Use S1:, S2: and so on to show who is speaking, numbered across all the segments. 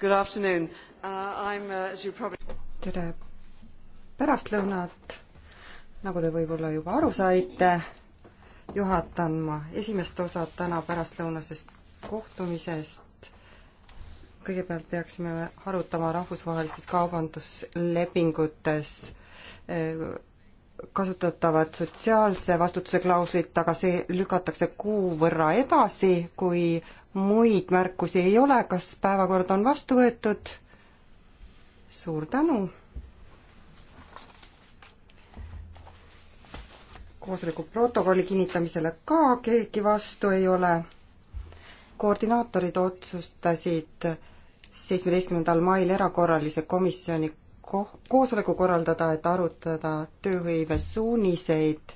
S1: Good afternoon uh,. I am uh, as you probably. tere pärastlõunat. nagu te võib-olla juba aru saite, juhatan ma esimest osa täna pärastlõunasest kohtumisest. kõigepealt peaksime arutama rahvusvahelistes kaubanduslepingutes eh, kasutatavad sotsiaalse vastutuse klauslit, aga see lükatakse kuu võrra edasi, kui muid märkusi ei ole, kas päevakord on vastu võetud? suur tänu! koosoleku protokolli kinnitamisele ka keegi vastu ei ole. koordinaatorid otsustasid seitsmeteistkümnendal mail erakorralise komisjoni ko-, koosoleku korraldada, et arutada tööhõive suuniseid.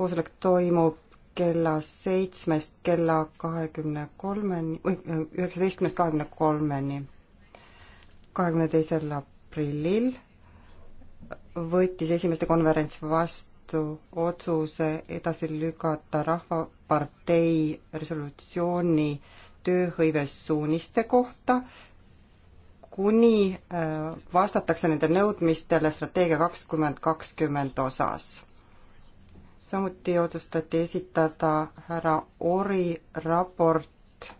S1: koosolek toimub kella seitsmest kella kahekümne kolmeni, või üheksateistkümnest kahekümne kolmeni. kahekümne teisel aprillil võttis esimeste konverents vastu otsuse edasi lükata Rahvapartei resolutsiooni tööhõivesuuniste kohta kuni äh, vastatakse nende nõudmistele strateegia kakskümmend kakskümmend osas. samuti otsustati esitada härra Ori raport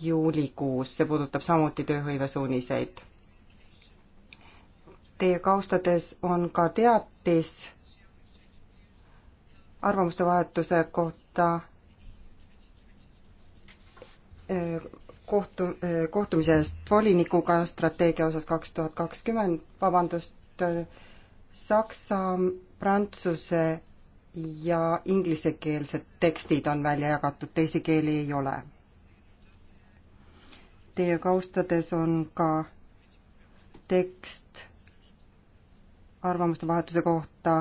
S1: juulikuus, see puudutab samuti tööhõivesuuniseid. Teie kaustades on ka teatis arvamuste vahetuse kohta äh, kohtu, kohtumise eest volinikuga strateegia osas kaks tuhat kakskümmend, vabandust, saksa, prantsuse ja inglisekeelsed tekstid on välja jagatud, teisi keeli ei ole. Teie kaustades on ka tekst arvamuste vahetuse kohta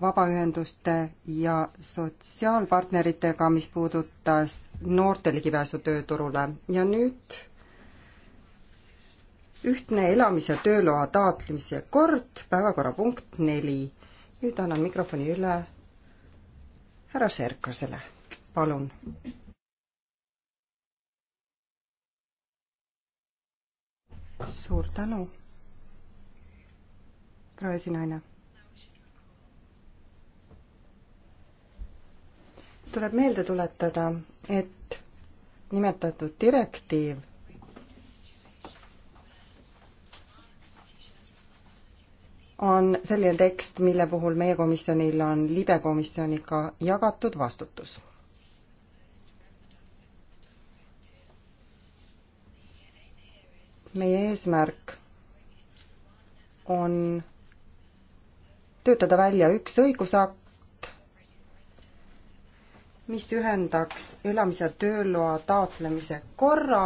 S1: vabaühenduste ja sotsiaalpartneritega, mis puudutas noorte ligipääsu tööturule ja nüüd ühtne elamise tööloa taotlemise kord, päevakorrapunkt neli. nüüd annan mikrofoni üle härra Serkasele, palun. suur tänu, proua esinaine tuleb meelde tuletada, et nimetatud direktiiv on selline tekst, mille puhul meie komisjonil on libekomisjoniga jagatud vastutus meie eesmärk on töötada välja üks õigusakt, mis ühendaks elamis- ja tööloa taotlemise korra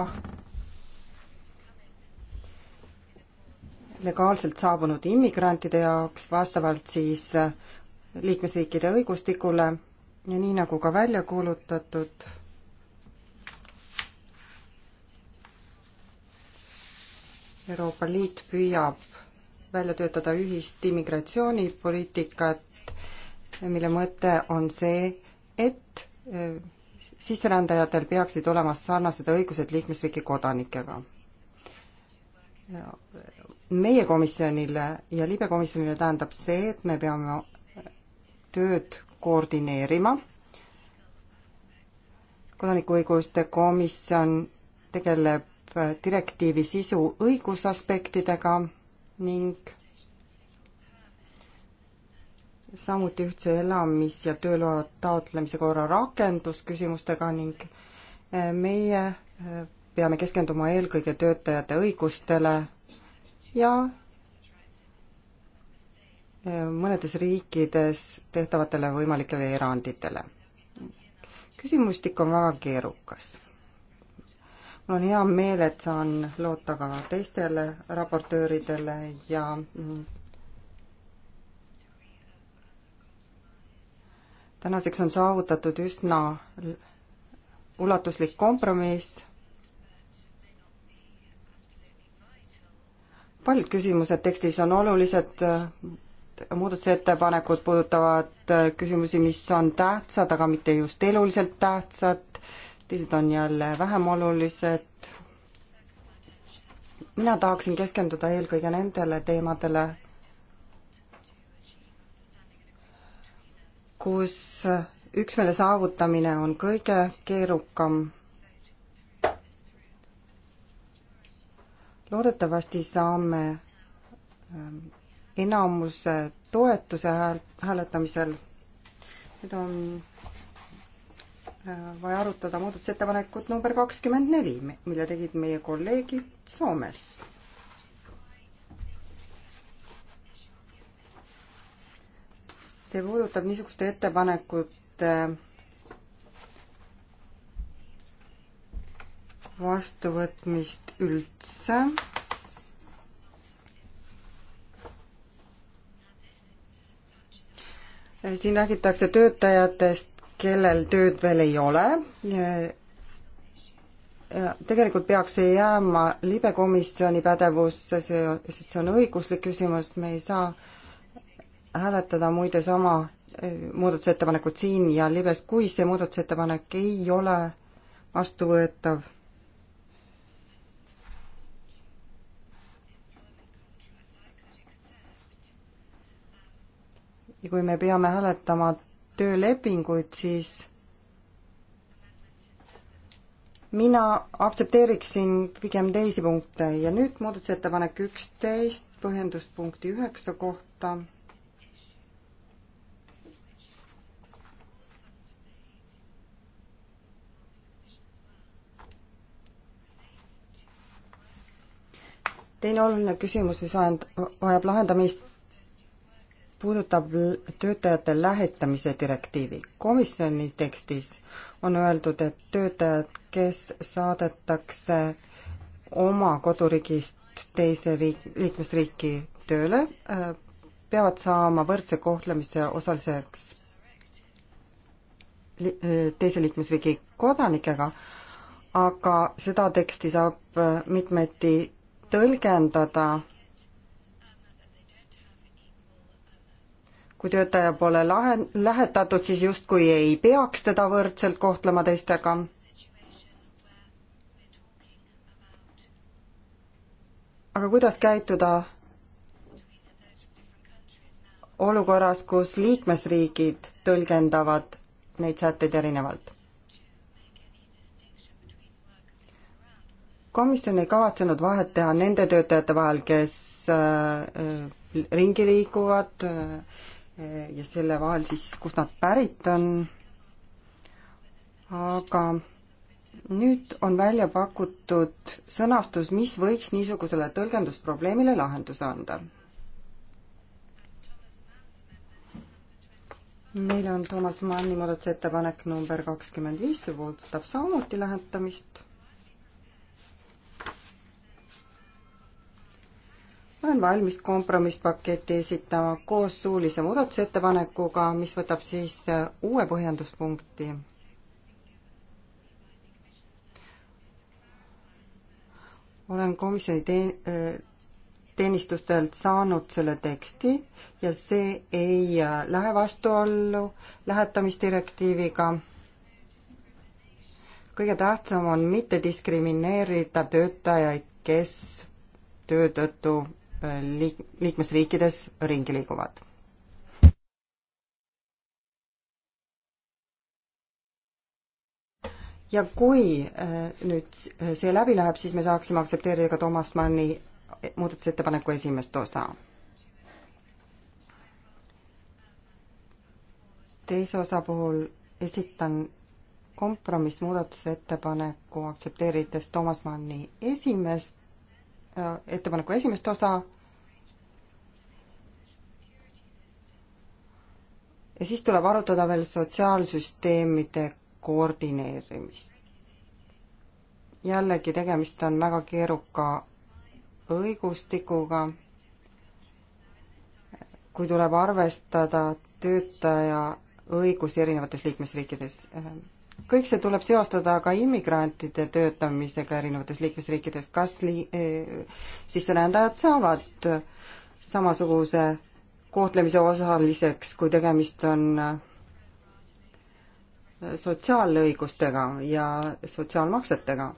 S1: legaalselt saabunud immigrantide jaoks vastavalt siis liikmesriikide õigustikule ja nii nagu ka välja kuulutatud, Euroopa Liit püüab välja töötada ühist immigratsioonipoliitikat, mille mõte on see, et sisserändajatel peaksid olema sarnased õigused liikmesriigi kodanikega. meie komisjonile ja libekomisjonile tähendab see, et me peame tööd koordineerima. kodanikuõiguste komisjon tegeleb direktiivi sisu õigusaspektidega ning samuti ühtse elamis- ja tööloa taotlemise korra rakendusküsimustega ning eh, meie eh, peame keskenduma eelkõige töötajate õigustele ja eh, mõnedes riikides tehtavatele võimalikele eranditele. küsimustik on väga keerukas. mul on hea meel, et saan loota ka teistele raportööridele ja mm, tänaseks on saavutatud üsna ulatuslik kompromiss. paljud küsimused tekstis on olulised, muudatusettepanekud puudutavad küsimusi, mis on tähtsad, aga mitte just eluliselt tähtsad, teised on jälle vähem olulised. mina tahaksin keskenduda eelkõige nendele teemadele, kus üksmeele saavutamine on kõige keerukam. loodetavasti saame ähm, enamuse toetuse hääl-, hääletamisel. nüüd on äh, vaja arutada muudatusettepanekut number kakskümmend neli, mille tegid meie kolleegid Soomest. see puudutab niisuguste ettepanekute vastuvõtmist üldse. siin räägitakse töötajatest, kellel tööd veel ei ole. tegelikult peaks see jääma libekomisjoni pädevusse, see, sest see on õiguslik küsimus, me ei saa äh, hääletada muide sama eh, muudatusettepanekut siin ja libes, kui see muudatusettepanek ei ole vastuvõetav, ja kui me peame hääletama töölepinguid, siis mina aktsepteeriksin pigem teisi punkte ja nüüd muudatusettepanek üksteist põhjenduspunkti üheksa kohta teine oluline küsimus, mis vajand-, vajab lahendamist, puudutab töötajate lähetamise direktiivi. komisjoni tekstis on öeldud, et töötajad, kes saadetakse oma koduriigist teise riik, liikmesriiki tööle, äh, peavad saama võrdse kohtlemise osaliseks li-, äh, teise liikmesriigi kodanikega, aga seda teksti saab äh, mitmeti tõlgendada, kui töötaja pole lahe, lähetatud, siis justkui ei peaks teda võrdselt kohtlema teistega. aga kuidas käituda olukorras, kus liikmesriigid tõlgendavad neid sätteid erinevalt? komisjon ei kavatsenud vahet teha nende töötajate vahel, kes äh, ringi liiguvad äh, ja selle vahel siis, kust nad pärit on. aga nüüd on välja pakutud sõnastus, mis võiks niisugusele tõlgendusprobleemile lahenduse anda. meil on Toomas Manni muudatusettepanek number kakskümmend viis, see puudutab samuti lähetamist olen valmis kompromisspaketi esitama koos suulise muudatusettepanekuga, mis võtab siis äh, uue põhjenduspunkti. olen komisjoni teen-, äh, teenistustelt saanud selle teksti ja see ei äh, lähe vastuollu lähetamisdirektiiviga. kõige tähtsam on mitte diskrimineerida töötajaid, kes töö tõttu liik-, liikmesriikides ringi liiguvad. ja kui äh, nüüd see läbi läheb, siis me saaksime aktsepteerida ka Toomas Manni muudatusettepaneku esimest osa. teise osa puhul esitan kompromissmuudatusettepaneku aktsepteerides Toomas Manni esimest Äh, ettepaneku esimest osa. ja siis tuleb arutada veel sotsiaalsüsteemide koordineerimist. jällegi, tegemist on väga keeruka õigustikuga, kui tuleb arvestada töötaja õigusi erinevates liikmesriikides äh, kõik see tuleb seostada ka immigrantide töötamisega erinevates liikmesriikides, kas li-, e, sisserändajad saavad samasuguse kohtlemise osaliseks, kui tegemist on e, sotsiaalõigustega ja sotsiaalmaksetega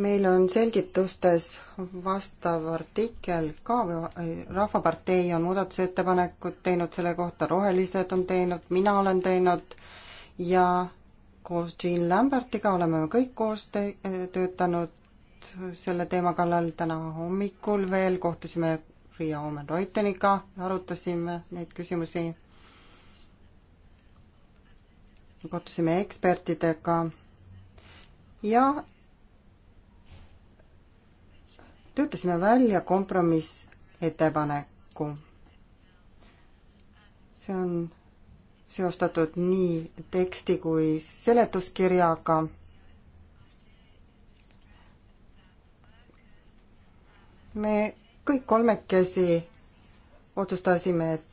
S1: meil on selgitustes vastav artikkel ka, äh, Rahvapartei on muudatusettepanekud teinud selle kohta, Rohelised on teinud, mina olen teinud ja koos Jean Lambertiga oleme me kõik koos te-, töötanud selle teema kallal täna hommikul veel, kohtusime Riia Omen-Reuteniga, arutasime neid küsimusi, kohtusime ekspertidega ja töötasime välja kompromissettepaneku. see on seostatud nii teksti kui seletuskirjaga. me kõik kolmekesi otsustasime, et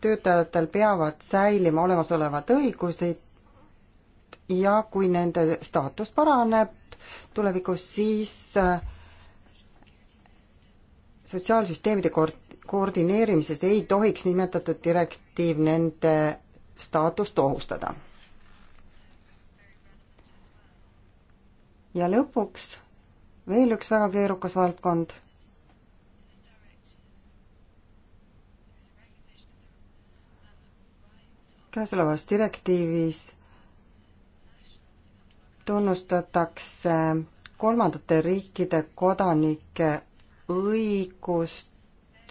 S1: töötajatel peavad säilima olemasolevad õigused ja kui nende staatus paraneb tulevikus, siis äh, sotsiaalsüsteemide koordineerimises ei tohiks nimetatud direktiiv nende staatust ohustada. ja lõpuks veel üks väga keerukas valdkond. käesolevas direktiivis tunnustatakse kolmandate riikide kodanike õigust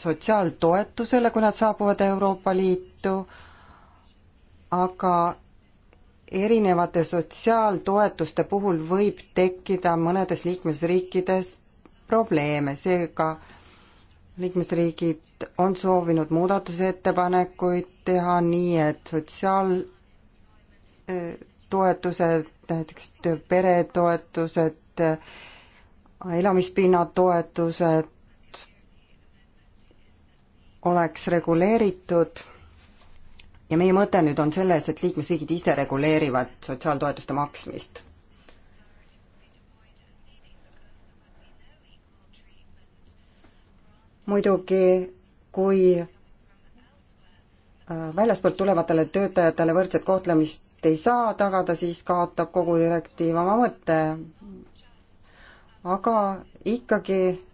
S1: sotsiaaltoetusele, kui nad saabuvad Euroopa Liitu, aga erinevate sotsiaaltoetuste puhul võib tekkida mõnedes liikmesriikides probleeme, seega liikmesriigid on soovinud muudatusettepanekuid teha nii, et sotsiaaltoetused, eh, näiteks peretoetused, eh, elamispinnatoetused oleks reguleeritud ja meie mõte nüüd on selles, et liikmesriigid ise reguleerivad sotsiaaltoetuste maksmist. muidugi, kui äh, väljastpoolt tulevatele töötajatele võrdset kohtlemist ei saa tagada, siis kaotab kogu direktiiv oma mõtte aga ikkagi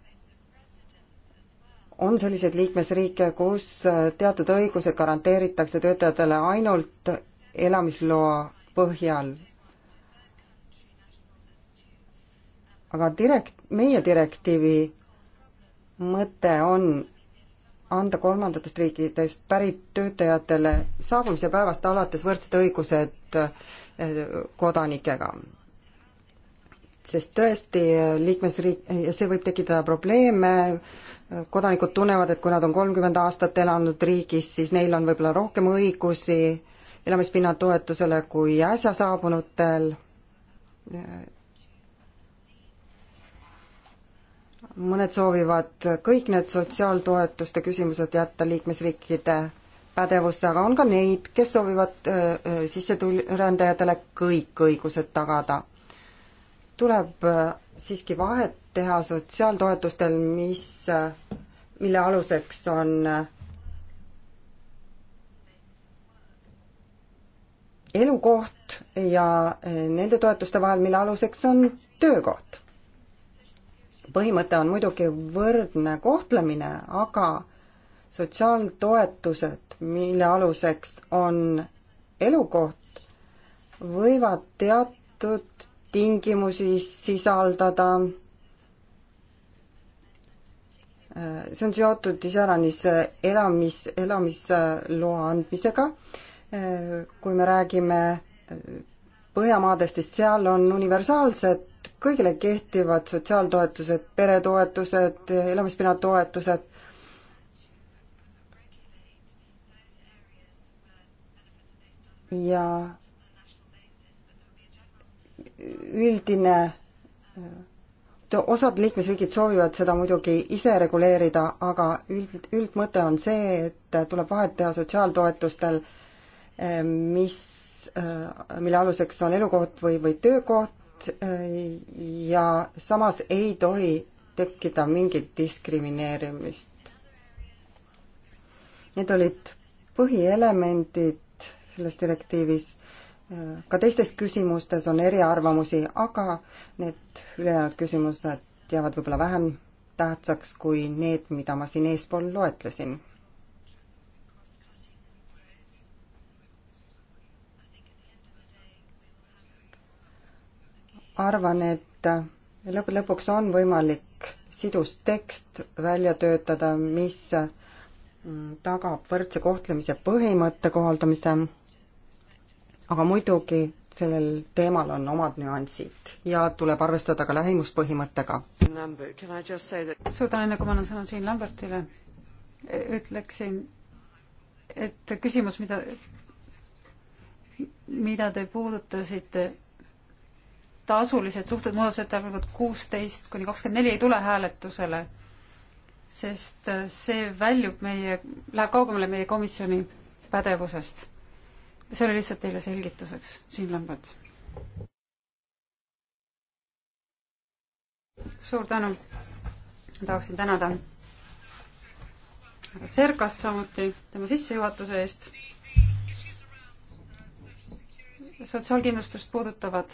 S1: on selliseid liikmesriike, kus teatud õigused garanteeritakse töötajatele ainult elamisloa põhjal. aga direkt-, meie direktiivi mõte on anda kolmandatest riikidest pärit töötajatele saabumise päevast alates võrdsed õigused eh, kodanikega sest tõesti liikmesriik, see võib tekitada probleeme, kodanikud tunnevad, et kui nad on kolmkümmend aastat elanud riigis, siis neil on võib-olla rohkem õigusi elamispinna toetusele kui äsja saabunutel. mõned soovivad kõik need sotsiaaltoetuste küsimused jätta liikmesriikide pädevusse, aga on ka neid, kes soovivad äh, äh, sissetul-, rändajatele kõik õigused tagada tuleb äh, siiski vahet teha sotsiaaltoetustel, mis, äh, mille aluseks on äh, elukoht ja nende toetuste vahel, mille aluseks on töökoht. põhimõte on muidugi võrdne kohtlemine, aga sotsiaaltoetused, mille aluseks on elukoht, võivad teatud tingimusi sisaldada. see on seotud iseäranis elamis, elamisloa andmisega. kui me räägime Põhjamaadest, siis seal on universaalsed, kõigile kehtivad sotsiaaltoetused, peretoetused, elamispinnatoetused ja üldine äh, osad liikmesriigid soovivad seda muidugi ise reguleerida, aga üld, üldmõte on see, et tuleb vahet teha sotsiaaltoetustel, äh, mis, äh, mille aluseks on elukoht või, või töökoht ja samas ei tohi tekkida mingit diskrimineerimist. Need olid põhielemendid selles direktiivis ka teistes küsimustes on eriarvamusi, aga need ülejäänud küsimused jäävad võib-olla vähem tähtsaks kui need, mida ma siin eespool loetlesin. arvan, et lõpp, lõpuks on võimalik sidus tekst välja töötada, mis tagab võrdse kohtlemise põhimõtte kohaldamise aga muidugi sellel teemal on omad nüansid ja tuleb arvestada ka lähimuspõhimõttega.
S2: suur tänu, enne kui ma annan sõna Jean Lambertile, ütleksin, et küsimus, mida, mida te puudutasite, tasulised suhted muudatusettepanekud kuusteist kuni kakskümmend neli ei tule hääletusele, sest see väljub meie, läheb kaugemale meie komisjoni pädevusest see oli lihtsalt teile selgituseks, Siim Lambert. suur tänu. tahaksin tänada härra Serkast samuti tema sissejuhatuse eest. sotsiaalkindlustust puudutavad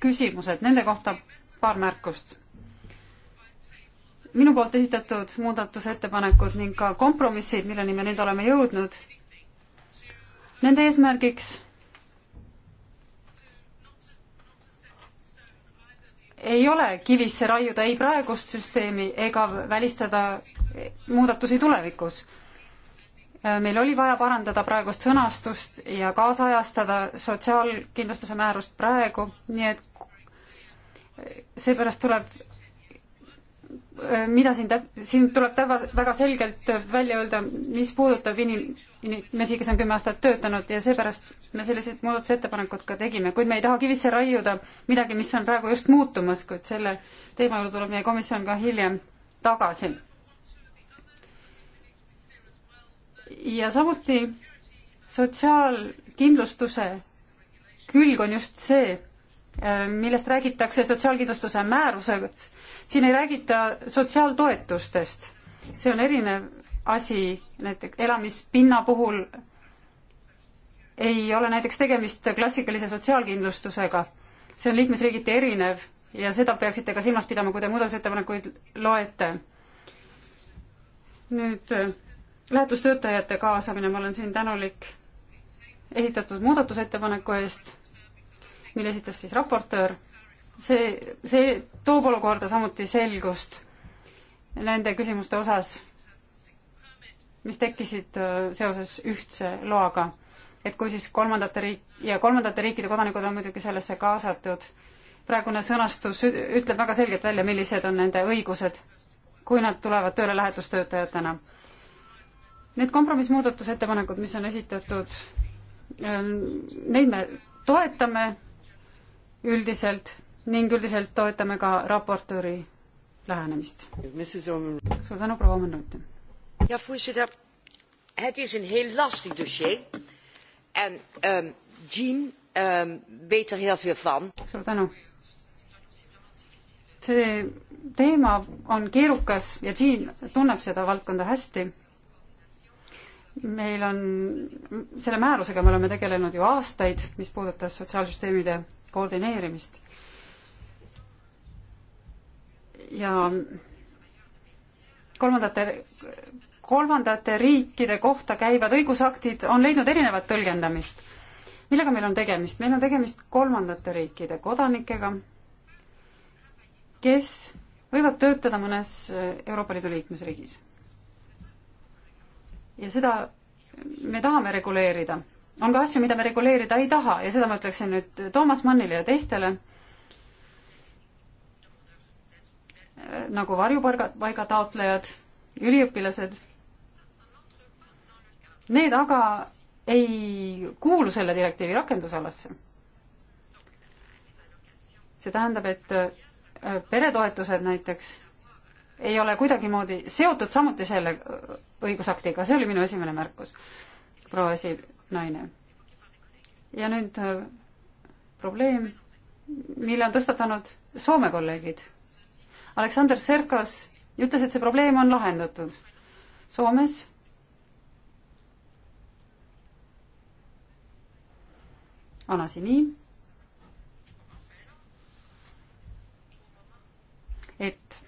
S2: küsimused, nende kohta paar märkust. minu poolt esitatud muudatusettepanekud ning ka kompromissid, milleni me nüüd oleme jõudnud Nende eesmärgiks ei ole kivisse raiuda ei praegust süsteemi ega välistada muudatusi tulevikus. meil oli vaja parandada praegust sõnastust ja kaasajastada sotsiaalkindlustuse määrust praegu, nii et seepärast tuleb Äh, mida siin täp-, siin tuleb täba-, väga selgelt välja öelda, mis puudutab inim-, inimesi, kes on kümme aastat töötanud ja seepärast me sellised muudatusettepanekud ka tegime, kuid me ei taha kivisse raiuda midagi, mis on praegu just muutumas, kuid selle teema juurde tuleb meie komisjon ka hiljem tagasi. ja samuti sotsiaalkindlustuse külg on just see, Äh, millest räägitakse sotsiaalkindlustuse määruses, siin ei räägita sotsiaaltoetustest. see on erinev asi, näiteks elamispinna puhul ei ole näiteks tegemist klassikalise sotsiaalkindlustusega. see on liikmesriigiti erinev ja seda peaksite ka silmas pidama, kui te muudatusettepanekuid loete. nüüd äh, lähetustöötajate kaasamine, ma olen siin tänulik esitatud muudatusettepaneku eest mille esitas siis raportöör, see, see toob olukorda samuti selgust nende küsimuste osas, mis tekkisid äh, seoses ühtse loaga. et kui siis kolmandate riik- ja kolmandate riikide kodanikud on muidugi sellesse kaasatud, praegune sõnastus ütleb väga selgelt välja, millised on nende õigused, kui nad tulevad tööle lähetustöötajatena. Need kompromissmuudatusettepanekud, mis on esitatud, äh, neid me toetame üldiselt ning üldiselt toetame ka raportööri lähenemist. suur tänu, proua Omen-Rutten.
S1: ja, voorzitter, het is een heel lastig dossier en um, Jean um, weet er heel veel van. suur tänu.
S2: see teema on keerukas ja Jean tunneb seda valdkonda hästi. meil on, selle määrusega me oleme tegelenud ju aastaid, mis puudutas sotsiaalsüsteemide koordineerimist. ja kolmandate, kolmandate riikide kohta käivad õigusaktid on leidnud erinevat tõlgendamist. millega meil on tegemist? meil on tegemist kolmandate riikide kodanikega, kes võivad töötada mõnes Euroopa Liidu liikmesriigis. ja seda me tahame reguleerida on ka asju, mida me reguleerida ei taha ja seda ma ütleksin nüüd Toomas Mannile ja teistele. nagu varjupaiga, paiga taotlejad, üliõpilased. Need aga ei kuulu selle direktiivi rakendusalasse. see tähendab, et äh, peretoetused näiteks ei ole kuidagimoodi seotud samuti selle õigusaktiga, see oli minu esimene märkus proua esinaine. ja nüüd äh, probleem, mille on tõstatanud Soome kolleegid. Aleksander Serkas ütles, et see probleem on lahendatud. Soomes on asi nii, et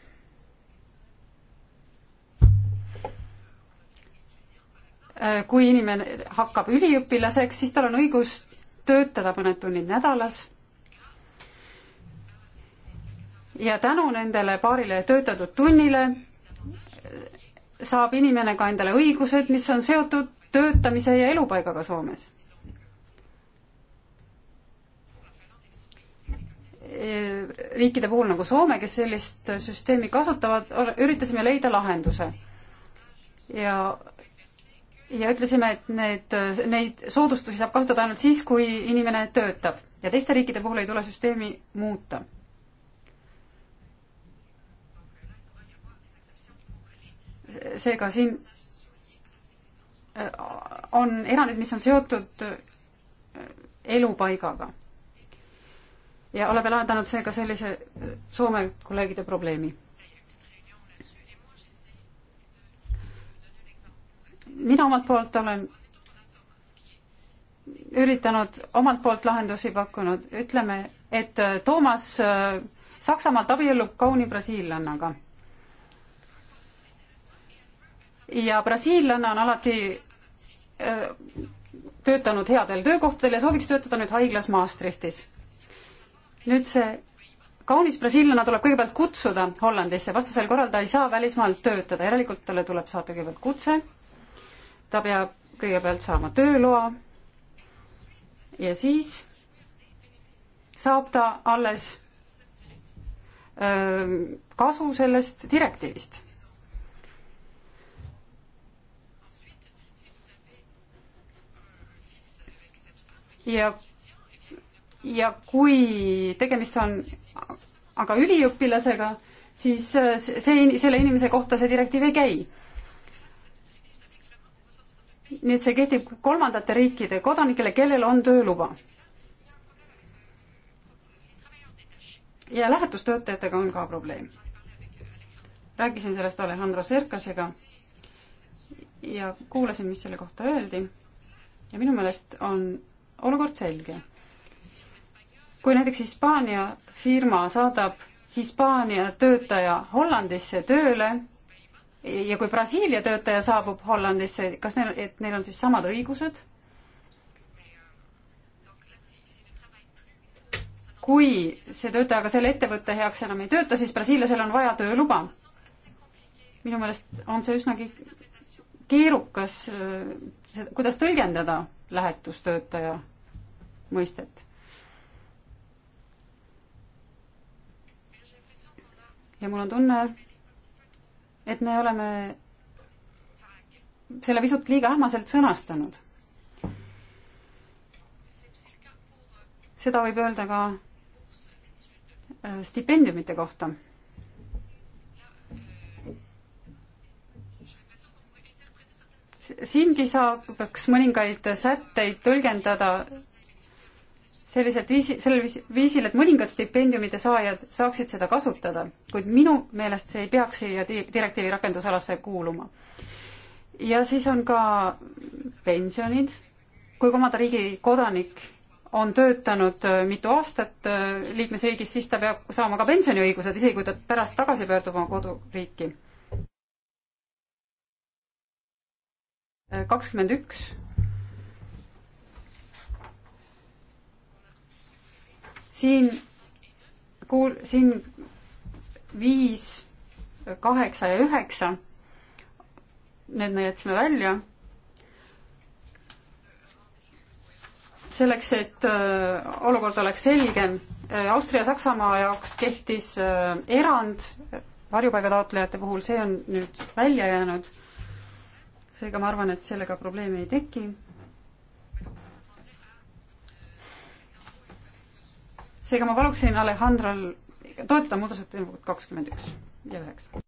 S2: Äh, kui inimene hakkab üliõpilaseks, siis tal on õigus töötada mõned tunnid nädalas. ja tänu nendele paarile töötatud tunnile saab inimene ka endale õigused, mis on seotud töötamise ja elupaigaga Soomes. Äh, riikide puhul nagu Soome, kes sellist süsteemi kasutavad, üritasime leida lahenduse. ja ja ütlesime, et need, neid soodustusi saab kasutada ainult siis, kui inimene töötab ja teiste riikide puhul ei tule süsteemi muuta. seega siin äh, on erandid, mis on seotud äh, elupaigaga. ja oleme lahendanud seega sellise äh, Soome kolleegide probleemi mina omalt poolt olen üritanud omalt poolt lahendusi pakkunud, ütleme, et äh, Toomas äh, Saksamaalt abiellub kauni brasiillannaga. ja brasiillanna on alati äh, töötanud headel töökohtadel ja sooviks töötada nüüd haiglas Maastrichtis. nüüd see kaunis brasiillane tuleb kõigepealt kutsuda Hollandisse, vastasel korral ta ei saa välismaalt töötada, järelikult talle tuleb saata kõigepealt kutse ta peab kõigepealt saama tööloa ja siis saab ta alles kasu sellest direktiivist ja, ja kui tegemist on aga üliõpilasega, siis see, selle inimese kohta see direktiiv ei käi nii et see kehtib kolmandate riikide kodanikele, kellel on tööluba. ja lähetustöötajatega on ka probleem. rääkisin sellest Alejandro Serkasega ja kuulasin, mis selle kohta öeldi. ja minu meelest on olukord selge. kui näiteks Hispaania firma saadab Hispaania töötaja Hollandisse tööle, ja kui Brasiilia töötaja saabub Hollandisse, kas neil, et neil on siis samad õigused? kui see töötaja ka selle ettevõtte heaks enam ei tööta, siis brasiillasel on vaja tööluba. minu meelest on see üsnagi keerukas, äh, kuidas tõlgendada lähetustöötaja mõistet. ja mul on tunne, et me oleme selle pisut liiga ähmaselt sõnastanud. seda võib öelda ka äh, stipendiumite kohta. siingi saab, peaks mõningaid sätteid tõlgendada selliselt viisi, sellel viisil, et mõningad stipendiumide saajad saaksid seda kasutada, kuid minu meelest see ei peaks siia direktiivi rakendusalasse kuuluma. ja siis on ka pensionid, kui kolmanda riigi kodanik on töötanud äh, mitu aastat äh, liikmesriigis, siis ta peab saama ka pensioniõigused, isegi kui ta pärast tagasi pöördub oma koduriiki. Äh, kakskümmend üks siin kuul-, siin viis, kaheksa ja üheksa, need me jätsime välja. selleks, et äh, olukord oleks selgem, äh, Austria-Saksamaa jaoks kehtis äh, erand varjupaigataotlejate puhul, see on nüüd välja jäänud. seega ma arvan, et sellega probleemi ei teki seega ma paluksin Alejandral toetada muudatusettepanekut kakskümmend üks ja üheksa.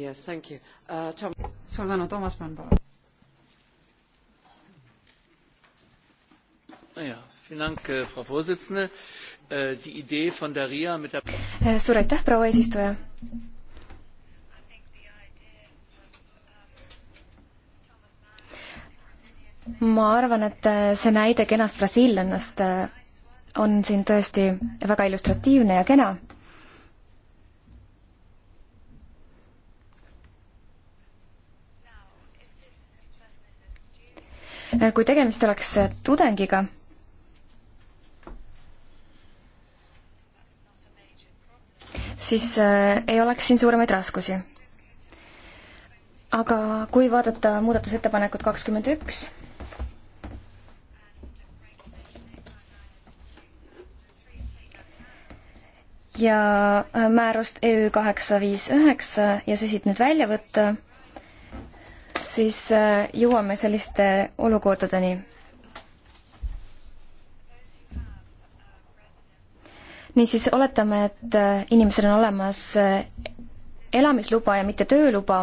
S2: Yes, thank you. Uh, Tom... suur tänu, Toomas Mann, palun.
S3: Äh, äh,
S4: äh, suur aitäh, proua eesistuja. ma arvan, et äh, see näide kenast brasiillannast äh, on siin tõesti väga illustratiivne ja kena. Äh, kui tegemist oleks tudengiga, siis ei oleks siin suuremaid raskusi. aga kui vaadata muudatusettepanekut kakskümmend üks, ja äh, määrust EÜ kaheksa viis üheksa ja see siit nüüd välja võtta, siis äh, jõuame selliste olukordadeni. niisiis oletame, et äh, inimesel on olemas elamisluba ja mitte tööluba,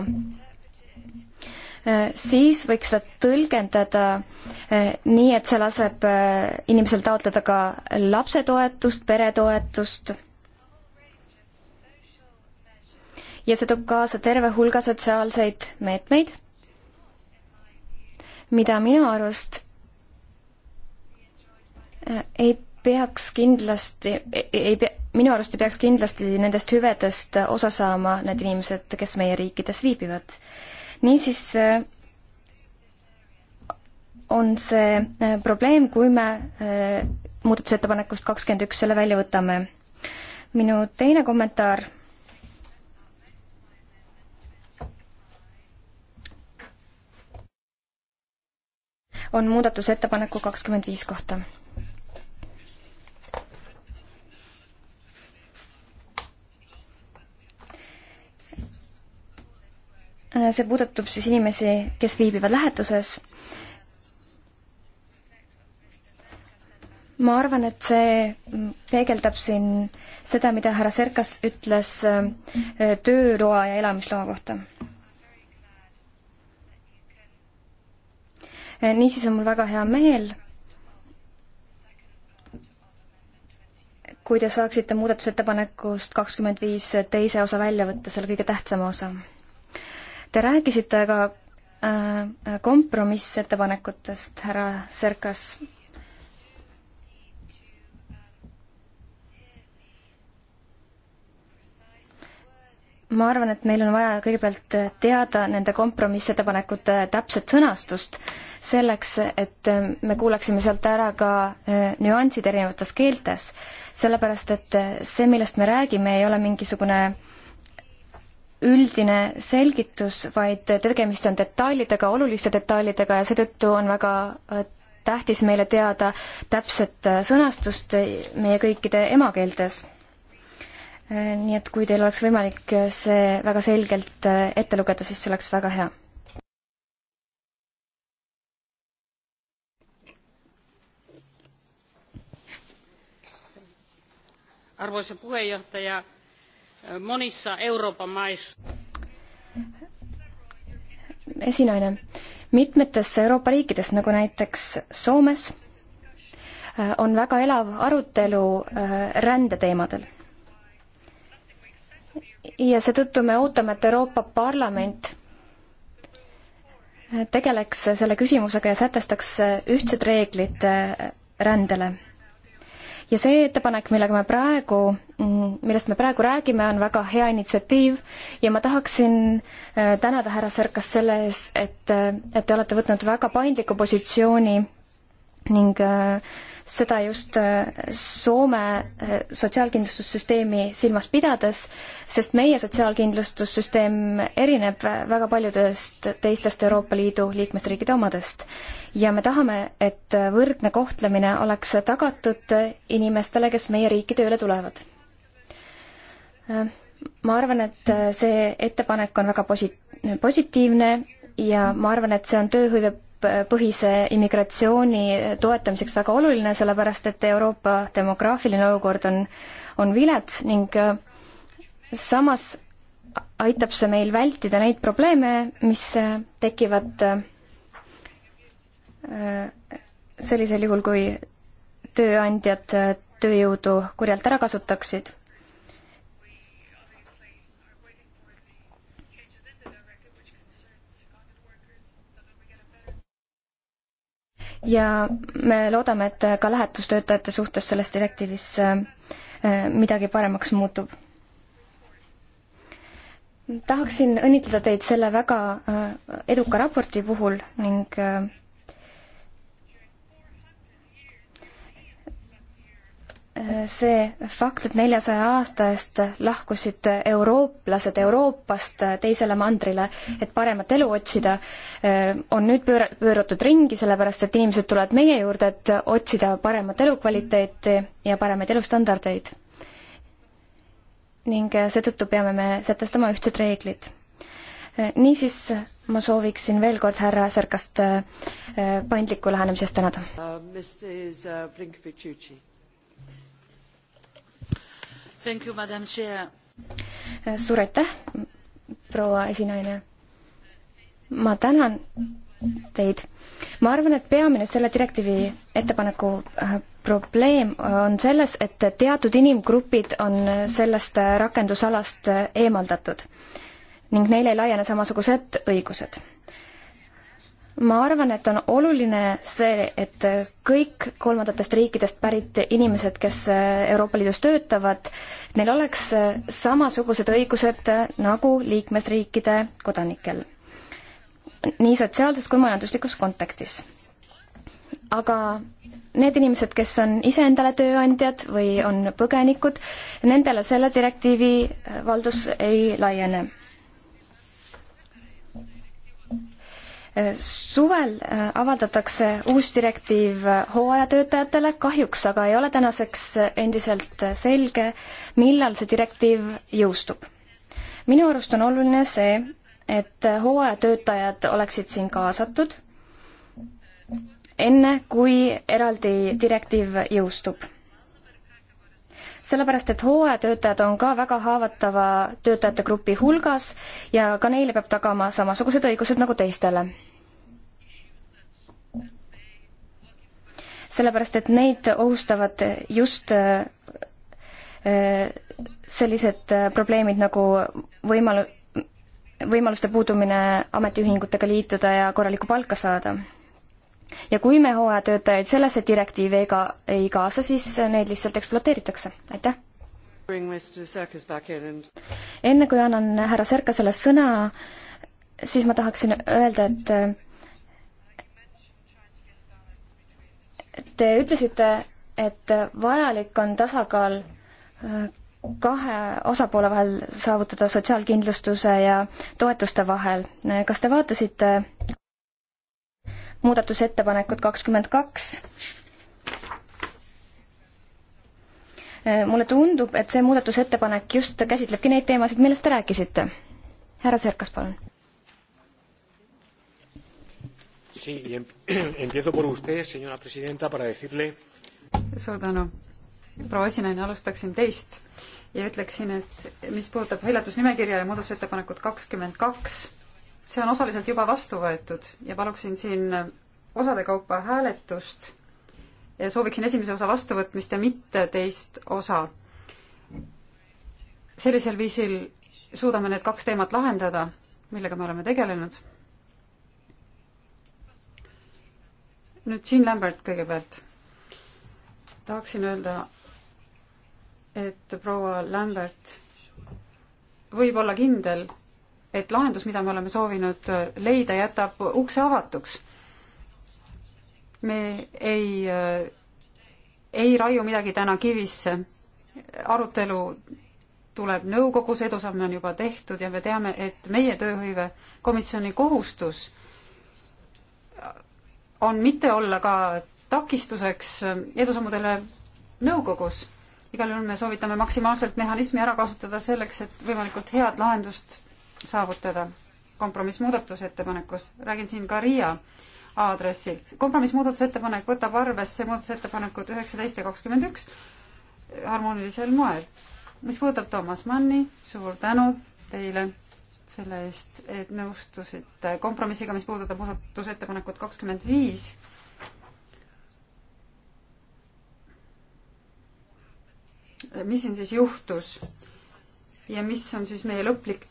S4: siis võiks seda tõlgendada nii, et see laseb inimesel taotleda ka lapsetoetust, peretoetust ja see toob kaasa terve hulga sotsiaalseid meetmeid, mida minu arust äh, ei peaks kindlasti, e-, e-, ei pea, minu arust ei peaks kindlasti nendest hüvedest äh, osa saama need inimesed, kes meie riikides viibivad. niisiis äh, on see probleem, kui me muudatusettepanekust kakskümmend üks selle välja võtame. minu teine kommentaar on muudatusettepaneku kakskümmend viis kohta. see puudutab siis inimesi, kes viibivad lähetuses. ma arvan, et see peegeldab siin seda, mida härra Serkas ütles äh, tööloa ja elamisloa kohta Eh, niisiis on mul väga hea meel, kui te saaksite muudatusettepanekust kakskümmend viis teise osa välja võtta, selle kõige tähtsama osa. Te rääkisite ka äh, kompromissettepanekutest, härra Serkas ma arvan, et meil on vaja kõigepealt teada nende kompromissettepanekute täpset sõnastust, selleks et me kuulaksime sealt ära ka e, nüansid erinevates keeltes, sellepärast et see, millest me räägime, ei ole mingisugune üldine selgitus, vaid tegemist on detailidega, oluliste detailidega ja seetõttu on väga e, tähtis meile teada täpset e, sõnastust meie kõikide emakeeltes Äh, nii et kui teil oleks võimalik äh, see väga selgelt äh, ette lugeda, siis see oleks väga hea.
S2: arvoisa puheenjohtaja, monissa Euroopa mais-.
S4: esinaine, mitmetes Euroopa riikides, nagu näiteks Soomes, on väga elav arutelu rändeteemadel ja seetõttu me ootame, et Euroopa Parlament tegeleks selle küsimusega ja sätestaks ühtsed reeglid rändele. ja see ettepanek, millega me praegu, millest me praegu räägime, on väga hea initsiatiiv ja ma tahaksin äh, tänada härra Sõrkas selle ees, et, et te olete võtnud väga paindliku positsiooni ning äh, seda just äh, Soome äh, sotsiaalkindlustussüsteemi silmas pidades, sest meie sotsiaalkindlustussüsteem erineb väga paljudest teistest Euroopa Liidu liikmesriikide omadest. ja me tahame, et võrdne kohtlemine oleks tagatud inimestele, kes meie riiki tööle tulevad. Äh, ma arvan, et see ettepanek on väga posi-, positiivne ja ma arvan, et see on tööhõive põhise immigratsiooni toetamiseks väga oluline, sellepärast et Euroopa demograafiline olukord on, on vilets ning äh, samas aitab see meil vältida neid probleeme, mis äh, tekivad äh, sellisel juhul, kui tööandjad tööjõudu kurjalt ära kasutaksid. ja me loodame, et ka lähetustöötajate suhtes selles direktiivis äh, äh, midagi paremaks muutub. tahaksin õnnitleda teid selle väga äh, eduka raporti puhul ning see fakt, et neljasaja aasta eest lahkusid eurooplased Euroopast teisele mandrile, et paremat elu otsida, eh, on nüüd pöör-, pööratud ringi, sellepärast et inimesed tulevad meie juurde, et otsida paremat elukvaliteeti ja paremaid elustandardeid. ning seetõttu peame me sätestama ühtsed reeglid. Eh, niisiis ma sooviksin veel kord härra Särkast eh, paindliku lähenemise eest tänada.
S2: Uh, uh,
S4: suur aitäh, proua esinaine. ma tänan teid. ma arvan, et peamine selle direktiivi ettepaneku äh, probleem on selles, et teatud inimgrupid on sellest rakendusalast eemaldatud ning neile ei laiene samasugused õigused ma arvan, et on oluline see, et kõik kolmandatest riikidest pärit inimesed, kes Euroopa Liidus töötavad, neil oleks samasugused õigused nagu liikmesriikide kodanikel. nii sotsiaalses kui majanduslikus kontekstis. aga need inimesed, kes on iseendale tööandjad või on põgenikud, nendele selle direktiivi valdus ei laiene suvel äh, avaldatakse uus direktiiv äh, hooajatöötajatele, kahjuks aga ei ole tänaseks äh, endiselt selge, millal see direktiiv jõustub. minu arust on oluline see, et hooajatöötajad oleksid siin kaasatud enne, kui eraldi direktiiv jõustub sellepärast, et hooajatöötajad on ka väga haavatava töötajate grupi hulgas ja ka neile peab tagama samasugused õigused nagu teistele sellepärast et neid ohustavad just äh, äh, sellised äh, probleemid nagu võimalu-, võimaluste puudumine ametiühingutega liituda ja korralikku palka saada. ja kui me hooajatöötajaid sellesse direktiivi ei ka-, ei kaasa, siis neid lihtsalt ekspluateeritakse, aitäh! enne kui annan härra Serkasele sõna, siis ma tahaksin öelda, et Te ütlesite, et vajalik on tasakaal äh, kahe osapoole vahel saavutada sotsiaalkindlustuse ja toetuste vahel. kas te vaatasite muudatusettepanekut kakskümmend kaks? Äh, mulle tundub, et see muudatusettepanek just käsitlebki neid teemasid, millest te rääkisite. härra Serkas, palun
S3: Sí, y em empiezo por usted, señora presidenta, para decirle.
S4: suur tänu.
S2: proua esinaine, alustaksin teist ja ütleksin, et mis puudutab hääletusnimekirja ja muudatusettepanekut kakskümmend kaks, see on osaliselt juba vastu võetud ja paluksin siin osade kaupa hääletust ja sooviksin esimese osa vastuvõtmist ja mitte teist osa. sellisel viisil suudame need kaks teemat lahendada, millega me oleme tegelenud nüüd Jean Lambert kõigepealt. tahaksin öelda, et proua Lambert võib olla kindel, et lahendus, mida me oleme soovinud leida, jätab ukse avatuks. me ei, ei raiu midagi täna kivisse. arutelu tuleb nõukogus, edusamme on juba tehtud ja me teame, et meie tööhõive komisjoni kohustus on mitte olla ka takistuseks edusammudele nõukogus. igal juhul me soovitame maksimaalselt mehhanismi ära kasutada selleks, et võimalikult head lahendust saavutada. kompromissmuudatusettepanekus, räägin siin ka RIA aadressil. kompromissmuudatusettepanek võtab arvesse muudatusettepanekud üheksateist ja kakskümmend üks harmoonilisel moel. mis puudutab Toomas Manni, suur tänu teile selle eest, et nõustusite kompromissiga, mis puudutab muudatusettepanekut kakskümmend viis. mis siin siis juhtus ja mis on siis meie lõplik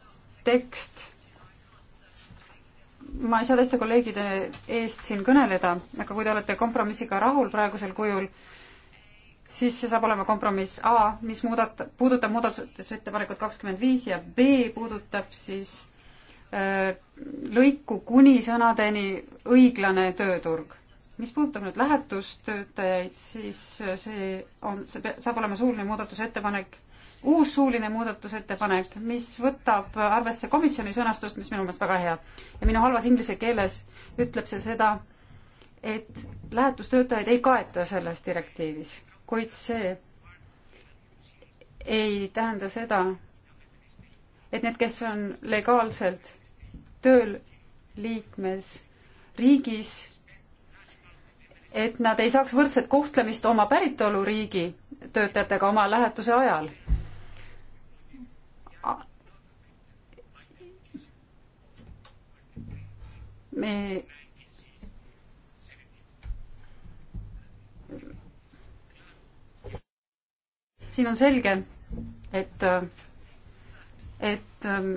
S2: tekst? ma ei saa teiste kolleegide eest siin kõneleda, aga kui te olete kompromissiga rahul praegusel kujul, siis see saab olema kompromiss A, mis muudat-, puudutab muudatusettepanekut kakskümmend viis ja B puudutab siis öö, äh, lõiku kuni sõnadeni õiglane tööturg. mis puudutab nüüd lähetustöötajaid, siis see on, see saab olema suuline muudatusettepanek, uus suuline muudatusettepanek, mis võtab arvesse komisjoni sõnastust, mis minu meelest väga hea. ja minu halvas inglise keeles ütleb see seda, et lähetustöötajaid ei kaeta selles direktiivis kuid see ei tähenda seda, et need, kes on legaalselt tööl liikmesriigis, et nad ei saaks võrdset kohtlemist oma päritoluriigi töötajatega oma lähetuse ajal. me siin on selge, et, et ähm,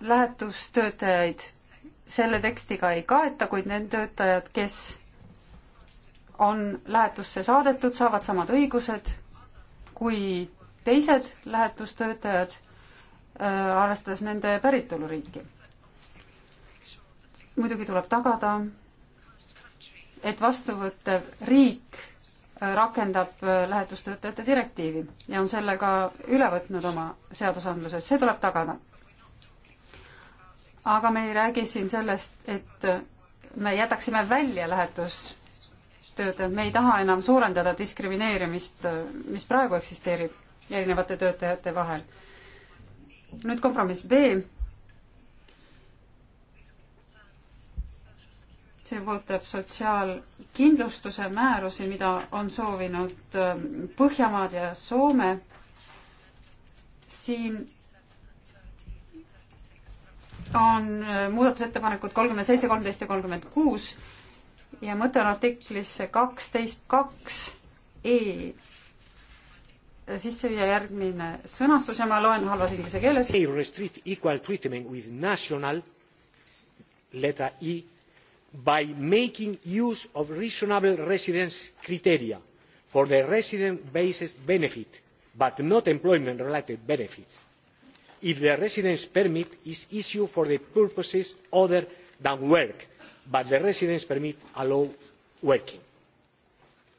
S2: lähetustöötajaid selle tekstiga ei kaeta, kuid need töötajad, kes on lähetusse saadetud, saavad samad õigused kui teised lähetustöötajad, äh, arvestades nende päritoluriiki. muidugi tuleb tagada, et vastuvõttev riik rakendab lähetustöötajate direktiivi ja on selle ka üle võtnud oma seadusandluses, see tuleb tagada. aga me ei räägi siin sellest, et me jätaksime välja lähetustöötajad, me ei taha enam suurendada diskrimineerimist, mis praegu eksisteerib erinevate töötajate vahel. nüüd kompromiss B see puudutab sotsiaalkindlustuse määrusi, mida on soovinud ähm, Põhjamaad ja Soome. siin on äh, muudatusettepanekud kolmkümmend seitse, kolmteist ja kolmkümmend kuus ja mõte on artiklisse kaksteist kaks E sisse viia järgmine sõnastus ja ma loen halvas inglise keeles.
S3: Restrict equal treatment with national letter E by making use of reasonable residence criteria for the resident based benefit but not employment related benefits if the residence permit is issued for purposes other than work but the residence permit allows working.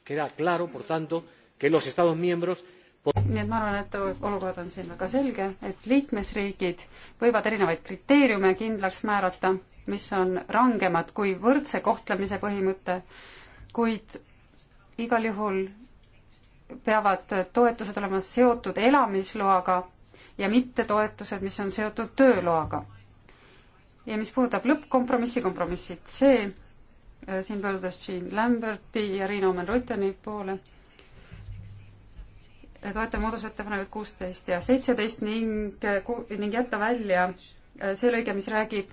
S3: queda claro por tanto que los estados miembros
S2: nii et ma arvan, et olukord on siin väga selge, et liikmesriigid võivad erinevaid kriteeriume kindlaks määrata mis on rangemad kui võrdse kohtlemise põhimõte, kuid igal juhul peavad toetused olema seotud elamisloaga ja mitte toetused, mis on seotud tööloaga. ja mis puudutab lõppkompromissi, kompromissid C, äh, siin pöördudes Jean Lamberti ja Riina Omen-Rutteni poole, toetan muudatusettepanekut kuusteist ja seitseteist ning, äh, ning jätta välja see lõige, mis räägib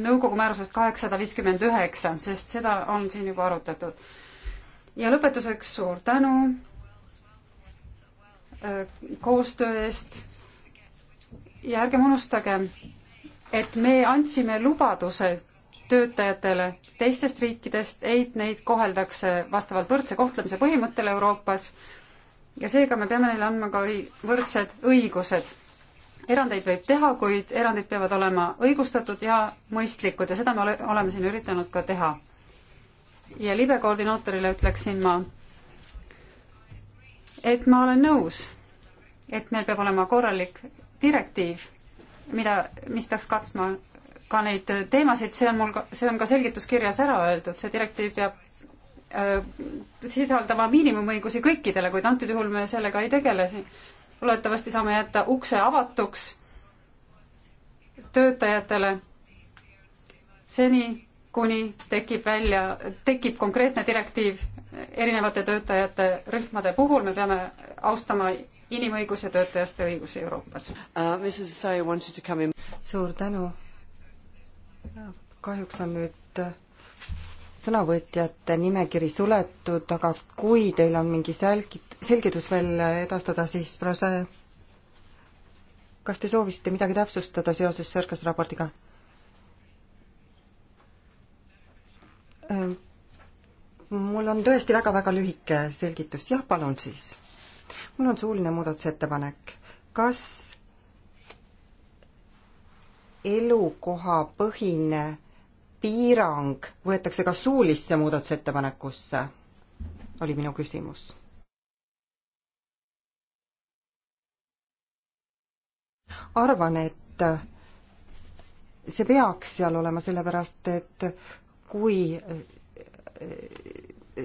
S2: nõukogu määrusest kaheksasada viiskümmend üheksa, sest seda on siin juba arutatud. ja lõpetuseks suur tänu äh, koostöö eest ja ärgem unustagem, et me andsime lubaduse töötajatele teistest riikidest, et neid koheldakse vastavalt võrdse kohtlemise põhimõttele Euroopas ja seega me peame neile andma ka võrdsed õigused erandeid võib teha, kuid erandid peavad olema õigustatud ja mõistlikud ja seda me oleme siin üritanud ka teha. ja libe koordinaatorile ütleksin ma, et ma olen nõus, et meil peab olema korralik direktiiv, mida, mis peaks katma ka neid teemasid, see on mul ka, see on ka selgituskirjas ära öeldud, see direktiiv peab äh, sisaldama miinimumõigusi kõikidele, kuid antud juhul me sellega ei tegele siin loodetavasti saame jätta ukse avatuks töötajatele seni, kuni tekib välja, tekib konkreetne direktiiv erinevate töötajate rühmade puhul, me peame austama inimõigusi ja töötajaste õigusi Euroopas uh,.
S1: suur tänu. kahjuks on nüüd sõnavõtjate nimekiri suletud, aga kui teil on mingi selgi-, selgitus veel edastada, siis Prose, kas te soovisite midagi täpsustada seoses Sõrgas raportiga? Äh, mul on tõesti väga-väga lühike selgitus, jah, palun siis. mul on suuline muudatusettepanek. kas elukohapõhine piirang võetakse ka suulisse muudatusettepanekusse, oli minu küsimus. arvan, et see peaks seal olema, sellepärast et kui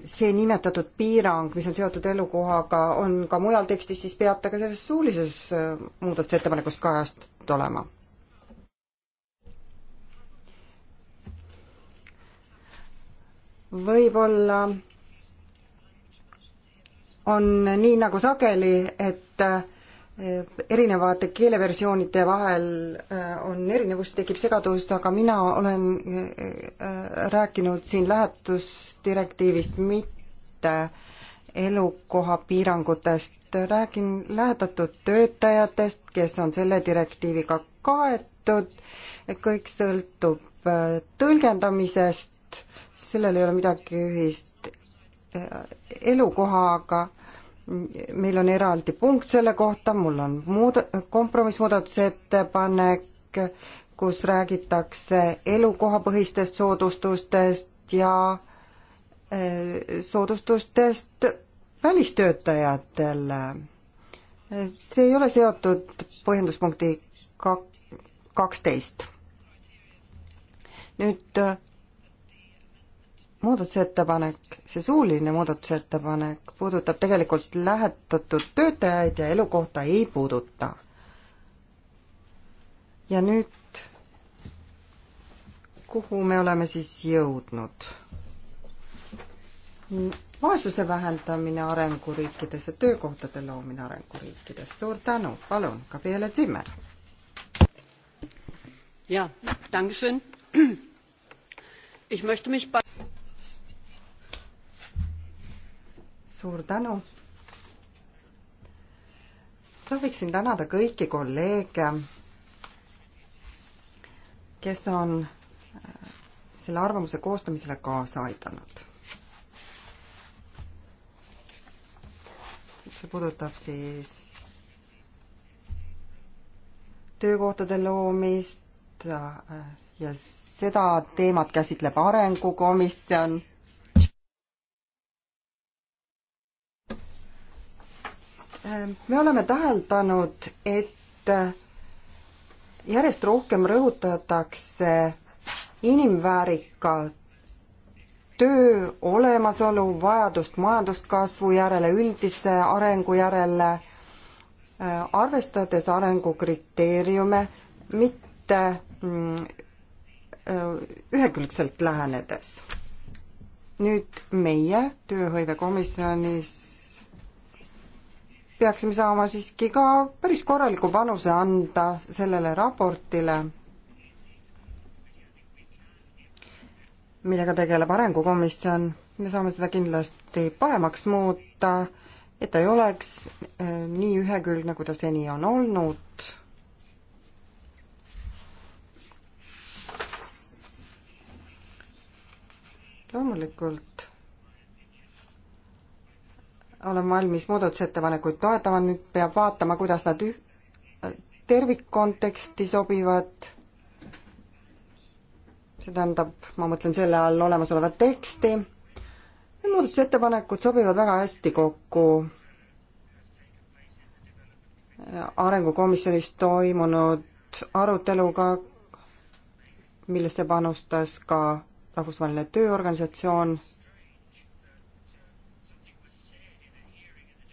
S1: see nimetatud piirang, mis on seotud elukohaga, on ka mujal tekstis, siis peab ta ka selles suulises muudatusettepanekus kajastatud olema võib-olla on nii nagu sageli, et eh, erinevate keeleversioonide vahel eh, on erinevus, tekib segadus, aga mina olen eh, rääkinud siin lähetusdirektiivist, mitte elukohapiirangutest. räägin lähetatud töötajatest, kes on selle direktiiviga kaetud, kõik sõltub tõlgendamisest, et sellel ei ole midagi ühist eh, elukohaga, meil on eraldi punkt selle kohta, mul on muud-, kompromissmuudatusettepanek, kus räägitakse elukohapõhistest soodustustest ja eh, soodustustest välistöötajatele. see ei ole seotud põhjenduspunkti kak-, kaksteist. nüüd muudatusettepanek, see suuline muudatusettepanek puudutab tegelikult lähetatud töötajaid ja elukohta ei puuduta. ja nüüd, kuhu me oleme siis jõudnud? vaesuse vähendamine arenguriikides ja töökohtade loomine arenguriikides, suur tänu, palun, Gabriele Zimmer.
S2: jaa, tänan. Ich möchte mich bei
S1: suur tänu. sooviksin tänada kõiki kolleege, kes on äh, selle arvamuse koostamisele kaasa aidanud. see puudutab siis töökohtade loomist äh, ja seda teemat käsitleb Arengukomisjon Äh, me oleme täheldanud, et äh, järjest rohkem rõhutatakse inimväärika töö olemasolu, vajadust majanduskasvu järele, üldise arengu järele, äh, arvestades arengukriteeriume, mitte mm, ühekülgselt lähenedes. nüüd meie tööhõivekomisjonis peaksime saama siiski ka päris korraliku panuse anda sellele raportile, millega tegeleb Arengukomisjon, me saame seda kindlasti paremaks muuta, et ta ei oleks äh, nii ühekülgne, kui ta seni on olnud loomulikult olen valmis muudatusettepanekuid toetama, nüüd peab vaatama, kuidas nad üh-, tervikkonteksti sobivad, see tähendab, ma mõtlen selle all olemasolevat teksti, need muudatusettepanekud sobivad väga hästi kokku arengukomisjonis toimunud aruteluga, millesse panustas ka rahvusvaheline tööorganisatsioon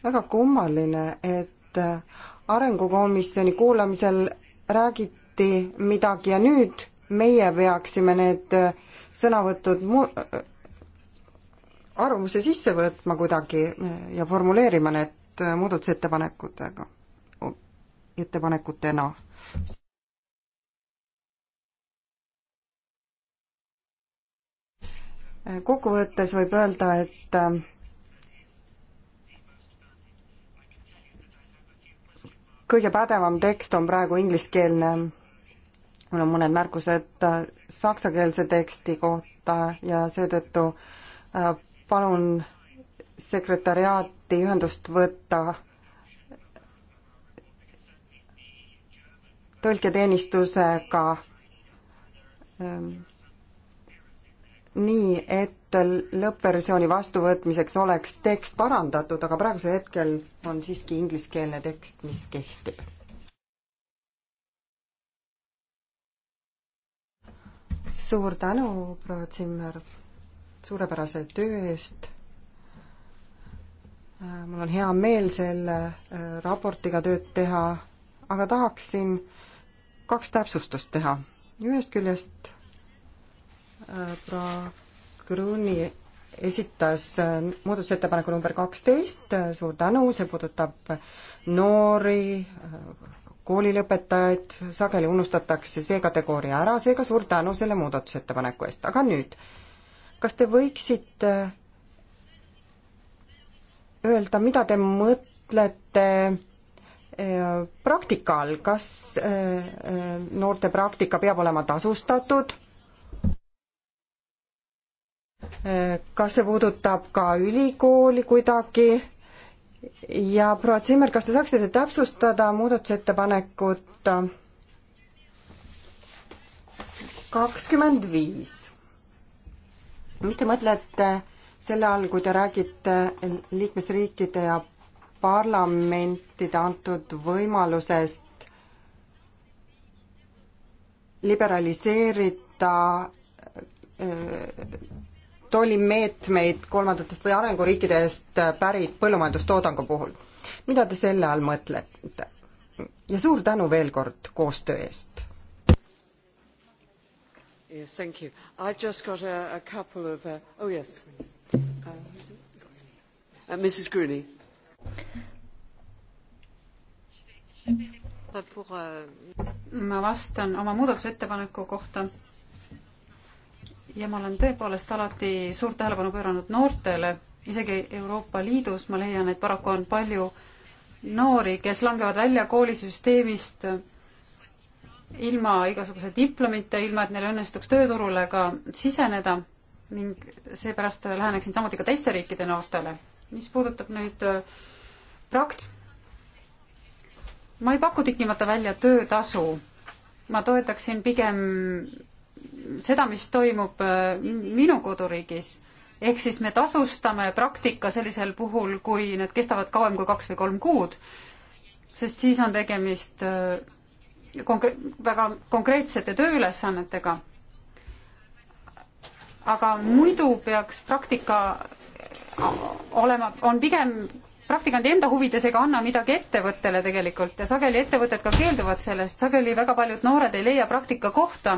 S1: väga kummaline, et äh, arengukomisjoni kuulamisel räägiti midagi ja nüüd meie peaksime need äh, sõnavõtud mu-, äh, arvamuse sisse võtma kuidagi ja formuleerima need muudatusettepanekutega, ettepanekutena. kokkuvõttes võib öelda, et kõige pädevam tekst on praegu ingliskeelne. mul on mõned märkused saksakeelse teksti kohta ja seetõttu äh, palun sekretariaati ühendust võtta tõlketeenistusega ähm, nii, et lõppversiooni vastuvõtmiseks oleks tekst parandatud, aga praegusel hetkel on siiski ingliskeelne tekst, mis kehtib. suur tänu, proua Zimmer, suurepärase töö eest. mul on hea meel selle äh, raportiga tööd teha, aga tahaksin kaks täpsustust teha. ühest küljest proua Gruni esitas äh, muudatusettepaneku number kaksteist, äh, suur tänu, see puudutab noori, äh, koolilõpetajaid, sageli unustatakse see kategooria ära, seega suur tänu selle muudatusettepaneku eest, aga nüüd, kas te võiksite öelda, mida te mõtlete praktika all, kas noorte praktika peab olema tasustatud kas see puudutab ka ülikooli kuidagi? ja proua Zimmer, kas te saaksite täpsustada muudatusettepanekut kakskümmend viis? mis te mõtlete selle all, kui te räägite liikmesriikide ja parlamentide antud võimalusest liberaliseerida äh, tollimeetmeid kolmandatest või arenguriikidest pärit põllumajandustoodangu puhul. mida te selle all mõtlete? ja suur tänu veel kord koostöö eest! Yes, thank you. I've just got a, a couple of... Uh, oh, yes. Uh, uh,
S3: Mrs. Gruny.
S2: Uh, ma vastan oma muudatusettepaneku kohta ja ma olen tõepoolest alati suurt tähelepanu pööranud noortele, isegi Euroopa Liidus ma leian, et paraku on palju noori, kes langevad välja koolisüsteemist ilma igasuguse diplomita, ilma et neil õnnestuks tööturule ka siseneda ning seepärast läheneksin samuti ka teiste riikide noortele. mis puudutab nüüd äh, prakt-, ma ei paku tingimata välja töötasu, ma toetaksin pigem seda, mis toimub äh, minu koduriigis. ehk siis me tasustame praktika sellisel puhul, kui need kestavad kauem kui kaks või kolm kuud, sest siis on tegemist äh, konkre-, väga konkreetsete tööülesannetega. aga muidu peaks praktika olema, on pigem praktikandi enda huvides ega anna midagi ettevõttele tegelikult ja sageli ettevõtted ka keelduvad sellest, sageli väga paljud noored ei leia praktikakohta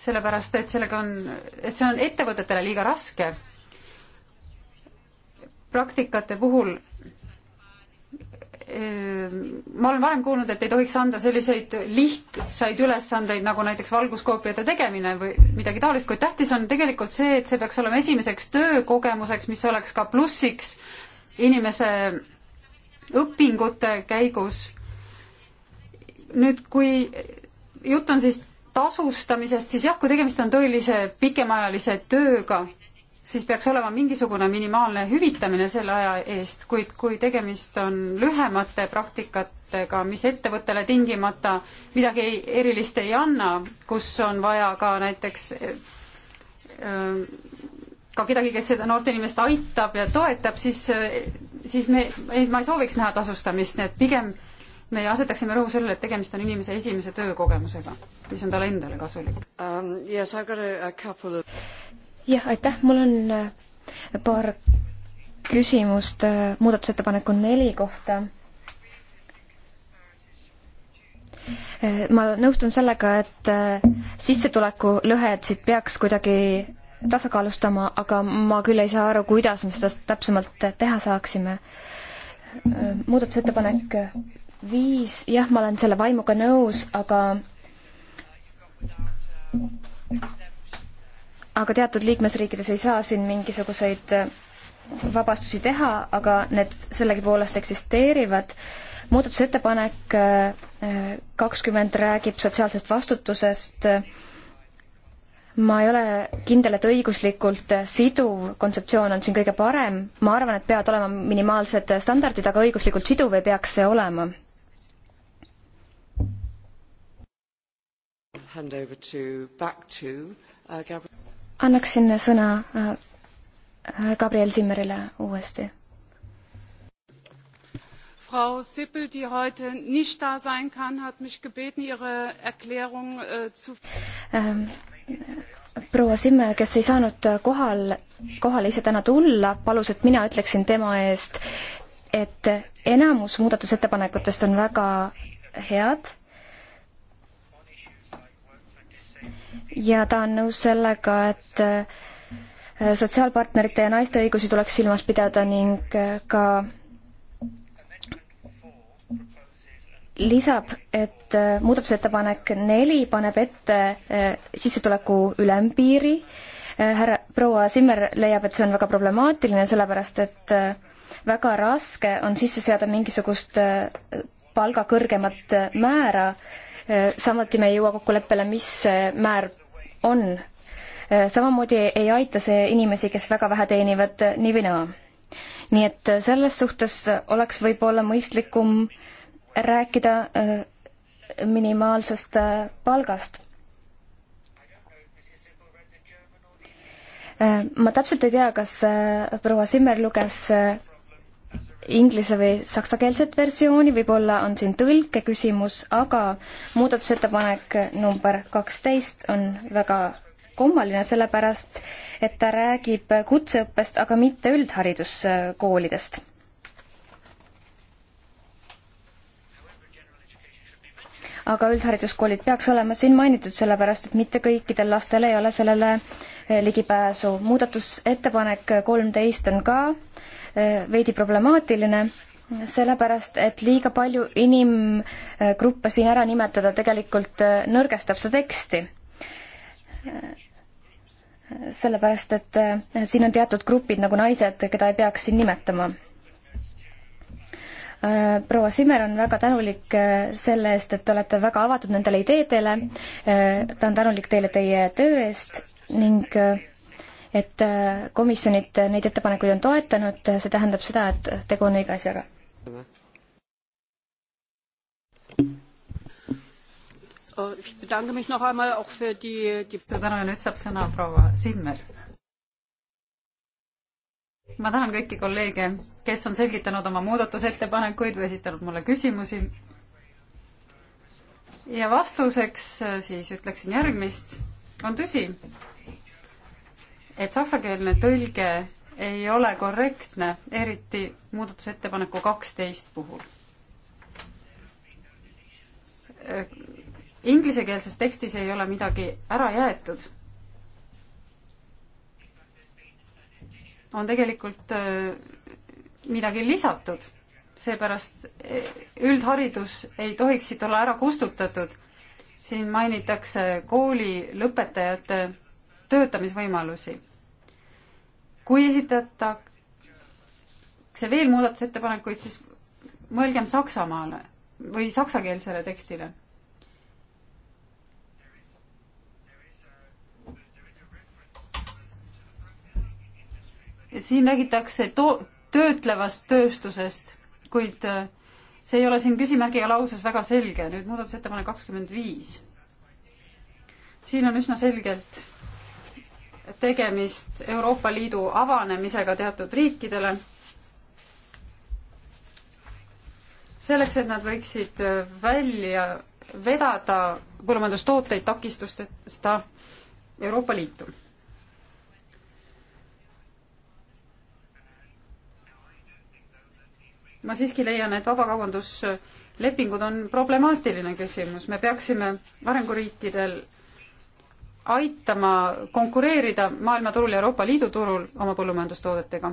S2: sellepärast et sellega on, et see on ettevõtetele liiga raske. praktikate puhul ehm, ma olen varem kuulnud, et ei tohiks anda selliseid lihtsaid ülesandeid nagu näiteks valguskoopiate tegemine või midagi taolist, kuid tähtis on tegelikult see, et see peaks olema esimeseks töökogemuseks, mis oleks ka plussiks inimese õpingute käigus. nüüd, kui jutt on siis tasustamisest, siis jah, kui tegemist on tõelise pikemaajalise tööga, siis peaks olema mingisugune minimaalne hüvitamine selle aja eest, kuid kui tegemist on lühemate praktikatega, mis ettevõttele tingimata midagi ei, erilist ei anna, kus on vaja ka näiteks äh, ka kedagi, kes seda noort inimest aitab ja toetab, siis, äh, siis me, ei, ma ei sooviks näha tasustamist, nii et pigem me asetaksime rõhu sellele, et tegemist on inimese esimese töökogemusega, mis on talle endale kasulik um,. Yes, of...
S4: jah, aitäh, mul on äh, paar küsimust äh, muudatusettepaneku neli kohta. Äh, ma nõustun sellega, et sissetulekulõhesid peaks kuidagi tasakaalustama, aga ma küll ei saa aru, kuidas me seda täpsemalt teha saaksime. muudatusettepanek viis, jah, ma olen selle vaimuga nõus, aga aga teatud liikmesriikides ei saa siin mingisuguseid äh, vabastusi teha, aga need sellegipoolest eksisteerivad. muudatusettepanek äh, äh, kakskümmend räägib sotsiaalsest vastutusest. ma ei ole kindel, et õiguslikult siduv kontseptsioon on siin kõige parem, ma arvan, et peavad olema minimaalsed standardid, aga õiguslikult siduv ei peaks see olema
S1: hand over to, back to uh, Gabriel.
S4: annaksin sõna uh, Gabriel Simmerile uuesti.
S2: Frau Sippel, die heute nicht da sein kann, hat mich gebeten, ihre Erklärung äh, zu.
S4: Ähm, proua Simmer, kes ei saanud uh, kohal, kohale ise täna tulla, palus, et mina ütleksin tema eest, et enamus muudatusettepanekutest on väga head ja ta on nõus sellega, et äh, sotsiaalpartnerite ja naiste õigusi tuleks silmas pidada ning äh, ka lisab, et äh, muudatusettepanek neli paneb ette sissetuleku ülempiiri. härra proua Simmer leiab, et see on väga problemaatiline, sellepärast et väga raske on sisse seada mingisugust palga kõrgemat määra. samuti me ei jõua kokkuleppele, mis määr on. samamoodi ei aita see inimesi, kes väga vähe teenivad nii või naa. nii et selles suhtes oleks võib-olla mõistlikum rääkida äh, minimaalsest äh, palgast. Äh, ma täpselt ei tea, kas proua Simmer luges inglise või saksakeelset versiooni, võib-olla on siin tõlkeküsimus, aga muudatusettepanek number kaksteist on väga kummaline, sellepärast et ta räägib kutseõppest, aga mitte üldhariduskoolidest. aga üldhariduskoolid peaks olema siin mainitud, sellepärast et mitte kõikidel lastel ei ole sellele ligipääsu. muudatusettepanek kolmteist on ka veidi problemaatiline, sellepärast et liiga palju inimgruppe siin ära nimetada tegelikult nõrgestab seda teksti sellepärast, et eh, siin on teatud grupid nagu naised, keda ei peaks siin nimetama. Eh, proua Simmer on väga tänulik eh, selle eest, et te olete väga avatud nendele ideedele. ta on tänulik teile teie töö eest ning et äh, komisjonid neid ettepanekuid on toetanud, see tähendab seda, et tegu on õige asjaga.
S2: tänu ja nüüd saab sõna proua Simmer ma tänan kõiki kolleege, kes on selgitanud oma muudatusettepanekuid või esitanud mulle küsimusi. ja vastuseks äh, siis ütleksin järgmist. on tõsi, et saksakeelne tõlge ei ole korrektne, eriti muudatusettepaneku kaksteist puhul. Inglisekeelses tekstis ei ole midagi ära jäetud. on tegelikult äh, midagi lisatud, seepärast äh, üldharidus ei tohiks siit olla ära kustutatud. siin mainitakse kooli lõpetajate töötamisvõimalusi. kui esitatakse veel muudatusettepanekuid, siis mõelgem Saksamaale või saksakeelsele tekstile. siin räägitakse to-, töötlevast tööstusest, kuid äh, see ei ole siin küsimärgiga lauses väga selge, nüüd muudatusettepanek kakskümmend viis. siin on üsna selgelt tegemist Euroopa Liidu avanemisega teatud riikidele, selleks, et nad võiksid välja vedada põllumajandustooteid takistusteta Euroopa Liitu. ma siiski leian, et vabakaubandus lepingud on problemaatiline küsimus, me peaksime arenguriikidel aitama konkureerida maailmaturul ja Euroopa Liidu turul oma põllumajandustoodetega.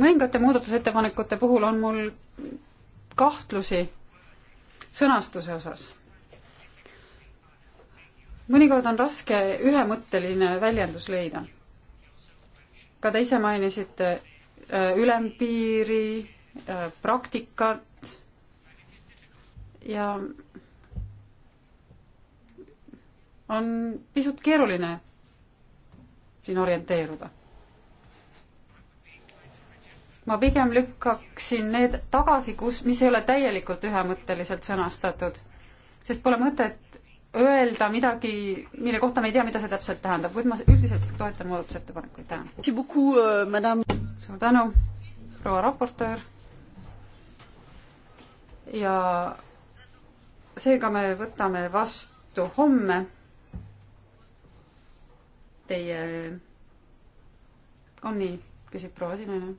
S2: mõningate muudatusettepanekute puhul on mul kahtlusi sõnastuse osas. mõnikord on raske ühemõtteline väljendus leida. ka te ise mainisite äh, ülempiiri, äh, praktikat, ja on pisut keeruline siin orienteeruda. ma pigem lükkaksin need tagasi, kus, mis ei ole täielikult ühemõtteliselt sõnastatud, sest pole mõtet öelda midagi, mille kohta me ei tea, mida see täpselt tähendab, kuid ma üldiselt toetan muudatusettepanekuid, tänan. Euh, suur tänu, proua raportöör ja seega me võtame vastu homme teie, on nii, küsib proua Sinine.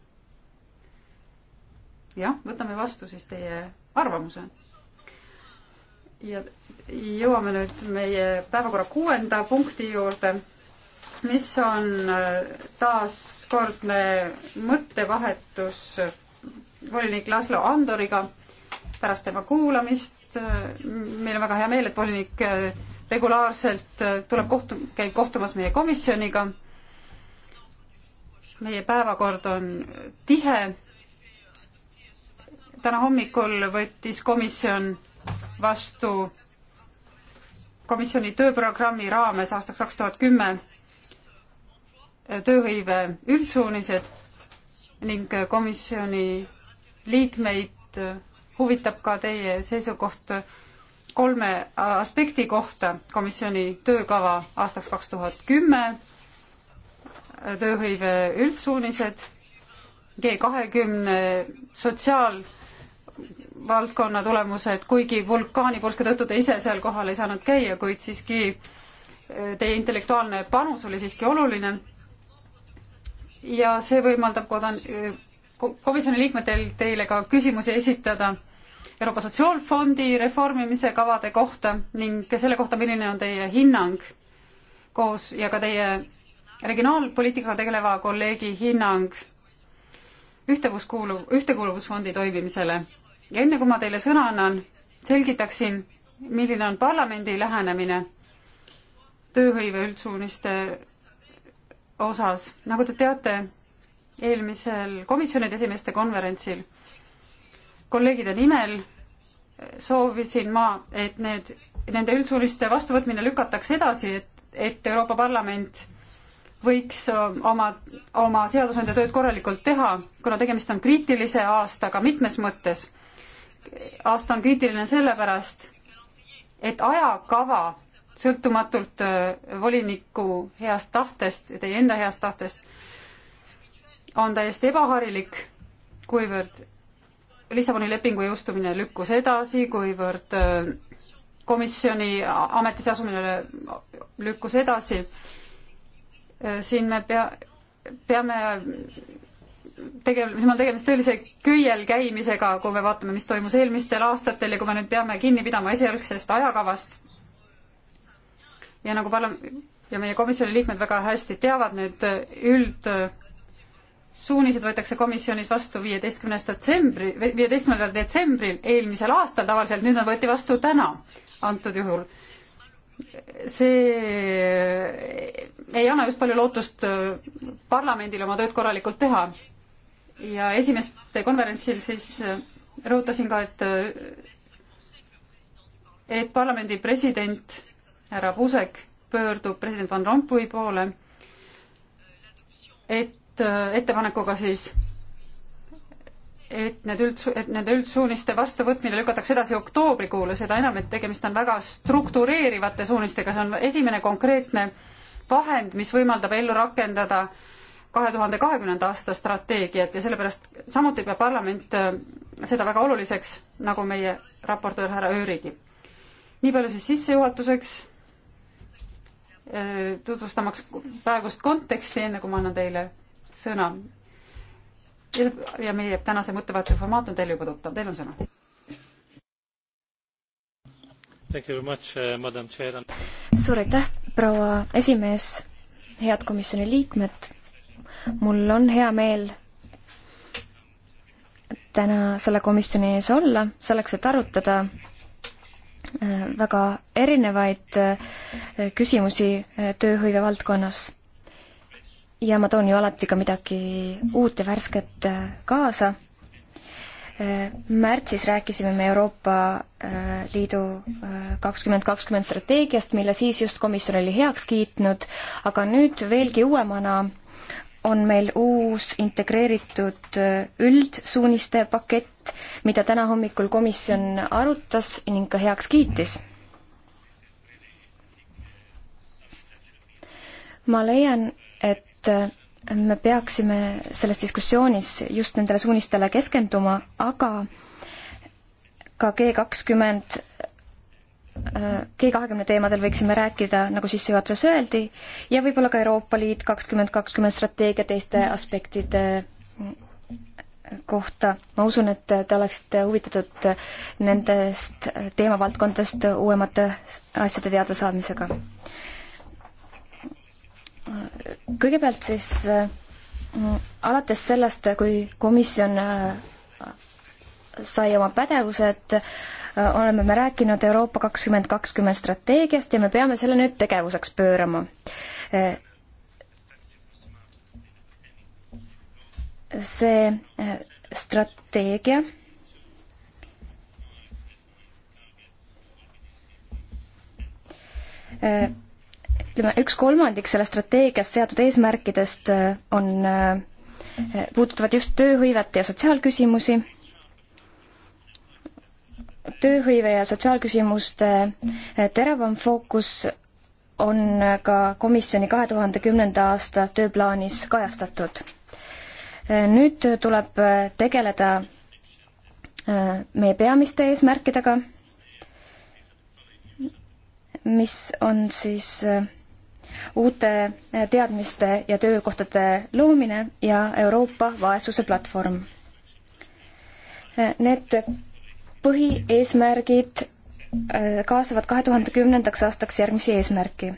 S2: jah, võtame vastu siis teie arvamuse. ja jõuame nüüd meie päevakorra kuuenda punkti juurde, mis on äh, taaskordne mõttevahetus volinik Laslo Andoriga pärast tema kuulamist et äh, meil on väga hea meel, et volinik äh, regulaarselt äh, tuleb kohtu, käib kohtumas meie komisjoniga. meie päevakord on tihe. täna hommikul võttis komisjon vastu komisjoni tööprogrammi raames aastaks kaks tuhat kümme tööhõive üldsuunised ning komisjoni liikmeid huvitab ka teie seisukoht kolme aspekti kohta komisjoni töökava aastaks kaks tuhat kümme, tööhõive üldsuunised, G kahekümne sotsiaalvaldkonna tulemused, kuigi vulkaanipurske tõttu te ise seal kohal ei saanud käia, kuid siiski eh, teie intellektuaalne panus oli siiski oluline ja see võimaldab kodan-, komisjoni liikmetel teile ka küsimusi esitada Euroopa Sotsiaalfondi reformimise kavade kohta ning selle kohta, milline on teie hinnang koos ja ka teie regionaalpoliitikaga tegeleva kolleegi hinnang ühtevuskuuluv, ühtekuuluvusfondi toimimisele. ja enne, kui ma teile sõna annan, selgitaksin, milline on parlamendi lähenemine tööhõive üldsuuniste osas. nagu te teate, eelmisel komisjonide esimeeste konverentsil. kolleegide nimel soovisin ma, et need, nende üldsuuniste vastuvõtmine lükatakse edasi, et, et Euroopa Parlament võiks oma, oma seadusandja tööd korralikult teha, kuna tegemist on kriitilise aastaga mitmes mõttes. aasta on kriitiline sellepärast, et ajakava sõltumatult äh, voliniku heast tahtest ja teie enda heast tahtest on täiesti ebaharilik, kuivõrd Lissaboni lepingu jõustumine lükkus edasi, kuivõrd äh, komisjoni ametisse asumine lükkus edasi. Äh, siin me pea, peame tegema, siin on tegemist tõelise köiel käimisega, kui me vaatame, mis toimus eelmistel aastatel ja kui me nüüd peame kinni pidama esialgsest ajakavast. ja nagu parla- ja meie komisjoni liikmed väga hästi teavad, need üld suunised võetakse komisjonis vastu viieteistkümnes detsembri, viieteistkümnendal detsembril eelmisel aastal tavaliselt, nüüd nad võeti vastu täna antud juhul. see ei anna just palju lootust äh, parlamendile oma tööd korralikult teha. ja esimeste konverentsil siis äh, rõhutasin ka, et äh, et parlamendi president härra Pusek pöördub president Van Rompuy poole, et Äh, ettepanekuga siis, et need üld, et nende üldsuuniste vastuvõtmine lükatakse edasi oktoobrikuule, seda enam, et tegemist on väga struktureerivate suunistega, see on esimene konkreetne vahend, mis võimaldab ellu rakendada kahe tuhande kahekümnenda aasta strateegiat ja sellepärast samuti peab parlament äh, seda väga oluliseks, nagu meie raportöör härra Öörigi. nii palju siis sissejuhatuseks, äh, tutvustamaks praegust konteksti, enne kui ma annan teile sõna. ja meie tänase mõttevahetuse formaat on teile juba tuttav, teil on sõna.
S3: Uh,
S4: suur aitäh, proua esimees, head komisjoni liikmed. mul on hea meel täna selle komisjoni ees olla, selleks, et arutada äh, väga erinevaid äh, küsimusi äh, tööhõive valdkonnas ja ma toon ju alati ka midagi uut ja värsket äh, kaasa. Äh, märtsis rääkisime me Euroopa äh, Liidu kakskümmend kakskümmend strateegiast, mille siis just komisjon oli heaks kiitnud, aga nüüd veelgi uuemana on meil uus integreeritud üldsuuniste pakett, mida täna hommikul komisjon arutas ning ka heaks kiitis ma leian, et Äh, me peaksime selles diskussioonis just nendele suunistele keskenduma, aga ka G kakskümmend, G kahekümne teemadel võiksime rääkida, nagu sissejuhatuses öeldi, ja võib-olla ka Euroopa Liit kakskümmend kakskümmend strateegia teiste aspektide äh, kohta. ma usun, et te oleksite huvitatud nendest äh, teemavaldkondadest uuemate asjade teadasaamisega kõigepealt siis äh, alates sellest, kui komisjon äh, sai oma pädevused, äh, oleme me rääkinud Euroopa kakskümmend kakskümmend strateegiast ja me peame selle nüüd tegevuseks pöörama. see strateegia äh, ütleme, üks kolmandik selle strateegias seatud eesmärkidest äh, on, äh, puudutavad just tööhõivet ja sotsiaalküsimusi tööhõive ja sotsiaalküsimuste äh, teravam fookus on ka komisjoni kahe tuhande kümnenda aasta tööplaanis kajastatud. nüüd tuleb tegeleda meie peamiste eesmärkidega, mis on siis äh, uute teadmiste ja töökohtade loomine ja Euroopa vaesuse platvorm. Need põhieesmärgid äh, kaasavad kahe tuhande kümnendaks aastaks järgmisi eesmärki.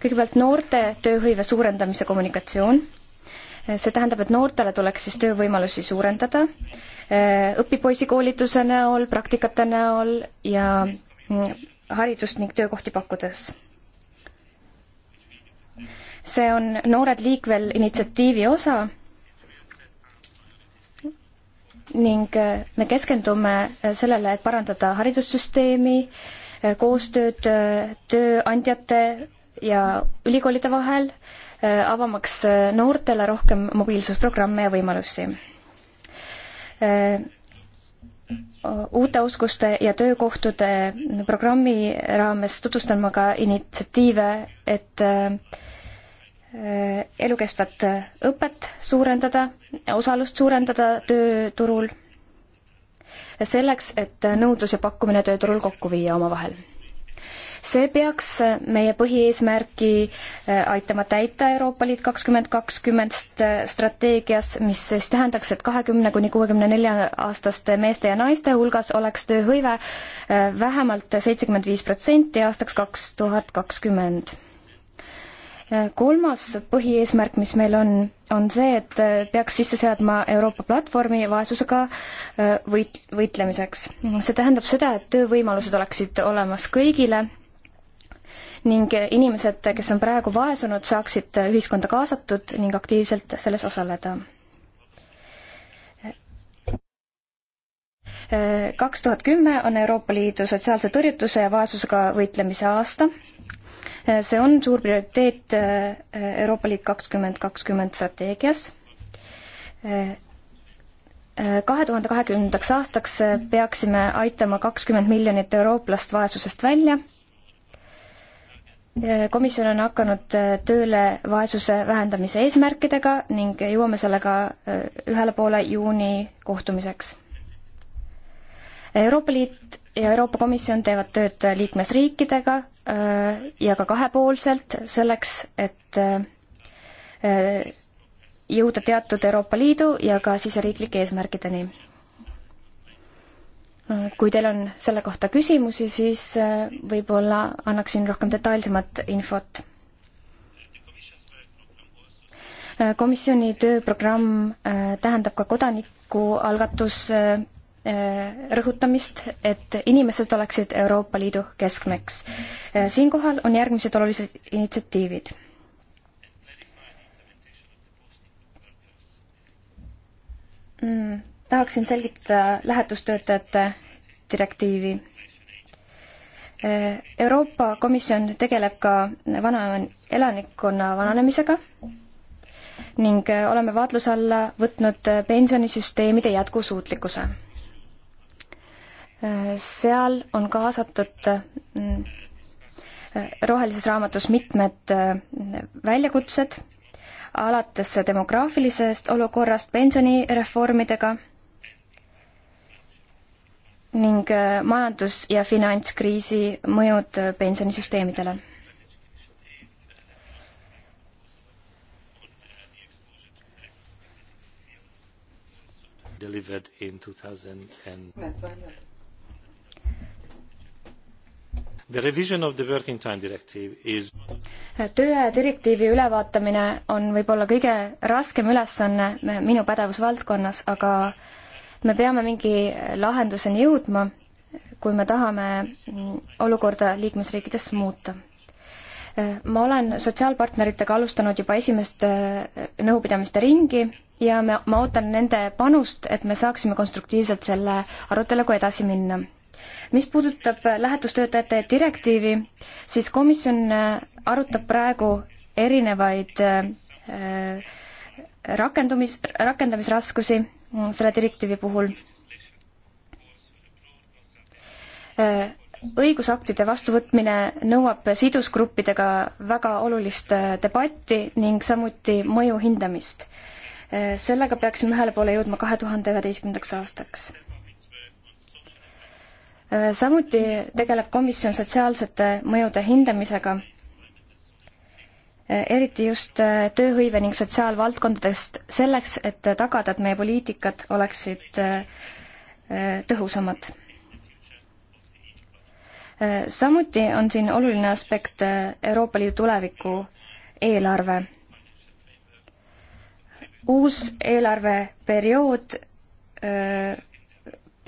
S4: kõigepealt noorte tööhõive suurendamise kommunikatsioon, äh, see tähendab, et noortele tuleks siis töövõimalusi suurendada äh, õpipoisikoolituse näol, praktikate näol ja mm, haridust ning töökohti pakkudes see on Noored liikvel initsiatiivi osa ning äh, me keskendume äh, sellele, et parandada haridussüsteemi, äh, koostööd tööandjate ja ülikoolide vahel, avamaks noortele rohkem mobiilsusprogramme ja võimalusi. uute oskuste ja töökohtade programmi raames tutvustan ma ka initsiatiive, et Äh, elukestvat õpet suurendada, osalust suurendada tööturul, selleks, et nõudlus ja pakkumine tööturul kokku viia omavahel. see peaks meie põhieesmärki äh, aitama täita Euroopa Liit kakskümmend kakskümmend äh, strateegias, mis siis tähendaks, et kahekümne kuni kuuekümne nelja aastaste meeste ja naiste hulgas oleks tööhõive vähemalt seitsekümmend viis protsenti aastaks kaks tuhat kakskümmend kolmas põhieesmärk, mis meil on, on see, et äh, peaks sisse seadma Euroopa platvormi vaesusega äh, võit-, võitlemiseks. see tähendab seda, et töövõimalused oleksid olemas kõigile ning inimesed, kes on praegu vaesunud, saaksid ühiskonda kaasatud ning aktiivselt selles osaleda. Äh, kaks tuhat kümme on Euroopa Liidu sotsiaalse tõrjutuse ja vaesusega võitlemise aasta see on suur prioriteet eh, Euroopa Liit kakskümmend kakskümmend strateegias. Eh, eh, kahe tuhande kahekümnendaks aastaks peaksime aitama kakskümmend miljonit eurooplast vaesusest välja komisjon on hakanud tööle vaesuse vähendamise eesmärkidega ning jõuame sellega ühele poole juuni kohtumiseks. Euroopa Liit ja Euroopa Komisjon teevad tööd liikmesriikidega Äh, ja ka kahepoolselt selleks, et äh, jõuda teatud Euroopa Liidu ja ka siseriiklike eesmärkideni. kui teil on selle kohta küsimusi, siis äh, võib-olla annaksin rohkem detailsemat infot. komisjoni tööprogramm tähendab ka kodanikualgatuse Äh, rõhutamist, et inimesed oleksid Euroopa Liidu keskmeks. Äh, siinkohal on järgmised olulised initsiatiivid. Mm, tahaksin selgitada lähetustöötajate direktiivi. Äh, Euroopa Komisjon tegeleb ka vana, elanikkonna vananemisega ning oleme vaatluse alla võtnud pensionisüsteemide jätkusuutlikkuse seal on kaasatud mm, rohelises raamatus mitmed mm, väljakutsed, alates demograafilisest olukorrast pensionireformidega ning äh, majandus- ja finantskriisi mõjud pensionisüsteemidele.
S3: Delivered in 2000 and Is...
S4: tööaja direktiivi ülevaatamine on võib-olla kõige raskem ülesanne minu pädevusvaldkonnas, aga me peame mingi lahenduseni jõudma, kui me tahame mm, olukorda liikmesriikides muuta ma olen sotsiaalpartneritega alustanud juba esimest äh, nõupidamiste ringi ja me, ma ootan nende panust, et me saaksime konstruktiivselt selle aruteluga edasi minna mis puudutab äh, lähetustöötajate direktiivi, siis komisjon äh, arutab praegu erinevaid äh, rakendumis, rakendamisraskusi mm, selle direktiivi puhul. õigusaktide vastuvõtmine nõuab sidusgruppidega väga olulist debatti ning samuti mõju hindamist. sellega peaksime ühele poole jõudma kahe tuhande üheteistkümnendaks aastaks samuti tegeleb komisjon sotsiaalsete mõjude hindamisega, eriti just äh, tööhõive ning sotsiaalvaldkondadest, selleks, et tagada, et meie poliitikad oleksid äh, äh, tõhusamad. samuti on siin oluline aspekt Euroopa Liidu tuleviku eelarve. uus eelarveperiood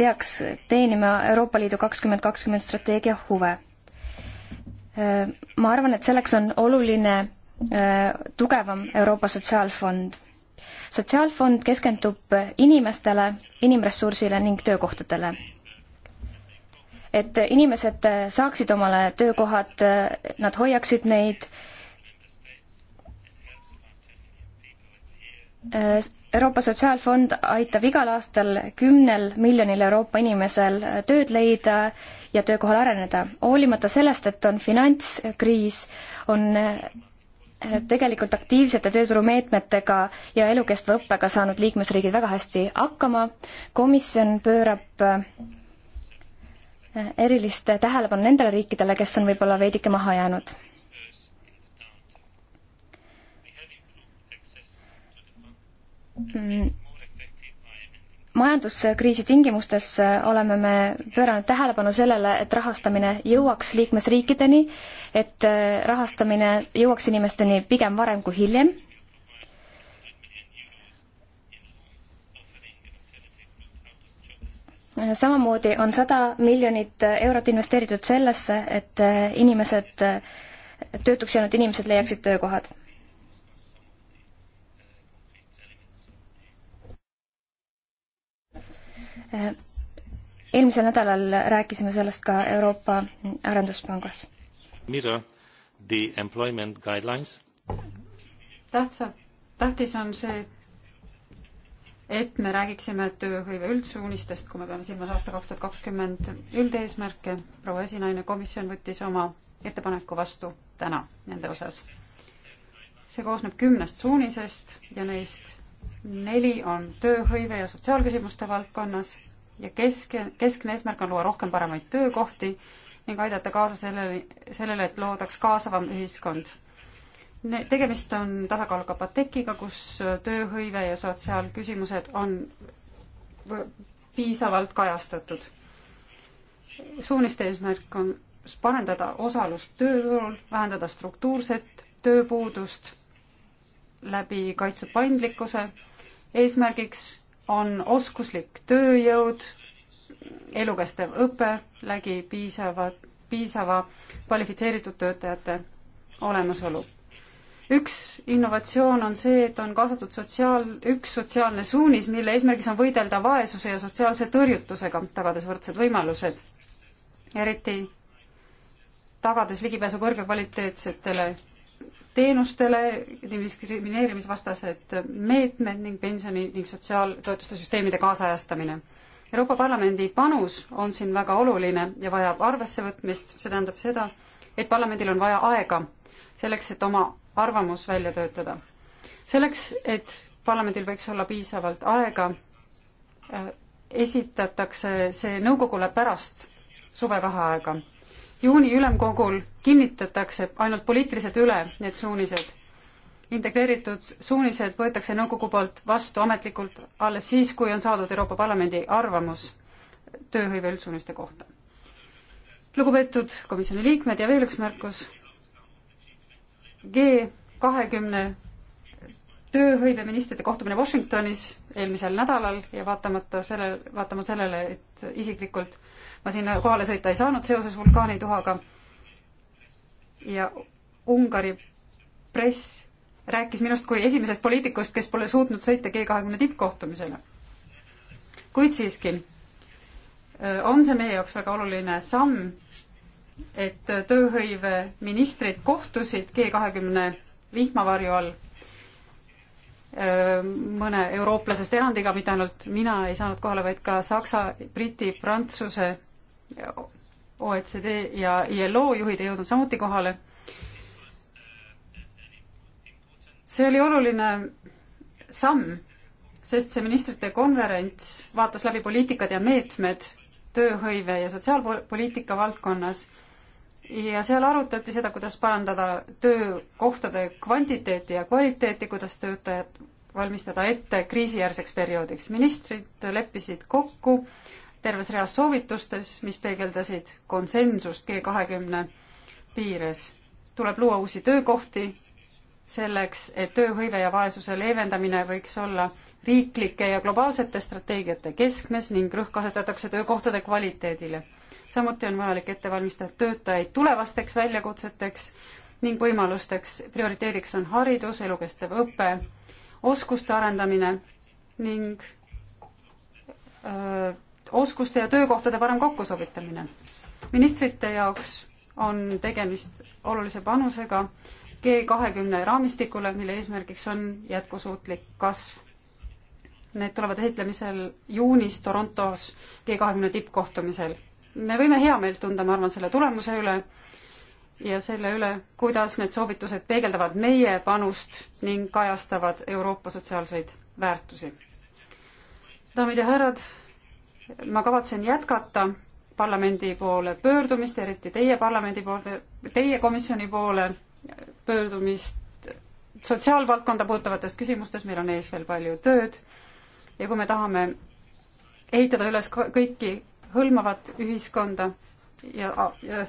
S4: peaks teenima Euroopa Liidu kakskümmend kakskümmend strateegia huve. ma arvan, et selleks on oluline äh, tugevam Euroopa Sotsiaalfond. sotsiaalfond keskendub inimestele, inimressursile ning töökohtadele. et inimesed äh, saaksid omale töökohad, äh, nad hoiaksid neid, Euroopa Sotsiaalfond aitab igal aastal kümnel miljonil Euroopa inimesel tööd leida ja töökohal areneda. hoolimata sellest, et on finantskriis, on eh, tegelikult aktiivsete tööturumeetmetega ja elukestva õppega saanud liikmesriigid väga hästi hakkama. komisjon pöörab eh, erilist tähelepanu nendele riikidele, kes on võib-olla veidike maha jäänud Mm. majanduskriisi tingimustes äh, oleme me pööranud tähelepanu sellele, et rahastamine jõuaks liikmesriikideni, et äh, rahastamine jõuaks inimesteni pigem varem kui hiljem äh, samamoodi on sada miljonit eurot investeeritud sellesse, et inimesed, töötuks jäänud inimesed leiaksid töökohad. Äh, eelmisel nädalal rääkisime sellest ka Euroopa Arenduspangas.
S3: Mirror the employment guidelines.
S4: tähtsa, tähtis on see,
S2: et me räägiksime tööhõive üldsuunistest, kui me peame silmas aasta kaks tuhat kakskümmend üldeesmärke. proua esinaine, komisjon võttis oma ettepaneku vastu täna nende osas. see koosneb kümnest suunisest ja neist neli on tööhõive ja sotsiaalküsimuste valdkonnas ja keske, keskne eesmärk on luua rohkem paremaid töökohti ning aidata kaasa sellele, sellele, et loodaks kaasavam ühiskond. tegemist on tasakaaluka patekiga, kus tööhõive ja sotsiaalküsimused on piisavalt kajastatud. suuniste eesmärk on parendada osalust tööturul, vähendada struktuurset tööpuudust läbi kaitstud paindlikkuse eesmärgiks on oskuslik tööjõud, elukestev õpe läbi piisava, piisava kvalifitseeritud töötajate olemasolu. üks innovatsioon on see, et on kaasatud sotsiaal, üks sotsiaalne suunis, mille eesmärgis on võidelda vaesuse ja sotsiaalse tõrjutusega, tagades võrdsed võimalused. eriti tagades ligipääsu kõrgekvaliteetsetele teenustele, diskrimineerimisvastased meetmed ning pensioni ning sotsiaaltoetuste süsteemide kaasajastamine. Euroopa Parlamendi panus on siin väga oluline ja vajab arvessevõtmist, see tähendab seda, et parlamendil on vaja aega selleks, et oma arvamus välja töötada. selleks, et parlamendil võiks olla piisavalt aega, äh, esitatakse see nõukogule pärast suvevaheaega juuni ülemkogul kinnitatakse ainult poliitiliselt üle need suunised. integreeritud suunised võetakse nõukogu poolt vastu ametlikult alles siis, kui on saadud Euroopa Parlamendi arvamus tööhõive üldsuuniste kohta. lugupeetud komisjoni liikmed ja veel üks märkus. G kahekümne tööhõiveministrite kohtumine Washingtonis eelmisel nädalal ja vaatamata sellele, vaatama sellele, et isiklikult ma sinna kohale sõita ei saanud seoses vulkaanituhaga. ja Ungari press rääkis minust kui esimesest poliitikust, kes pole suutnud sõita G kahekümne tippkohtumisele. kuid siiski on see meie jaoks väga oluline samm, et tööhõiveministrid kohtusid G kahekümne vihmavarju all äh, mõne eurooplasest erandiga, mitte ainult mina ei saanud kohale, vaid ka Saksa, Briti, Prantsuse OECD ja ILO juhid ei jõudnud samuti kohale. see oli oluline samm, sest see ministrite konverents vaatas läbi poliitikad ja meetmed tööhõive ja sotsiaalpoliitika valdkonnas ja seal arutati seda, kuidas parandada töökohtade kvantiteeti ja kvaliteeti, kuidas töötajad valmistada ette kriisijärgseks perioodiks. ministrid leppisid kokku terves reas soovitustes, mis peegeldasid konsensust G kahekümne piires. tuleb luua uusi töökohti selleks, et tööhõive ja vaesuse leevendamine võiks olla riiklike ja globaalsete strateegiate keskmes ning rõhk asetatakse töökohtade kvaliteedile. samuti on vajalik ette valmistada töötajaid tulevasteks väljakutseteks ning võimalusteks. prioriteediks on haridus, elukestev õpe, oskuste arendamine ning öö, oskuste ja töökohtade parem kokkusobitamine. ministrite jaoks on tegemist olulise panusega G kahekümne raamistikule, mille eesmärgiks on jätkusuutlik kasv. Need tulevad esitlemisel juunis Torontos G kahekümne tippkohtumisel. me võime heameelt tunda, ma arvan, selle tulemuse üle ja selle üle, kuidas need soovitused peegeldavad meie panust ning kajastavad Euroopa sotsiaalseid väärtusi. daamid ja härrad, ma kavatsen jätkata parlamendi poole pöördumist, eriti teie parlamendi poole, teie komisjoni poole pöördumist sotsiaalvaldkonda puudutavates küsimustes, meil on ees veel palju tööd ja kui me tahame ehitada üles kõiki hõlmavat ühiskonda ja, ja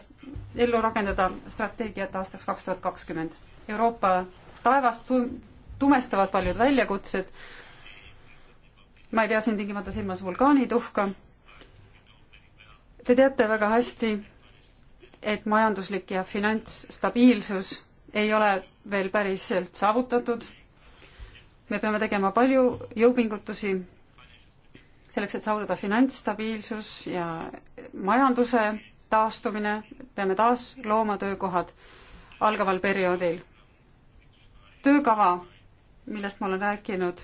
S2: ellu rakendada strateegiat aastaks kaks tuhat kakskümmend. Euroopa taevast tumestavad paljud väljakutsed ma ei pea siin tingimata silmas vulkaanituhka. Te teate väga hästi, et majanduslik ja finantsstabiilsus ei ole veel päriselt saavutatud. me peame tegema palju jõupingutusi selleks, et saavutada finantsstabiilsus ja majanduse taastumine, peame taas looma töökohad algaval perioodil. töökava, millest ma olen rääkinud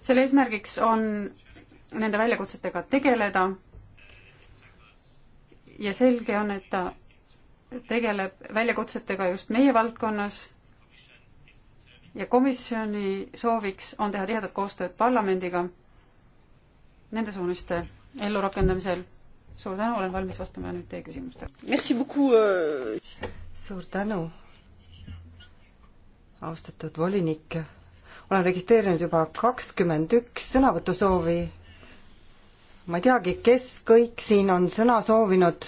S2: selle eesmärgiks on nende väljakutsetega tegeleda ja selge on, et ta tegeleb väljakutsetega just meie valdkonnas ja komisjoni sooviks on teha tihedat koostööd parlamendiga nende suuniste ellurakendamisel. suur tänu, olen valmis vastama nüüd teie küsimustele.
S1: Euh. suur tänu, austatud volinik olen registreerinud juba kakskümmend üks sõnavõtusoovi. ma ei teagi, kes kõik siin on sõna soovinud.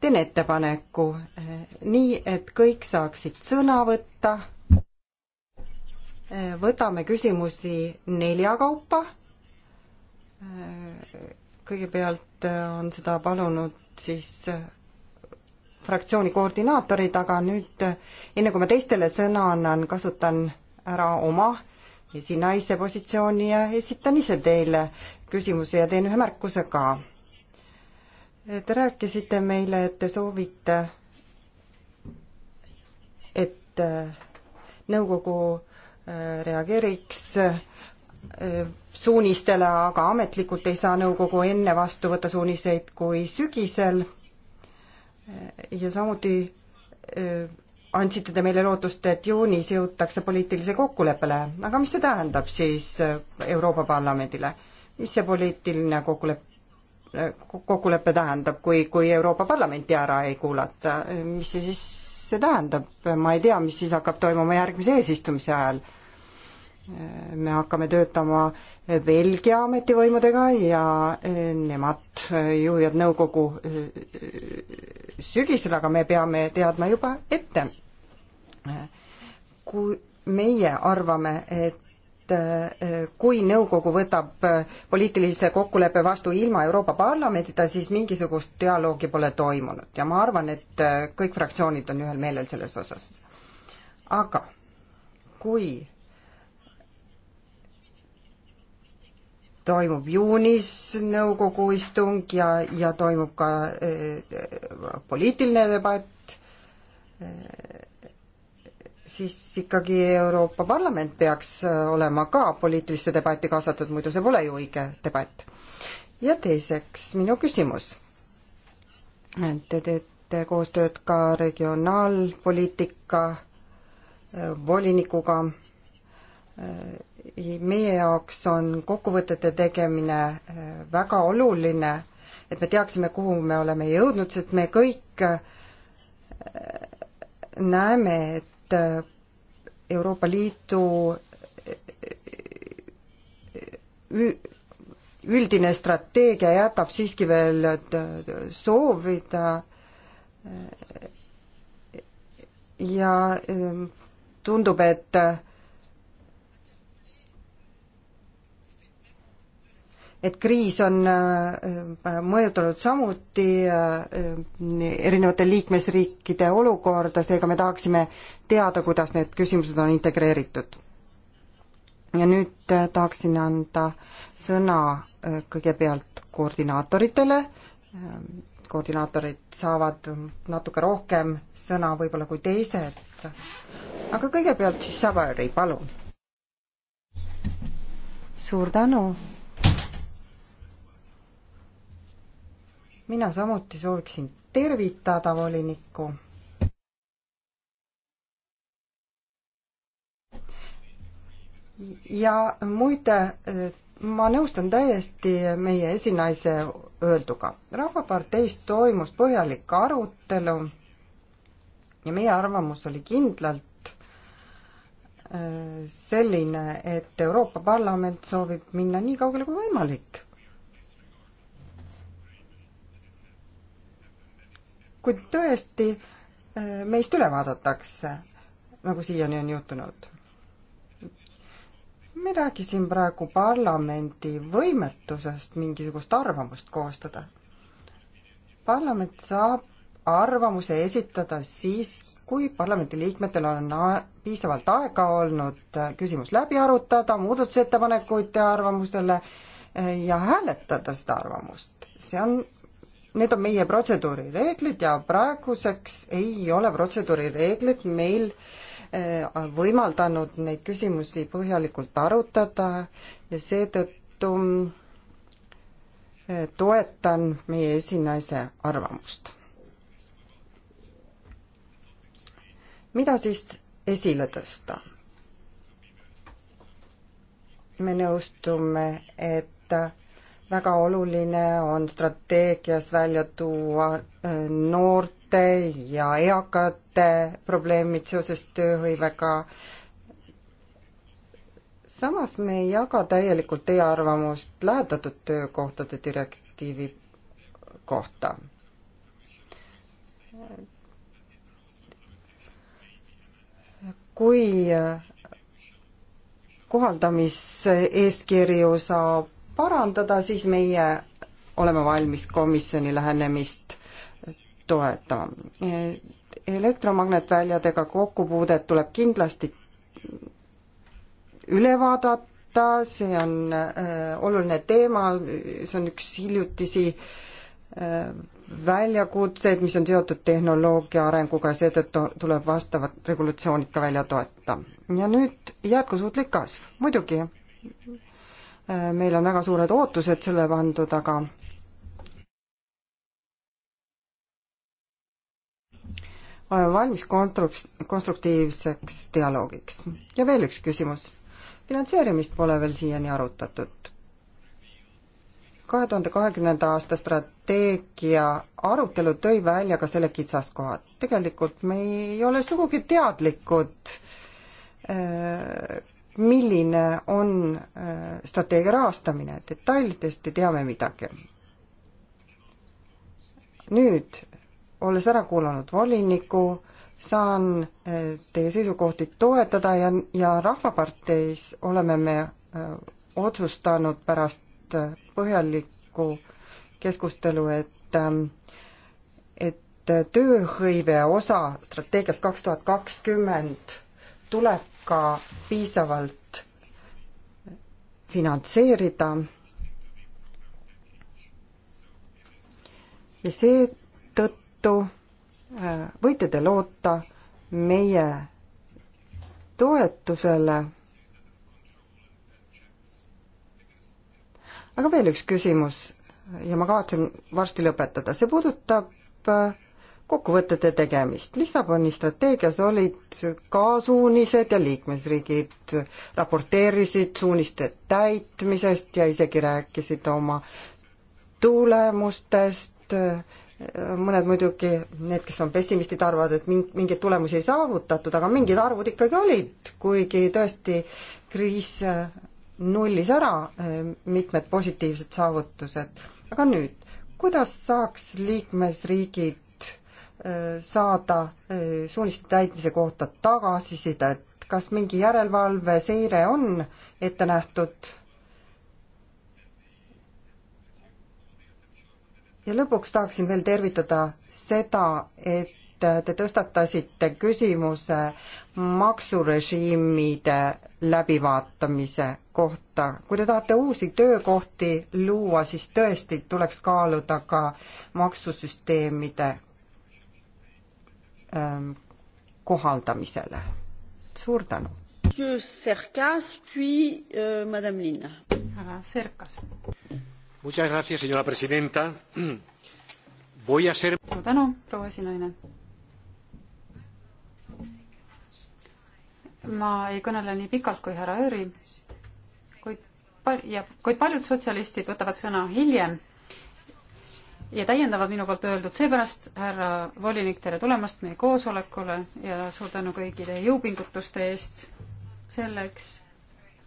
S1: teen ettepaneku nii, et kõik saaksid sõna võtta. võtame küsimusi nelja kaupa. kõigepealt on seda palunud siis fraktsiooni koordinaatorid, aga nüüd enne kui ma teistele sõna annan, kasutan ära oma esinaise positsiooni ja esitan ise teile küsimuse ja teen ühe märkuse ka. Te rääkisite meile, et te soovite, et äh, nõukogu äh, reageeriks äh, suunistele, aga ametlikult ei saa nõukogu enne vastu võtta suuniseid kui sügisel. ja samuti andsite te meile lootust, et juunis jõutakse poliitilise kokkuleppele, aga mis see tähendab siis äh, Euroopa Parlamendile? mis see poliitiline kokkulepe, äh, kokkulepe tähendab, kui, kui Euroopa Parlamenti ära ei kuulata, mis see siis, see tähendab, ma ei tea, mis siis hakkab toimuma järgmise eesistumise ajal me hakkame töötama Belgia ametivõimudega ja eh, nemad juhivad nõukogu eh, sügisel, aga me peame teadma juba ette. kui meie arvame, et eh, kui nõukogu võtab poliitilise kokkuleppe vastu ilma Euroopa Parlamendita, siis mingisugust dialoogi pole toimunud ja ma arvan, et kõik fraktsioonid on ühel meelel selles osas. aga kui toimub juunis nõukogu istung ja, ja toimub ka eh, poliitiline debatt, eh, siis ikkagi Euroopa Parlament peaks eh, olema ka poliitilisse debatti kaasatud, muidu see pole ju õige debatt. ja teiseks minu küsimus. Te teete koostööd ka regionaalpoliitika volinikuga meie jaoks on kokkuvõtete tegemine äh, väga oluline, et me teaksime, kuhu me oleme jõudnud, sest me kõik äh, näeme, et äh, Euroopa Liidu üldine strateegia jätab siiski veel soovida ja tundub, et et kriis on äh, mõjutanud samuti äh, erinevate liikmesriikide olukorda, seega me tahaksime teada, kuidas need küsimused on integreeritud. ja nüüd äh, tahaksin anda sõna kõigepealt koordinaatoritele, koordinaatorid saavad natuke rohkem sõna võib-olla kui teised, aga kõigepealt siis Savari, palun. suur tänu mina samuti sooviksin tervitada volinikku. ja muide, ma nõustun täiesti meie esinaise öelduga. rahvaparteis toimus põhjalik arutelu ja meie arvamus oli kindlalt äh, selline, et Euroopa Parlament soovib minna nii kaugele kui võimalik kui tõesti äh, meist üle vaadatakse, nagu siiani on juhtunud. me rääkisime praegu parlamendi võimetusest mingisugust arvamust koostada. parlament saab arvamuse esitada siis, kui parlamendiliikmetel on piisavalt aega olnud äh, küsimus läbi arutada, muudatusettepanekuid teha arvamusele äh, ja hääletada seda arvamust. see on need on meie protseduurireeglid ja praeguseks ei ole protseduurireeglid meil äh, võimaldanud neid küsimusi põhjalikult arutada ja seetõttu äh, toetan meie esinaise arvamust. mida siis esile tõsta? me nõustume, et väga oluline on strateegias välja tuua äh, noorte ja eakate probleemid seoses tööhõivega. samas me ei jaga täielikult teie arvamust lähedatud töökohtade direktiivi kohta kui kohaldamiseeskirju saab parandada, siis meie oleme valmis komisjoni lähenemist toetama. elektromagnetväljadega kokkupuudet tuleb kindlasti üle vaadata, see on äh, oluline teema, see on üks hiljutisi äh, väljakutseid, mis on seotud tehnoloogia arenguga ja seetõttu tuleb vastavad regulatsioonid ka välja toeta. ja nüüd jätkusuutlik kasv, muidugi Äh, meil on väga suured ootused selle pandud, aga oleme valmis kontruk-, konstruktiivseks dialoogiks. ja veel üks küsimus. finantseerimist pole veel siiani arutatud. kahe tuhande kahekümnenda aasta strateegia arutelu tõi välja ka selle kitsaskohad. tegelikult me ei ole sugugi teadlikud äh, milline on äh, strateegia rahastamine, detailidest ei tea me midagi. nüüd, olles ära kuulanud voliniku, saan äh, teie seisukohti toetada ja, ja Rahvaparteis oleme me äh, otsustanud pärast põhjalikku keskustelu, et ähm, et tööhõive osa strateegiast kaks tuhat kakskümmend tuleb ka piisavalt finantseerida. ja seetõttu äh, võite te loota meie toetusele. aga veel üks küsimus ja ma kavatsen varsti lõpetada, see puudutab äh, kokkuvõtete tegemist. Lissaboni strateegias olid ka suunised ja liikmesriigid raporteerisid suuniste täitmisest ja isegi rääkisid oma tulemustest, mõned muidugi, need, kes on pessimistid, arvavad, et ming-, mingeid tulemusi ei saavutatud, aga mingid arvud ikkagi olid, kuigi tõesti kriis äh, nullis ära äh, mitmed positiivsed saavutused. aga nüüd, kuidas saaks liikmesriigid saada e, suuniste täitmise kohta tagasisidet, kas mingi järelevalve, seire on ette nähtud? ja lõpuks tahaksin veel tervitada seda, et te tõstatasite küsimuse maksurežiimide läbivaatamise kohta. kui te tahate uusi töökohti luua, siis tõesti tuleks kaaluda ka maksusüsteemide Ähm, kohaldamisele. suur tänu. Serkas, puis euh, Madame Linn.
S2: härra Serkas.
S3: Muchas gracias, señora presidenta. Voy a ser. suur
S2: tänu, proua esinaine. ma ei kõnele nii pikalt kui härra Ööri, kuid pal-, ja kuid paljud sotsialistid võtavad sõna hiljem ja täiendavad minu poolt öeldud, seepärast härra volinik, tere tulemast meie koosolekule ja suur tänu kõigi teie jõupingutuste eest selleks,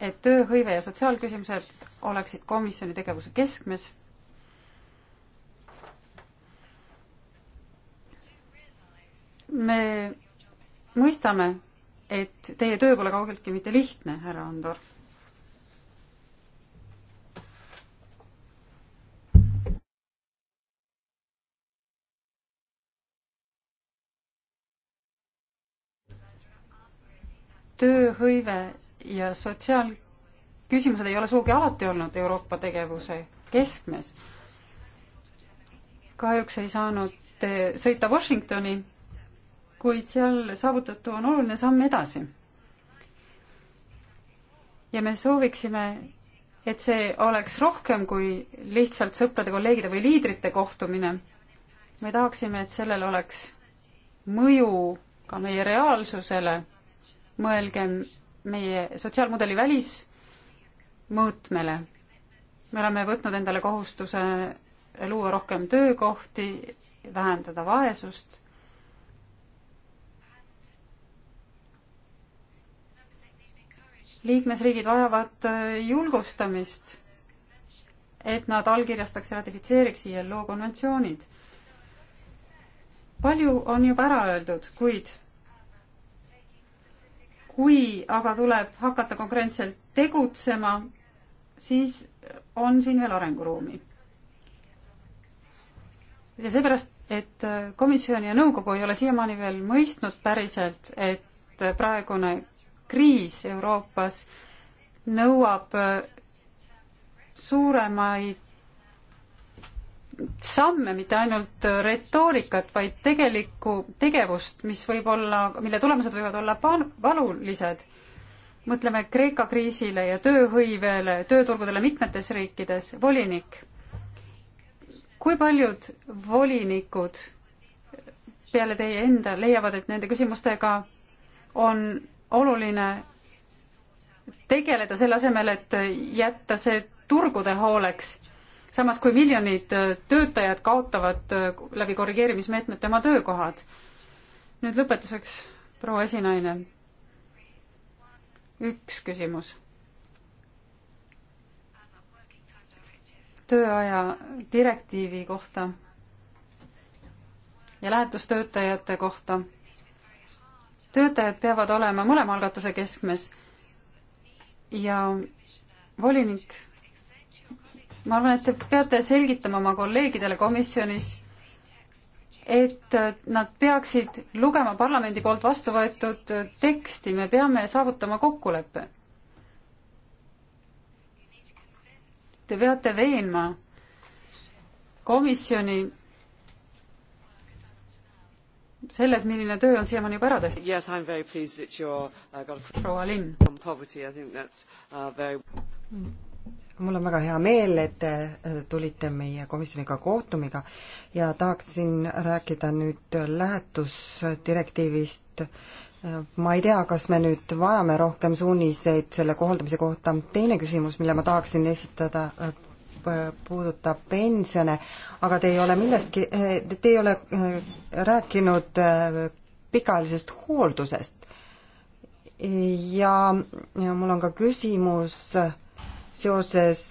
S2: et tööhõive ja sotsiaalküsimused oleksid komisjoni tegevuse keskmes. me mõistame, et teie töö pole kaugeltki mitte lihtne, härra Andor tööhõive ja sotsiaalküsimused ei ole sugugi alati olnud Euroopa tegevuse keskmes. kahjuks ei saanud eh, sõita Washingtoni, kuid seal saavutatu on oluline samm edasi. ja me sooviksime, et see oleks rohkem kui lihtsalt sõprade, kolleegide või liidrite kohtumine. me tahaksime, et sellel oleks mõju ka meie reaalsusele mõelgem meie sotsiaalmudeli välismõõtmele. me oleme võtnud endale kohustuse luua rohkem töökohti, vähendada vaesust. liikmesriigid vajavad äh, julgustamist, et nad allkirjastaks ja ratifitseeriks ILO konventsioonid. palju on juba ära öeldud, kuid kui aga tuleb hakata konkreetselt tegutsema, siis on siin veel arenguruumi. ja seepärast, et komisjon ja nõukogu ei ole siiamaani veel mõistnud päriselt, et praegune kriis Euroopas nõuab suuremaid samme, mitte ainult retoorikat, vaid tegelikku tegevust, mis võib olla, mille tulemused võivad olla valulised. mõtleme Kreeka kriisile ja tööhõivele, tööturgudele mitmetes riikides, volinik. kui paljud volinikud peale teie enda leiavad, et nende küsimustega on oluline tegeleda selle asemel, et jätta see turgude hooleks samas kui miljonid äh, töötajad kaotavad äh, läbi korrigeerimismeetmete oma töökohad. nüüd lõpetuseks, proua esinaine. üks küsimus. tööaja direktiivi kohta ja lähetustöötajate kohta. töötajad peavad olema mõlema algatuse keskmes ja volinik ma arvan, et te peate selgitama oma kolleegidele komisjonis, et nad peaksid lugema parlamendi poolt vastu võetud teksti, me peame saavutama kokkuleppe. Te peate veenma komisjoni selles, milline töö on siiamaani juba ära tehtud yes,. Uh, proua Linn
S1: mul on väga hea meel, et te äh, tulite meie komisjoniga kohtumiga ja tahaksin rääkida nüüd lähetusdirektiivist. Äh, ma ei tea, kas me nüüd vajame rohkem suuniseid selle kohaldamise kohta. teine küsimus, mille ma tahaksin esitada, äh, puudutab pensione, aga te ei ole millestki, te ei ole rääkinud pikaajalisest hooldusest. ja mul on ka küsimus äh, seoses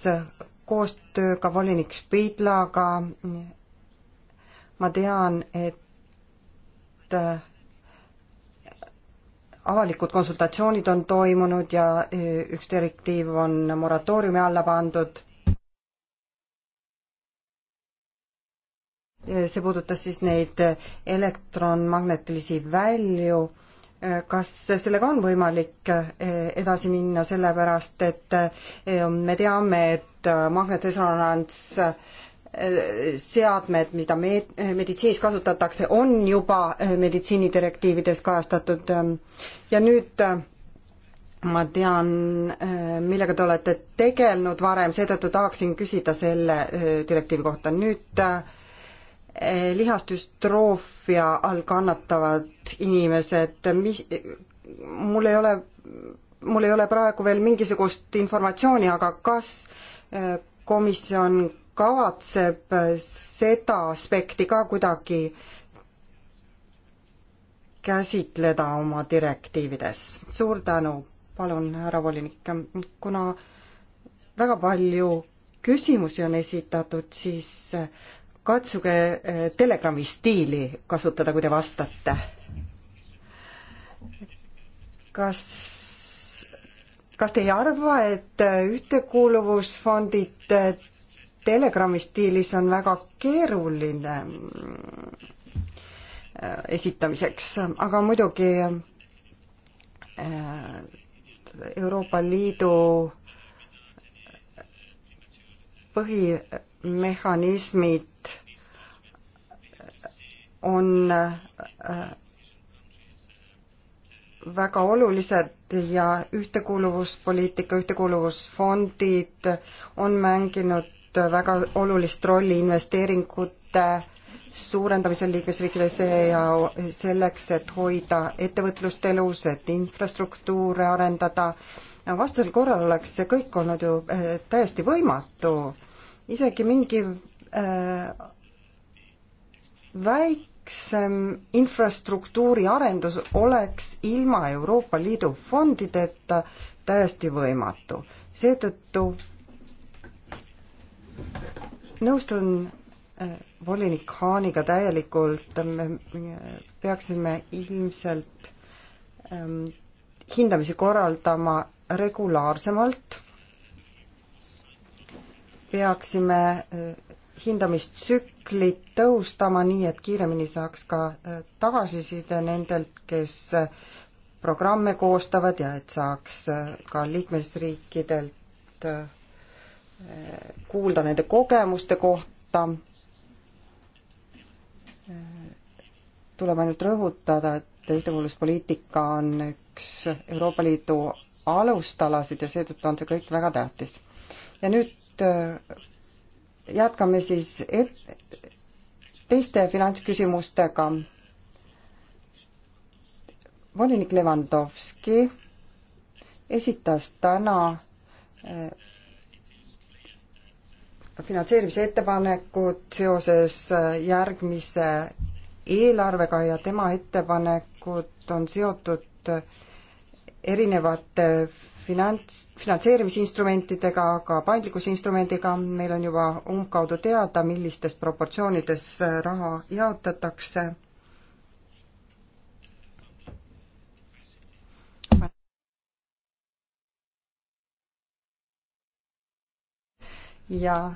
S1: koostööga volinik Spiidlaga. ma tean, et äh, avalikud konsultatsioonid on toimunud ja äh, üks direktiiv on moratooriumi alla pandud. see puudutas siis neid elektronmagnetilisi välju kas sellega on võimalik eh, edasi minna, sellepärast et eh, me teame, et eh, magnetresonants seadmed, mida me-, meditsiinis kasutatakse, on juba meditsiinidirektiivides kajastatud ja nüüd ma tean, millega te olete tegelenud varem, seetõttu tahaksin küsida selle direktiivi kohta. nüüd äh, lihastüstroofia all kannatavad inimesed, mis, mul ei ole, mul ei ole praegu veel mingisugust informatsiooni, aga kas äh, komisjon kavatseb seda aspekti ka kuidagi käsitleda oma direktiivides. suur tänu, palun, härra volinik, kuna väga palju küsimusi on esitatud, siis äh, katsuge eh, Telegrami stiili kasutada, kui te vastate. kas, kas te ei arva, et eh, ühtekuuluvusfondid eh, Telegrami stiilis on väga keeruline esitamiseks, aga muidugi Euroopa Liidu põhi mehhanismid on äh, väga olulised ja ühtekuuluvuspoliitika, ühtekuuluvusfondid on mänginud väga olulist rolli investeeringute suurendamisel liikmesriikides ja selleks, et hoida ettevõtlust elus, et infrastruktuure arendada, vastasel korral oleks see kõik olnud ju äh, täiesti võimatu isegi mingi äh, väiksem infrastruktuuri arendus oleks ilma Euroopa Liidu fondideta täiesti võimatu. seetõttu nõustun äh, volinik Haaniga täielikult, me peaksime ilmselt ähm, hindamisi korraldama regulaarsemalt peaksime äh, hindamistsüklit tõhustama nii, et kiiremini saaks ka äh, tagasiside nendelt, kes äh, programme koostavad ja et saaks ka liikmesriikidelt kuulda nende kogemuste kohta. tuleb ainult rõhutada, et ühtekuuluvuspoliitika on üks Euroopa Liidu alustalasid ja seetõttu on see kõik väga tähtis. ja nüüd nüüd äh, jätkame siis et, teiste finantsküsimustega. volinik Levandovski esitas täna äh, finantseerimise ettepanekud seoses äh, järgmise eelarvega ja tema ettepanekud on seotud erinevate finants, finantseerimisinstrumentidega, ka paindlikkusinstrumendiga, meil on juba umbkaudu teada, millistes proportsioonides äh, raha jaotatakse. ja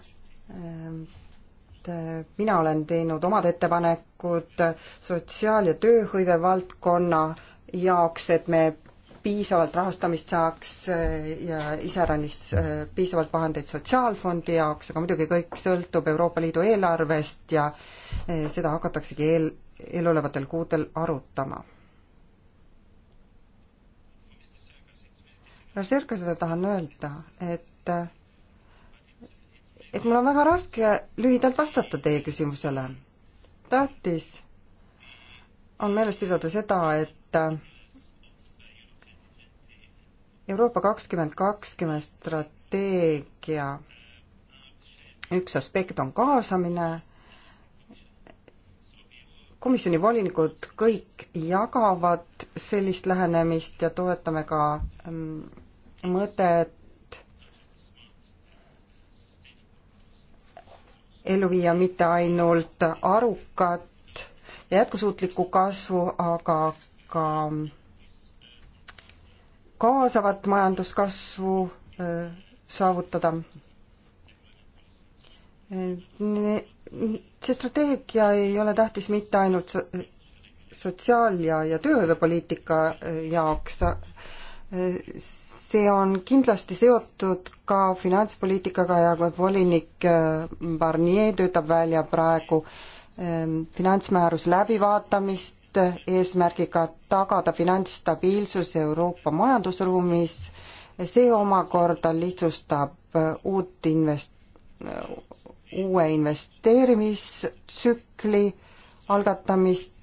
S1: ähm, et mina olen teinud omad ettepanekud sotsiaal- ja tööhõive valdkonna jaoks, et me piisavalt rahastamist saaks äh, ja iseäranis äh, piisavalt vahendeid Sotsiaalfondi jaoks, aga muidugi kõik sõltub Euroopa Liidu eelarvest ja äh, seda hakataksegi eel, eelolevatel kuudel arutama. Raserkasele tahan öelda, et et mul on väga raske lühidalt vastata teie küsimusele. tähtis on meeles pidada seda, et Euroopa kakskümmend kakskümmend strateegia üks aspekt on kaasamine, komisjoni volinikud kõik jagavad sellist lähenemist ja toetame ka mm, mõtet ellu viia mitte ainult arukat ja jätkusuutlikku kasvu, aga ka kaasavat majanduskasvu äh, saavutada. see strateegia ei ole tähtis mitte ainult sotsiaal- ja, ja tööhõivepoliitika äh, jaoks, äh, see on kindlasti seotud ka finantspoliitikaga ja kui volinik Barnier töötab välja praegu ähm, finantsmäärus läbivaatamist, eesmärgiga tagada finantsstabiilsus Euroopa majandusruumis. see omakorda lihtsustab uut invest-, uue investeerimistsükli algatamist.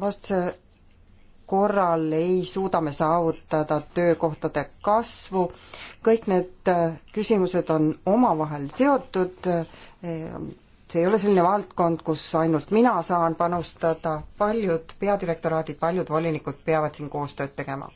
S1: vastse korral ei suuda me saavutada töökohtade kasvu. kõik need küsimused on omavahel seotud, see ei ole selline valdkond, kus ainult mina saan panustada, paljud peadirektoraadid, paljud volinikud peavad siin koostööd tegema.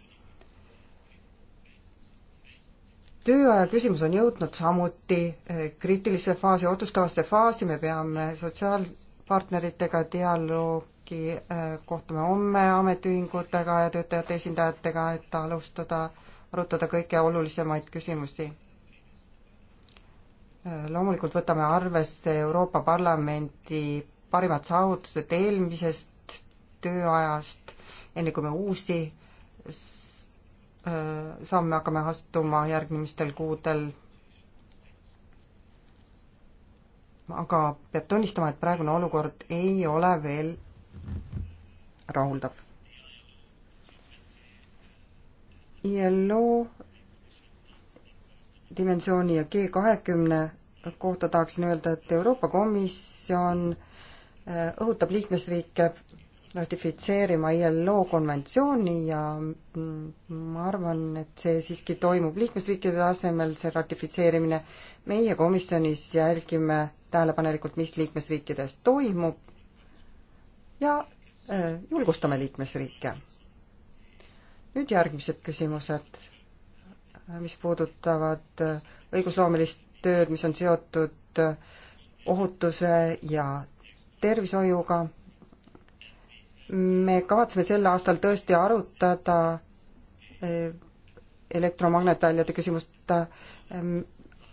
S1: tööaja küsimus on jõudnud samuti eh, kriitilisse faasi, otsustavasse faasi, me peame sotsiaalpartneritega dialoogi, eh, kohtume homme ametiühingutega ja töötajate esindajatega, et alustada, arutada kõige olulisemaid küsimusi loomulikult võtame arvesse Euroopa Parlamenti parimad saavutused eelmisest tööajast, enne kui me uusi äh, samme hakkame astuma järgmistel kuudel. aga peab tunnistama, et praegune olukord ei ole veel rahuldav. ILO dimensiooni ja G kahekümne kohta tahaksin öelda, et Euroopa Komisjon äh, õhutab liikmesriike ratifitseerima ILO konventsiooni ja mm, ma arvan, et see siiski toimub liikmesriikide tasemel, see ratifitseerimine. meie komisjonis jälgime tähelepanelikult, mis liikmesriikides toimub ja äh, julgustame liikmesriike. nüüd järgmised küsimused mis puudutavad äh, õigusloomelist tööd, mis on seotud äh, ohutuse ja tervishoiuga. me kavatseme sel aastal tõesti arutada äh, elektromagnetväljade küsimust.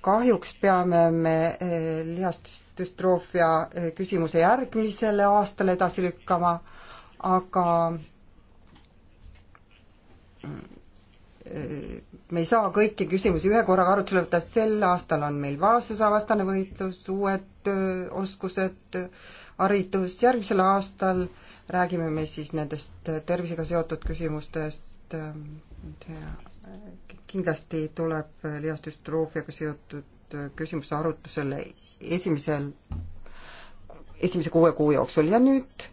S1: kahjuks peame me lihasdüstroofia küsimuse järgmisele aastale edasi lükkama, aga me ei saa kõiki küsimusi ühe korraga arutusele võtta, sel aastal on meil vaesusevastane võitlus, uued oskused, haridus, järgmisel aastal räägime me siis nendest tervisega seotud küsimustest, kindlasti tuleb lihastüstroofiaga seotud küsimuse arutusele esimesel, esimese kuue kuu jooksul ja nüüd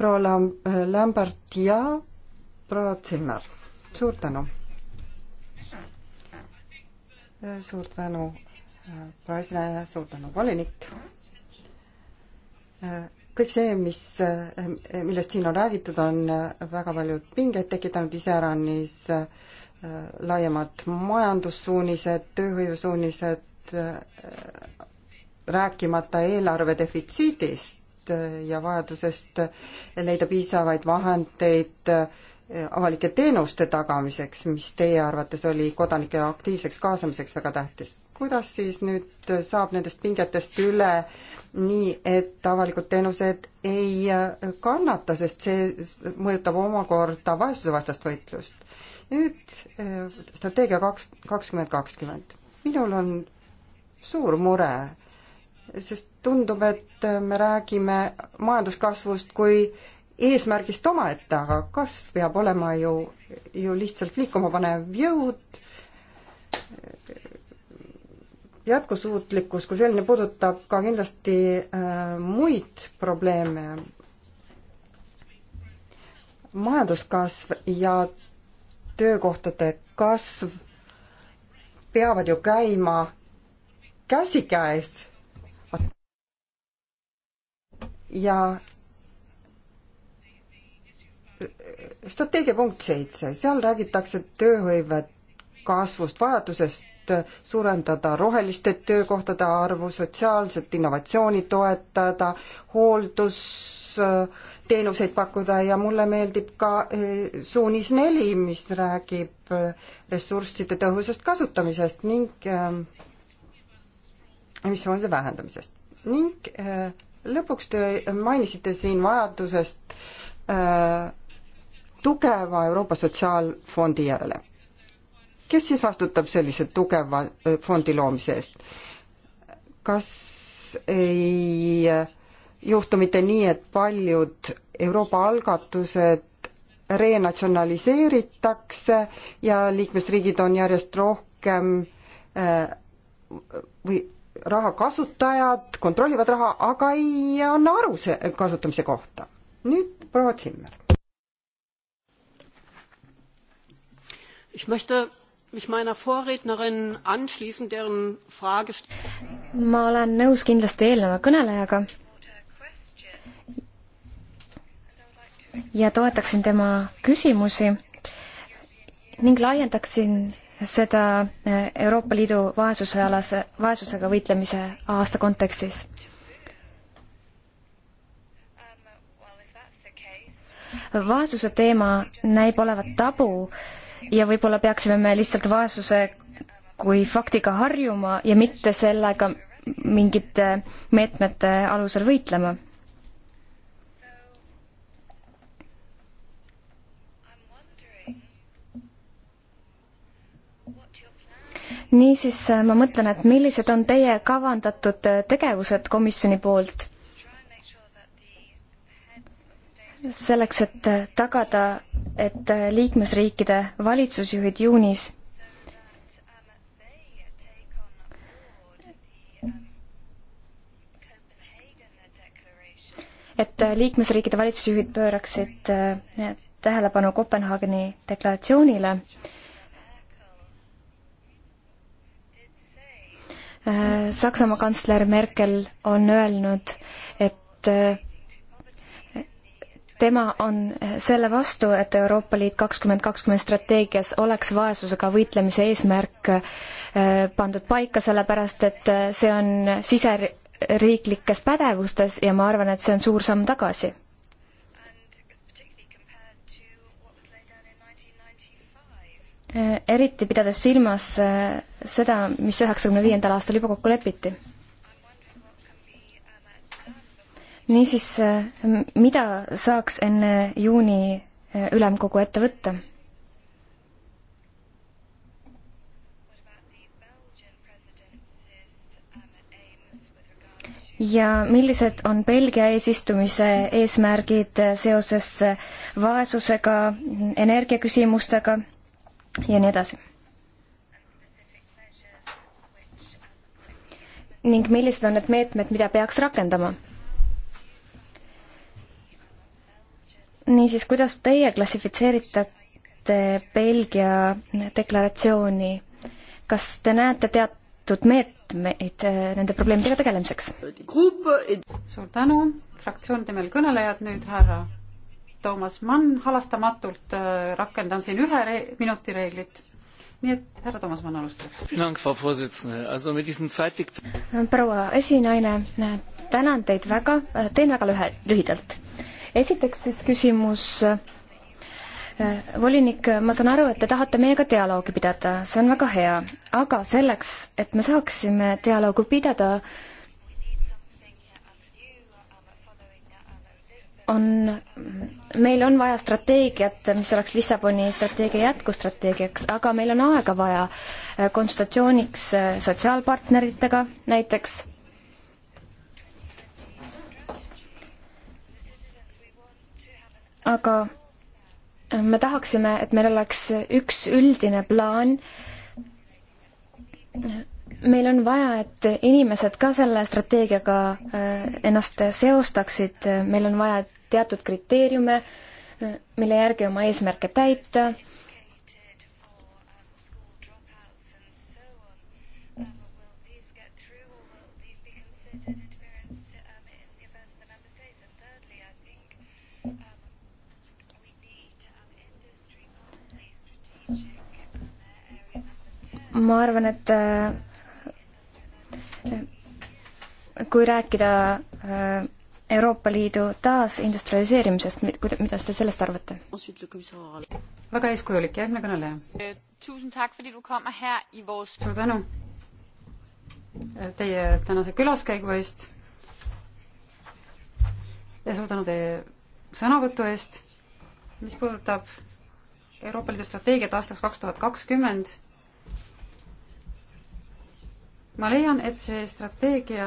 S1: proua Lam-, Lambert ja proua Zimmer, suur tänu. suur tänu, äh, proua esinaine, suur tänu, volinik. Äh, kõik see, mis, äh, millest siin on räägitud, on väga palju pingeid tekitanud iseäranis laiemad majandussuunised, tööhõivesuunised, rääkimata eelarve defitsiidist ja vajadusest leida piisavaid vahendeid äh, avalike teenuste tagamiseks, mis teie arvates oli kodanike aktiivseks kaasamiseks väga tähtis. kuidas siis nüüd saab nendest pingetest üle nii, et avalikud teenused ei kannata, sest see mõjutab omakorda vaesusevastast võitlust? nüüd äh, strateegia kaks, kakskümmend kakskümmend. minul on suur mure, sest tundub, et me räägime majanduskasvust kui eesmärgist omaette, aga kasv peab olema ju, ju lihtsalt liikuma panev jõud, jätkusuutlikkus kui selline puudutab ka kindlasti äh, muid probleeme. majanduskasv ja töökohtade kasv peavad ju käima käsikäes. ja strateegia punkt seitse, seal räägitakse tööhõive kasvust, vajadusest suurendada roheliste töökohtade arvu, sotsiaalset innovatsiooni toetada, hooldusteenuseid pakkuda ja mulle meeldib ka eh, suunis neli, mis räägib eh, ressursside tõhusast kasutamisest ning eh, emissioonide vähendamisest. ning lõpuks te mainisite siin vajadusest äh, tugeva Euroopa Sotsiaalfondi järele. kes siis vastutab sellise tugeva äh, fondi loomise eest? kas ei äh, juhtu mitte nii, et paljud Euroopa algatused renatsionaliseeritakse ja liikmesriigid on järjest rohkem äh, või raha kasutajad, kontrollivad raha, aga ei anna aru see kasutamise kohta. nüüd proua
S4: Zimmer
S2: Ich möchte mich meiner Vorrednerin anschließen, deren Frage
S4: ma olen nõus kindlasti eelneva kõnelejaga ja toetaksin tema küsimusi ning laiendaksin seda äh, Euroopa Liidu vaesusealase, vaesusega võitlemise aasta kontekstis. vaesuse teema näib olevat tabu äh, ja võib-olla peaksime me lihtsalt vaesuse kui faktiga harjuma ja mitte sellega mingite meetmete alusel võitlema. niisiis ma mõtlen, et millised on teie kavandatud tegevused komisjoni poolt selleks, et äh, tagada, et äh, liikmesriikide valitsusjuhid juunis et äh, liikmesriikide valitsusjuhid pööraksid tähelepanu Kopenhaageni deklaratsioonile. Saksamaa kantsler Merkel on öelnud, et tema on eh, selle vastu, et Euroopa Liit kakskümmend kakskümmend strateegias oleks vaesusega võitlemise eesmärk eh, pandud paika, sellepärast et eh, see on siseriiklikes pädevustes ja ma arvan, et see on suur samm tagasi. eriti pidades silmas seda, mis üheksakümne viiendal aastal juba kokku lepiti niisiis, mida saaks enne juuni e, ülemkogu ette võtta? ja millised on Belgia eesistumise eesmärgid seoses vaesusega, energiaküsimustega ja nii edasi? ning millised on need meetmed, mida peaks rakendama? niisiis, kuidas teie klassifitseeritate Belgia deklaratsiooni? kas te näete teatud meetmeid äh, nende probleemidega tegelemiseks?
S2: suur tänu, fraktsioonide meil kõnelejad nüüd, härra Toomas Mann, halastamatult äh, rakendan siin ühe re minuti reeglit nii et härra Toomas Mann alustab.
S4: proua esinaine, tänan teid väga, teen väga lühe, lühidalt esiteks siis küsimus volinik, ma saan aru, et te tahate meiega dialoogi pidada, see on väga hea, aga selleks, et me saaksime dialoogi pidada, on, meil on vaja strateegiat, mis oleks Lissaboni strateegia jätkustrateegiaks, aga meil on aega vaja konsultatsiooniks sotsiaalpartneritega näiteks aga me tahaksime, et meil oleks üks üldine plaan. meil on vaja, et inimesed ka selle strateegiaga äh, ennast seostaksid, meil on vaja teatud kriteeriume, mille järgi oma eesmärke täita ma arvan, et äh, kui rääkida äh, Euroopa Liidu taasindustrialiseerimisest, mida te sellest arvate?
S2: väga eeskujulik, järgmine kõneleja. suur tänu äh, teie tänase külaskäigu eest ja suur tänu teie sõnavõtu eest, mis puudutab Euroopa Liidu strateegiat aastaks kaks tuhat kakskümmend ma leian, et see strateegia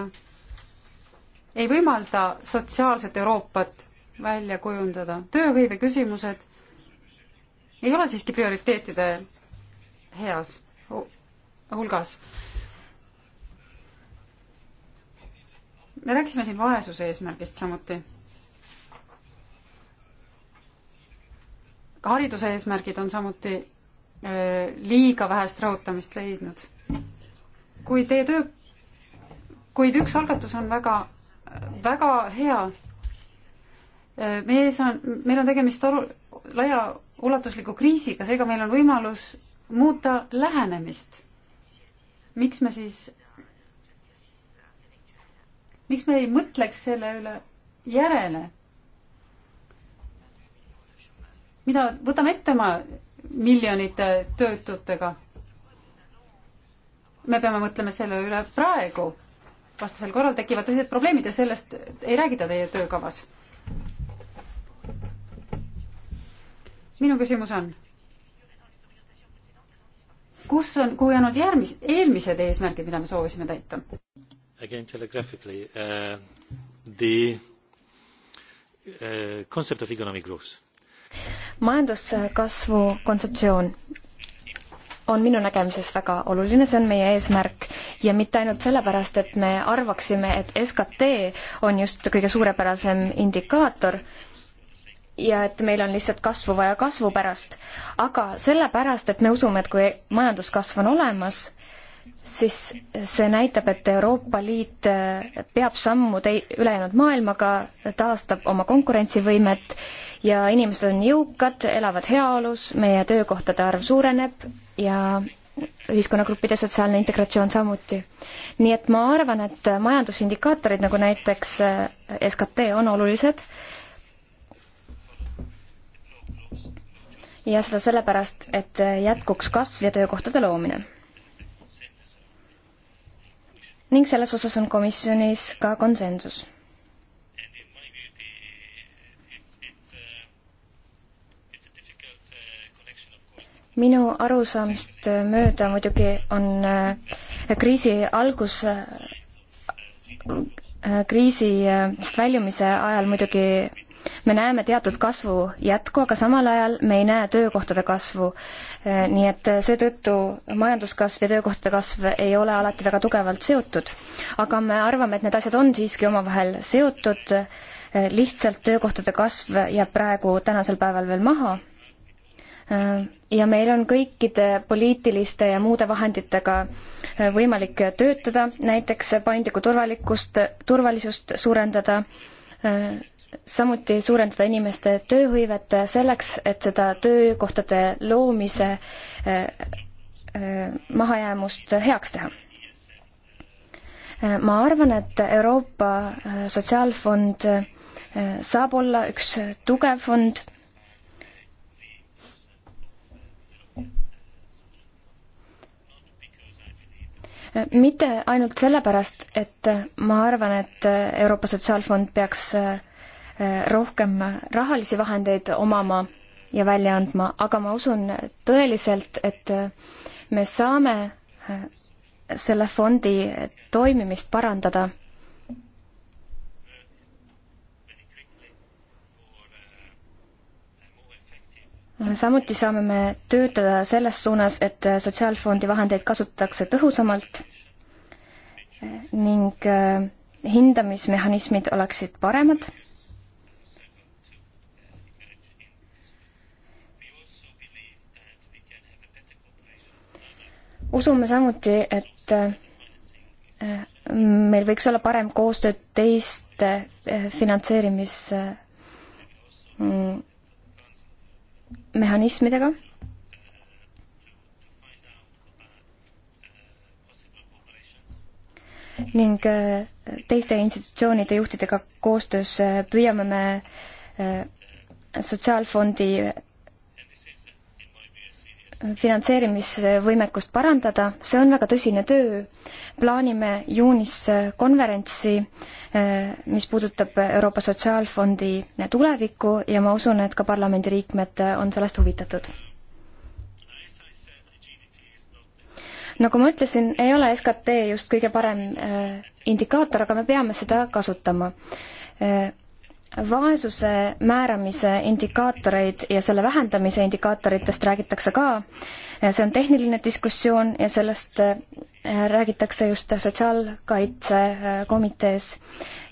S2: ei võimalda sotsiaalset Euroopat välja kujundada. tööhõive küsimused ei ole siiski prioriteetide heas hulgas. me rääkisime siin vaesuse eesmärgist samuti. hariduse eesmärgid on samuti äh, liiga vähest rõhutamist leidnud kui teie töö, kuid üks algatus on väga, väga hea. meie ees on, meil on tegemist olu-, laiaulatusliku kriisiga, seega meil on võimalus muuta lähenemist. miks me siis, miks me ei mõtleks selle üle järele? mida, võtame ette oma miljonite töötutega me peame mõtlema selle üle praegu, vastasel korral tekivad tõsised probleemid ja sellest ei räägita teie töökavas. minu küsimus on, kus on, kuhu jäänud järgmis-, eelmised eesmärgid, mida me soovisime täita?
S3: Again telegraphically uh, the uh, concept of economic growth.
S4: majanduskasvu kontseptsioon on minu nägemises väga oluline, see on meie eesmärk ja mitte ainult sellepärast, et me arvaksime, et SKT on just kõige suurepärasem indikaator ja et meil on lihtsalt kasvu vaja kasvu pärast, aga sellepärast, et me usume, et kui majanduskasv on olemas, siis see näitab, et Euroopa Liit äh, peab sammu tei-, ülejäänud maailmaga, taastab oma konkurentsivõimet ja inimesed on jõukad, elavad heaolus, meie töökohtade arv suureneb ja ühiskonnagruppide sotsiaalne integratsioon samuti. nii et ma arvan, et majandusindikaatorid, nagu näiteks äh, SKT, on olulised. ja seda sellepärast, et jätkuks kasv ja töökohtade loomine. ning selles osas on komisjonis ka konsensus minu arusaamist mööda muidugi on äh, kriisi algus, äh, äh, kriisist väljumise ajal muidugi me näeme teatud kasvu jätku, aga samal ajal me ei näe töökohtade kasvu. nii et seetõttu majanduskasv ja töökohtade kasv ei ole alati väga tugevalt seotud. aga me arvame, et need asjad on siiski omavahel seotud, lihtsalt töökohtade kasv jääb praegu tänasel päeval veel maha ja meil on kõikide poliitiliste ja muude vahenditega äh, võimalik töötada, näiteks paindlikku turvalikkust, turvalisust suurendada, äh, samuti suurendada inimeste tööhõivet selleks, et seda töökohtade loomise äh, mahajäämust heaks teha ma arvan, et Euroopa Sotsiaalfond saab olla üks tugev fond mitte ainult sellepärast, et ma arvan, et Euroopa Sotsiaalfond peaks äh, rohkem rahalisi vahendeid omama ja välja andma, aga ma usun tõeliselt, et me saame äh, selle fondi toimimist parandada samuti saame me töötada selles suunas, et sotsiaalfondi vahendeid kasutatakse tõhusamalt ning äh, hindamismehhanismid oleksid paremad. usume samuti, et äh, meil võiks olla parem koostöö teiste äh, finantseerimis mm, mehhanismidega ning äh, teiste institutsioonide juhtidega koostöös äh, püüame me äh, sotsiaalfondi finantseerimisvõimekust parandada, see on väga tõsine töö. plaanime juunis konverentsi, eh, mis puudutab Euroopa Sotsiaalfondi tulevikku ja ma usun, et ka parlamendiliikmed on sellest huvitatud. nagu ma ütlesin, ei ole SKT just kõige parem eh, indikaator, aga me peame seda kasutama eh, vaesuse määramise indikaatoreid ja selle vähendamise indikaatoritest räägitakse ka. see on tehniline diskussioon ja sellest äh, räägitakse just Sotsiaalkaitsekomitees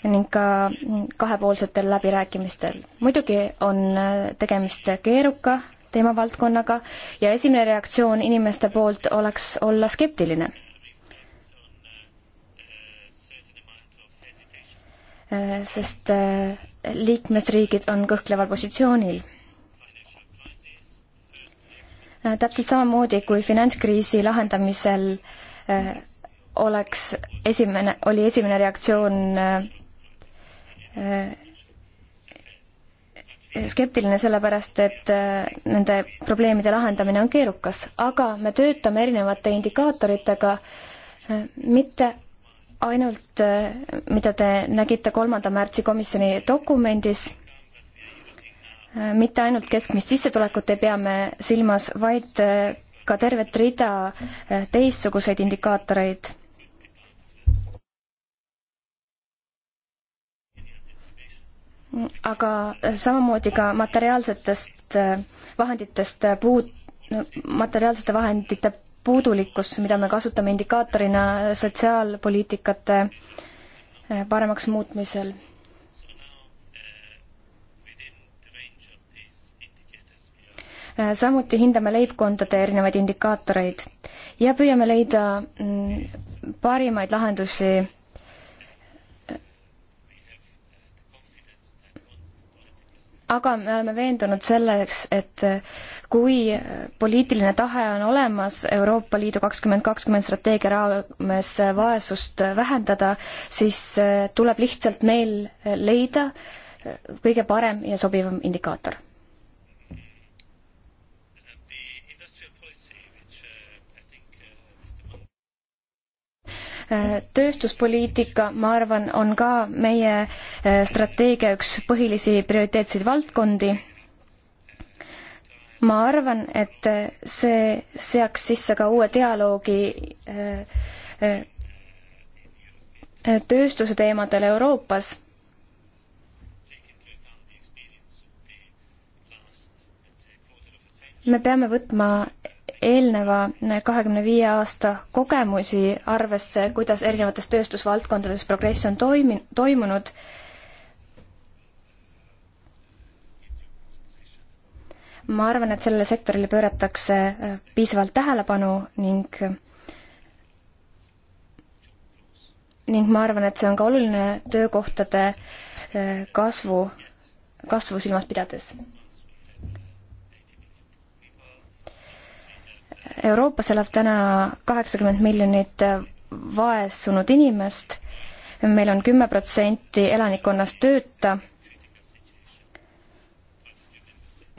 S4: ning ka kahepoolsetel läbirääkimistel. muidugi on äh, tegemist keeruka teemavaldkonnaga ja esimene reaktsioon inimeste poolt oleks olla skeptiline äh, sest liikmesriigid on kõhkleval positsioonil. täpselt samamoodi, kui finantskriisi lahendamisel eh, oleks esimene, oli esimene reaktsioon eh, skeptiline, sellepärast et eh, nende probleemide lahendamine on keerukas, aga me töötame erinevate indikaatoritega, mitte ainult, äh, mida te nägite kolmanda märtsi komisjoni dokumendis, äh, mitte ainult keskmist sissetulekut ei pea me silmas, vaid äh, ka tervet rida teistsuguseid indikaatoreid. aga samamoodi ka materiaalsetest vahenditest puud-, materiaalsete vahendite puudulikkus, mida me kasutame indikaatorina sotsiaalpoliitikate eh, paremaks muutmisel. Eh, samuti hindame leibkondade erinevaid indikaatoreid ja püüame leida mm, parimaid lahendusi aga me oleme veendunud selleks, et kui poliitiline tahe on olemas Euroopa Liidu kakskümmend kakskümmend strateegia raames vaesust vähendada, siis tuleb lihtsalt meil leida kõige parem ja sobivam indikaator Äh, tööstuspoliitika, ma arvan, on ka meie äh, strateegia üks põhilisi prioriteetseid valdkondi. ma arvan, et äh, see seaks sisse ka uue dialoogi tööstuse teemadel Euroopas me peame võtma eelneva kahekümne viie aasta kogemusi arvesse, kuidas erinevates tööstusvaldkondades progress on toimi-, toimunud, ma arvan, et sellele sektorile pööratakse äh, piisavalt tähelepanu ning ning ma arvan, et see on ka oluline töökohtade äh, kasvu, kasvu silmas pidades Euroopas elab täna kaheksakümmend miljonit vaesunud inimest, meil on kümme protsenti elanikkonnast tööta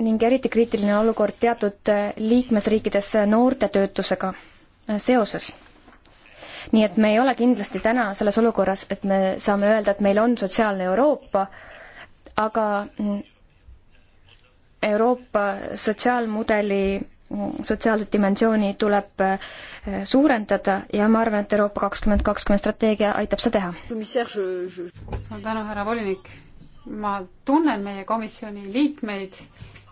S4: ning eriti kriitiline olukord teatud liikmesriikides noorte töötusega seoses. nii et me ei ole kindlasti täna selles olukorras, et me saame öelda, et meil on sotsiaalne Euroopa, aga Euroopa sotsiaalmudeli sotsiaalset dimensiooni tuleb eh, suurendada ja ma arvan, et Euroopa kakskümmend kakskümmend strateegia aitab seda teha.
S2: suur tänu, härra volinik. ma tunnen meie komisjoni liikmeid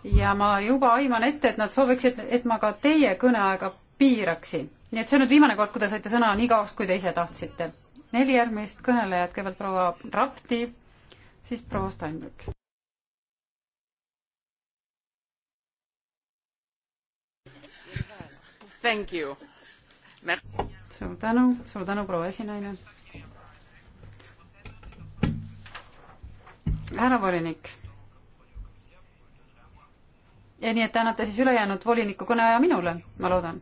S2: ja ma juba aiman ette, et nad sooviksid, et ma ka teie kõneaega piiraksin. nii et see on nüüd viimane kord, kui te saite sõna nii kauaks, kui te ise tahtsite. neli järgmist kõnelejat, kõigepealt proua Rapti, siis proua Steinbrück. suur tänu, suur tänu, proua esinaine. härra volinik. ja nii, et te annate siis ülejäänud voliniku kõneaja minule, ma loodan.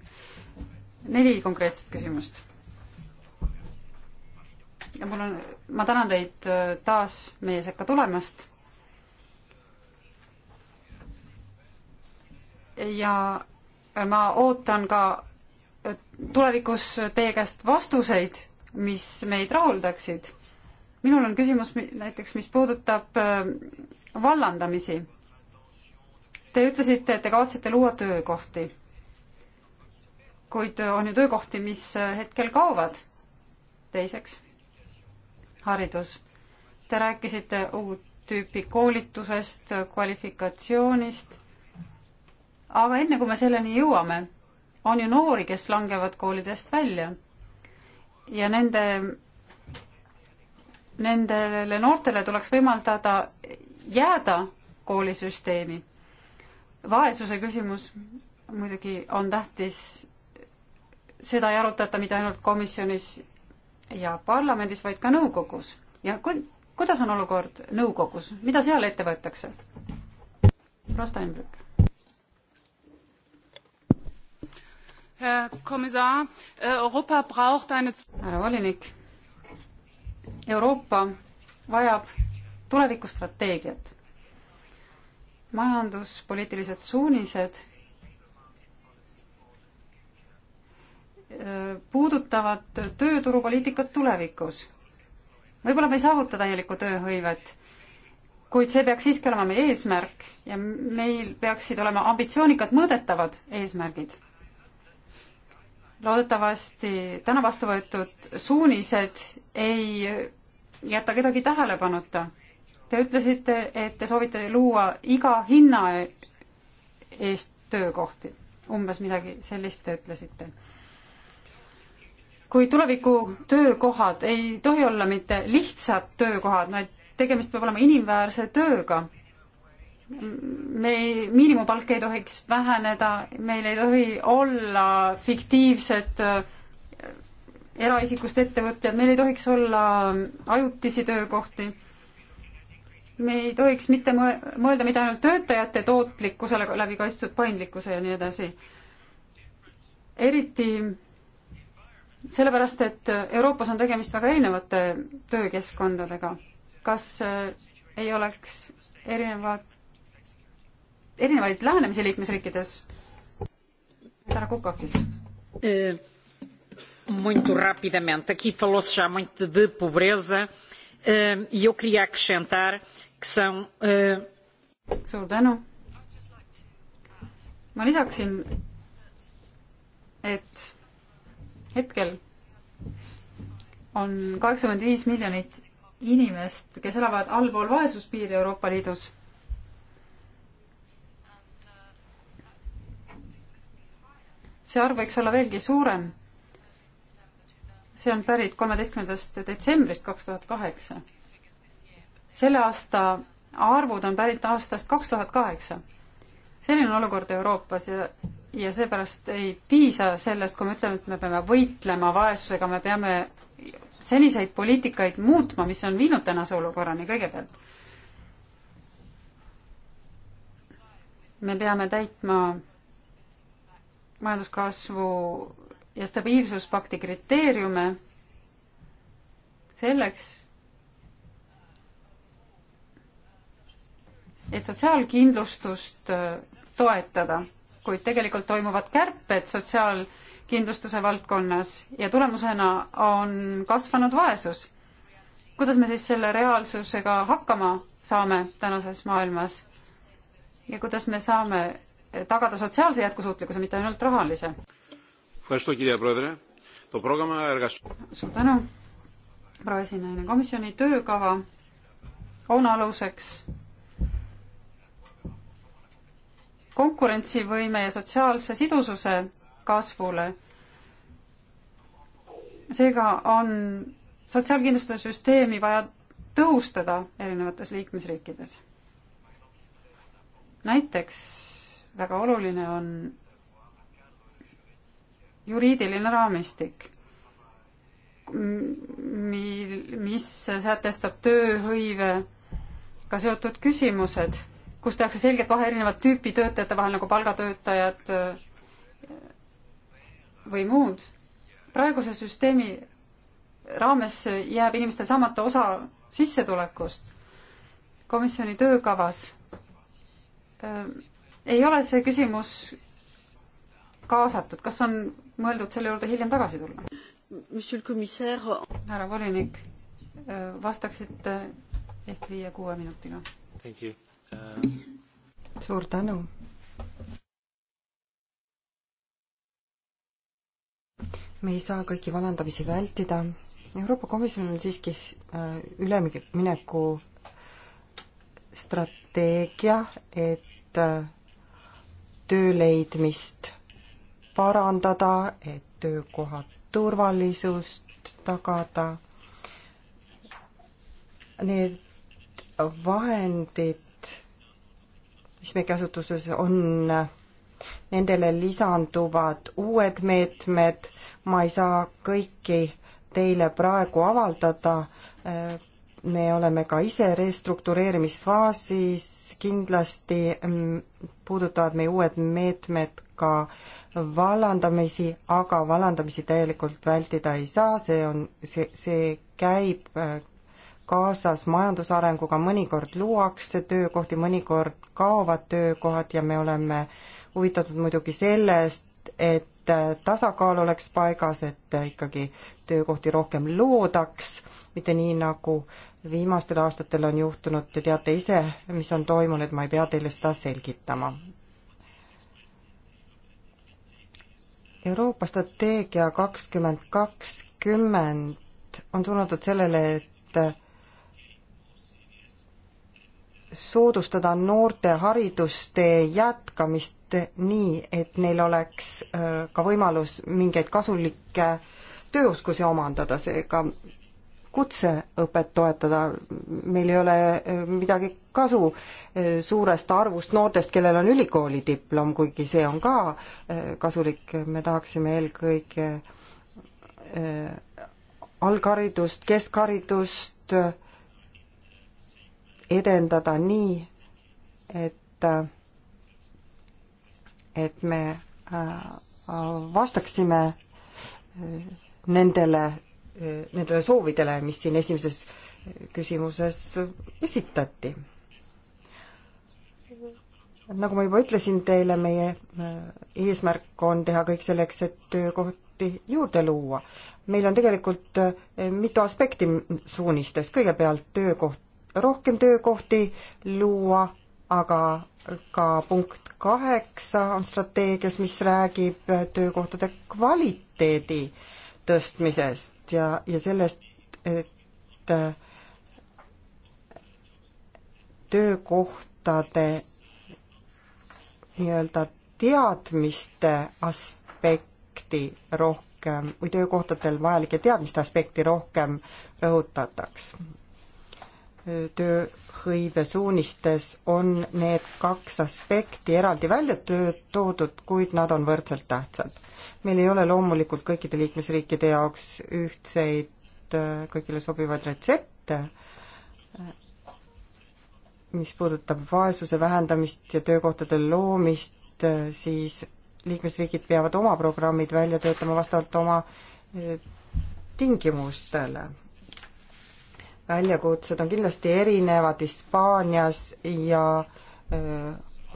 S2: neli konkreetset küsimust ja mul on, ma tänan teid äh, taas meie sekka tulemast. ja ma ootan ka tulevikus teie käest vastuseid, mis meid rahuldaksid. minul on küsimus näiteks, mis puudutab äh, vallandamisi. Te ütlesite, et te kavatsete luua töökohti. kuid on ju töökohti, mis äh, hetkel kaovad. teiseks, haridus. Te rääkisite uut tüüpi koolitusest, kvalifikatsioonist aga enne, kui me selleni jõuame, on ju noori, kes langevad koolidest välja. ja nende, nendele noortele tuleks võimaldada jääda koolisüsteemi. vaesuse küsimus muidugi on tähtis, seda ei arutata mitte ainult komisjonis ja parlamendis, vaid ka nõukogus. ja ku-, kuidas on olukord nõukogus, mida seal ette võetakse? Rosta Embrik Herr Kommissar, äh, Europa braucht eine härra volinik, Euroopa vajab tulevikustrateegiat. majanduspoliitilised suunised äh, puudutavad tööturupoliitikat tulevikus. võib-olla me ei saavuta täielikku tööhõivet kuid see peaks siiski olema meie eesmärk ja meil peaksid olema ambitsioonikad mõõdetavad eesmärgid loodetavasti täna vastu võetud suunised ei jäta kedagi tähelepanuta. Te ütlesite, et te soovite luua iga hinna eest töökohti, umbes midagi sellist te ütlesite. kui tuleviku töökohad ei tohi olla mitte lihtsad töökohad, vaid tegemist peab olema inimväärse tööga me ei, miinimumpalk ei tohiks väheneda, meil ei tohi olla fiktiivsed äh, eraisikust ettevõtjad, meil ei tohiks olla ajutisi töökohti. me ei tohiks mitte mõelda mitte ainult töötajate tootlikkusele läbi kaitstud paindlikkuse ja nii edasi. eriti sellepärast, et Euroopas on tegemist väga erinevate töökeskkondadega. kas äh, ei oleks erinevad erinevaid lähenemisi liikmesriikides. härra Kukakis. Eh, muito rapidamente, aqui falou-se já muito de pobreza e eu queria acrescentar que são. Eh, suur tänu. ma lisaksin, et hetkel on kaheksakümmend viis miljonit inimest, kes elavad allpool vaesuspiiri Euroopa Liidus see arv võiks olla veelgi suurem. see on pärit kolmeteistkümnendast detsembrist kaks tuhat kaheksa. selle aasta arvud on pärit aastast kaks tuhat kaheksa. selline on olukord Euroopas ja, ja seepärast ei piisa sellest, kui me ütleme, et me peame võitlema vaesusega, me peame seniseid poliitikaid muutma, mis on viinud tänase olukorrani kõigepealt. me peame täitma majanduskasvu ja stabiilsuspakti kriteeriume selleks, et sotsiaalkindlustust äh, toetada, kuid tegelikult toimuvad kärped sotsiaalkindlustuse valdkonnas ja tulemusena on kasvanud vaesus. kuidas me siis selle reaalsusega hakkama saame tänases maailmas ja kuidas me saame tagada sotsiaalse jätkusuutlikkuse, mitte ainult rahalise. suur tänu, proua esinaine. komisjoni töökava on aluseks konkurentsivõime ja sotsiaalse sidususe kasvule. seega on sotsiaalkindlustuse süsteemi vaja tõhustada erinevates liikmesriikides. näiteks väga oluline on juriidiline raamistik, mil, mis sätestab tööhõivega seotud küsimused, kus tehakse selgelt vahe erinevat tüüpi töötajate vahel, nagu palgatöötajad äh, või muud. praeguse süsteemi raames jääb inimestel saamata osa sissetulekust. komisjoni töökavas äh, ei ole see küsimus kaasatud, kas on mõeldud selle juurde hiljem tagasi tulla? härra volinik, vastaksite ehk viie-kuue minutiga.
S3: Uh...
S2: suur tänu.
S1: me ei saa kõiki vallandamisi vältida. Euroopa Komisjon on siiski äh, ülemineku strateegia, et äh, töö leidmist parandada, et töökoha turvalisust tagada. Need vahendid, mis meie käsutuses on, nendele lisanduvad uued meetmed, ma ei saa kõiki teile praegu avaldada, me oleme ka ise restruktureerimisfaasis, kindlasti mm, puudutavad meie uued meetmed ka vallandamisi, aga vallandamisi täielikult vältida ei saa, see on, see, see käib äh, kaasas majandusarenguga, mõnikord luuakse töökohti, mõnikord kaovad töökohad ja me oleme huvitatud muidugi sellest, et äh, tasakaal oleks paigas, et äh, ikkagi töökohti rohkem loodaks mitte nii, nagu viimastel aastatel on juhtunud, te teate ise, mis on toimunud, ma ei pea teile seda selgitama. Euroopa strateegia kakskümmend kakskümmend on suunatud sellele, et soodustada noorte haridustee jätkamist nii, et neil oleks äh, ka võimalus mingeid kasulikke tööoskusi omandada, seega kutseõpet toetada, meil ei ole eh, midagi kasu eh, suurest arvust noortest, kellel on ülikooli diplom, kuigi see on ka eh, kasulik, me tahaksime eelkõige algharidust, keskharidust edendada nii, et, et me vastaksime nendele nendele soovidele, mis siin esimeses küsimuses esitati. nagu ma juba ütlesin teile, meie äh, eesmärk on teha kõik selleks, et töökohti juurde luua. meil on tegelikult äh, mitu aspekti suunistes, kõigepealt töökoht, rohkem töökohti luua, aga ka punkt kaheksa on strateegias, mis räägib töökohtade kvaliteedi tõstmisest ja, ja sellest, et töökohtade nii-öelda teadmiste aspekti rohkem või töökohtadel vajalike teadmiste aspekti rohkem rõhutataks tööhõivesuunistes on need kaks aspekti eraldi välja toodud, kuid nad on võrdselt tähtsad. meil ei ole loomulikult kõikide liikmesriikide jaoks ühtseid äh, kõigile sobivaid retsepte, äh, mis puudutab vaesuse vähendamist ja töökohtade loomist, äh, siis liikmesriigid peavad oma programmid välja töötama vastavalt oma tingimustele väljakutsed on kindlasti erinevad Hispaanias ja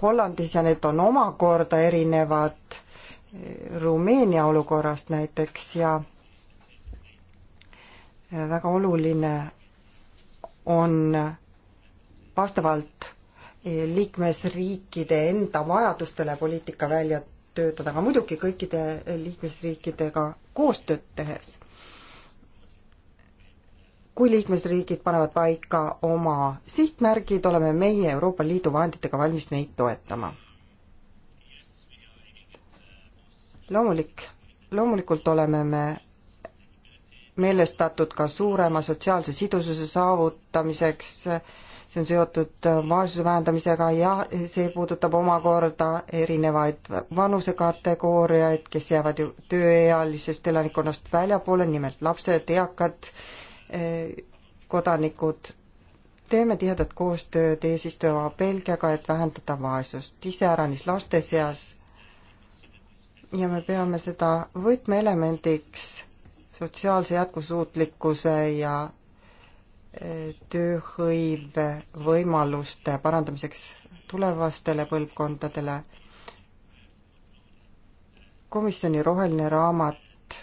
S1: Hollandis ja need on omakorda erinevad Rumeenia olukorrast näiteks ja väga oluline on vastavalt liikmesriikide enda vajadustele poliitika välja töötada, aga muidugi kõikide liikmesriikidega koostööd tehes kui liikmesriigid panevad paika oma sihtmärgid, oleme meie Euroopa Liidu vahenditega valmis neid toetama. loomulik, loomulikult oleme me meelestatud ka suurema sotsiaalse sidususe saavutamiseks, see on seotud vaesuse vähendamisega ja see puudutab omakorda erinevaid vanusekategooriaid, kes jäävad ju tööealisest elanikkonnast väljapoole, nimelt lapsed, eakad, kodanikud. teeme tihedat koostööd eesistuja Belgiaga, et vähendada vaesust, iseäranis laste seas. ja me peame seda võtmeelemendiks sotsiaalse jätkusuutlikkuse ja e, tööhõive võimaluste parandamiseks tulevastele põlvkondadele. komisjoni roheline raamat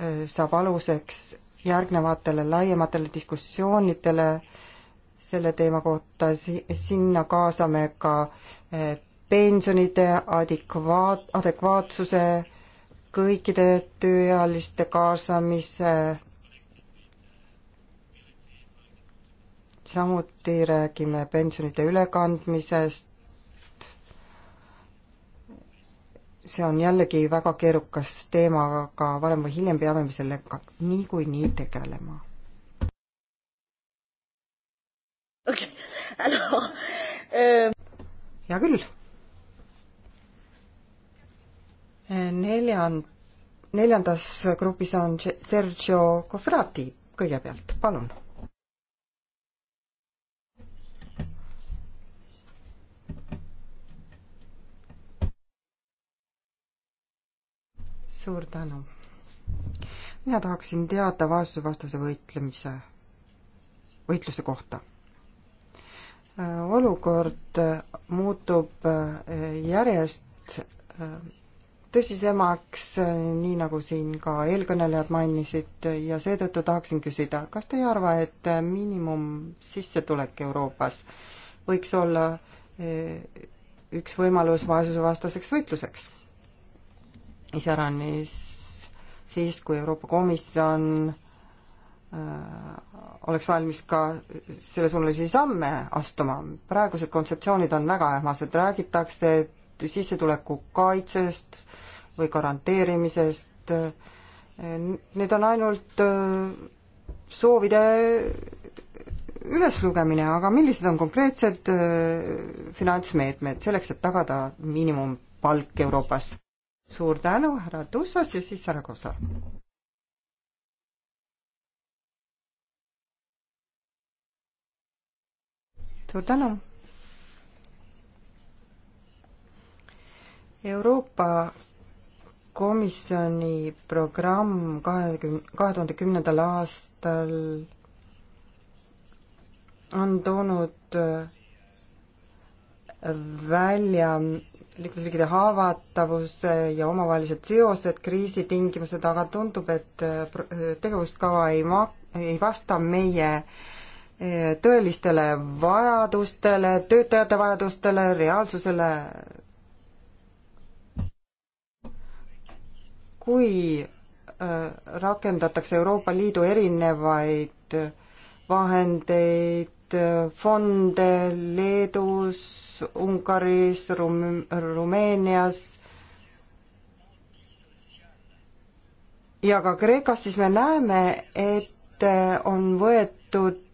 S1: e, saab aluseks järgnevatele laiematele diskussioonidele selle teema kohta, sinna kaasame ka eh, pensionide adekvaat-, adekvaatsuse, kõikide tööealiste kaasamise, samuti räägime pensionide ülekandmisest, see on jällegi väga keerukas teema, aga varem või hiljem peame me sellega niikuinii nii tegelema. okei okay., no ähm.. Um, hea küll. neljand-, neljandas grupis on Sergio Cofrati kõigepealt, palun suur tänu. mina tahaksin teada vaesusevastase võitlemise, võitluse kohta. Äh, olukord äh, muutub äh, järjest tõsisemaks, nii nagu siin ka eelkõnelejad mainisid ja seetõttu tahaksin küsida, kas te ei arva, et miinimumsissetulek Euroopas võiks olla üks võimalus vaesusevastaseks võitluseks? iseäranis siis, kui Euroopa Komisjon äh, oleks valmis ka sellesuunalisi samme astuma. praegused kontseptsioonid on väga ähmased, räägitakse sissetuleku kaitsest või garanteerimisest, äh, need on ainult äh, soovide üleslugemine, aga millised on konkreetsed finantsmeetmed selleks, et tagada miinimumpalk Euroopas? suur tänu, härra Tussas ja siis härra Kosa. suur tänu. Euroopa Komisjoni programm kahekümne, kahe tuhande kümnendal aastal on toonud välja liikmesriikide haavatavus ja omavahelised seosed kriisitingimused, aga tundub, et äh, tegevuskava ei ma-, ei vasta meie äh, tõelistele vajadustele, töötajate vajadustele, reaalsusele. kui äh, rakendatakse Euroopa Liidu erinevaid vahendeid, Äh, fonde Leedus, Ungaris, Rum-, Rumeenias ja ka Kreekas, siis me näeme, et äh, on võetud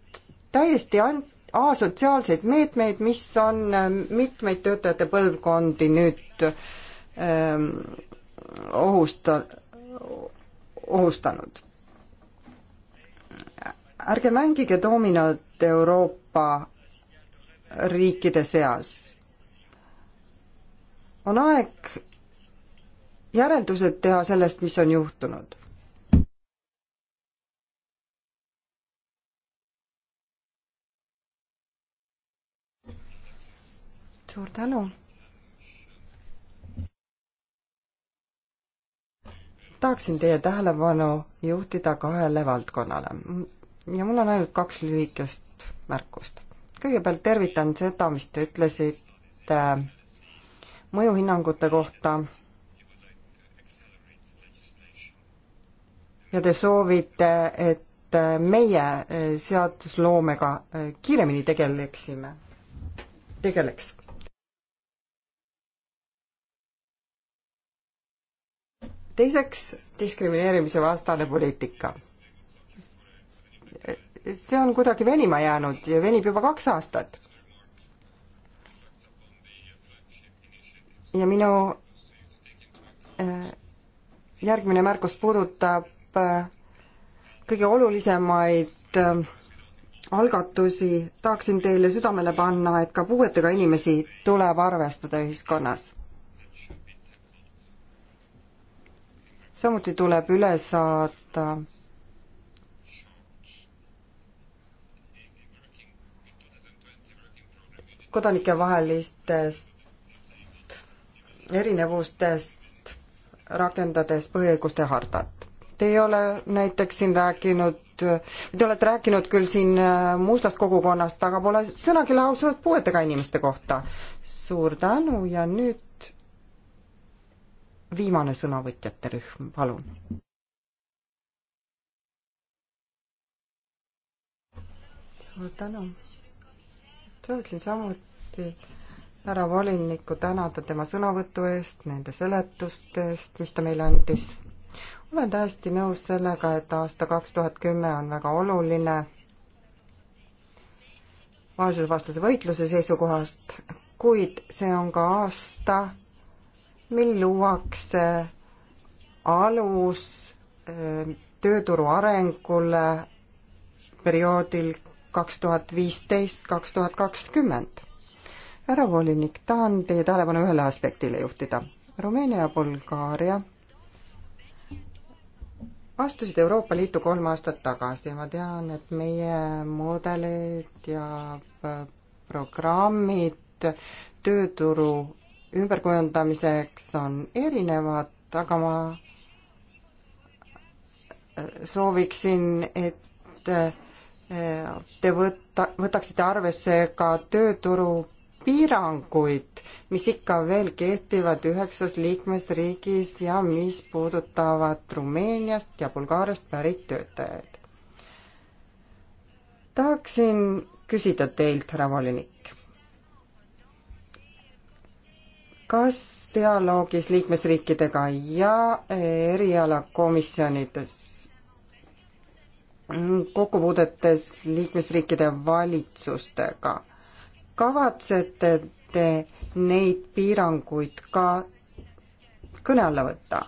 S1: täiesti ainult asotsiaalseid meetmeid, mis on äh, mitmeid töötajate põlvkondi nüüd ähm, ohusta-, ohustanud ärge mängige doominot Euroopa riikide seas. on aeg järeldused teha sellest, mis on juhtunud. suur tänu. tahaksin teie tähelepanu juhtida kahele valdkonnale ja mul on ainult kaks lühikest märkust. kõigepealt tervitan seda, mis te ütlesite äh, mõjuhinnangute kohta. ja te soovite, et äh, meie äh, seadusloomega kiiremini tegeleksime, tegeleks teiseks diskrimineerimise vastane poliitika see on kuidagi venima jäänud ja venib juba kaks aastat. ja minu äh, järgmine märkus puudutab äh, kõige olulisemaid äh, algatusi, tahaksin teile südamele panna, et ka puuetega inimesi tuleb arvestada ühiskonnas. samuti tuleb üle saada kodanikevahelistest erinevustest, rakendades põhiõiguste hartat. Te ei ole näiteks siin rääkinud, te olete rääkinud küll siin äh, mustast kogukonnast, aga pole sõnagi lausunud puuetega inimeste kohta. suur tänu ja nüüd viimane sõnavõtjate rühm, palun. suur tänu sooviksin samuti härra volinikku tänada tema sõnavõtu eest, nende seletuste eest, mis ta meile andis. olen täiesti nõus sellega, et aasta kaks tuhat kümme on väga oluline vaesusevastase võitluse seisukohast, kuid see on ka aasta, mil luuakse alus eh, tööturu arengule perioodil kaks tuhat viisteist, kaks tuhat kakskümmend. härra volinik, tahan teie tähelepanu ühele aspektile juhtida. Rumeenia ja Bulgaaria astusid Euroopa Liitu kolm aastat tagasi ja ma tean, et meie mudelid ja programmid tööturu ümberkujundamiseks on erinevad, aga ma äh, sooviksin, et äh, te võta, võtaksite arvesse ka tööturu piiranguid, mis ikka veel kehtivad üheksas liikmesriigis ja mis puudutavad Rumeeniast ja Bulgaariast pärit töötajaid. tahaksin küsida teilt, härra volinik. kas dialoogis liikmesriikidega ja erialakomisjonides kokkupuudetes liikmesriikide valitsustega. kavatsete te neid piiranguid ka kõne alla võtta?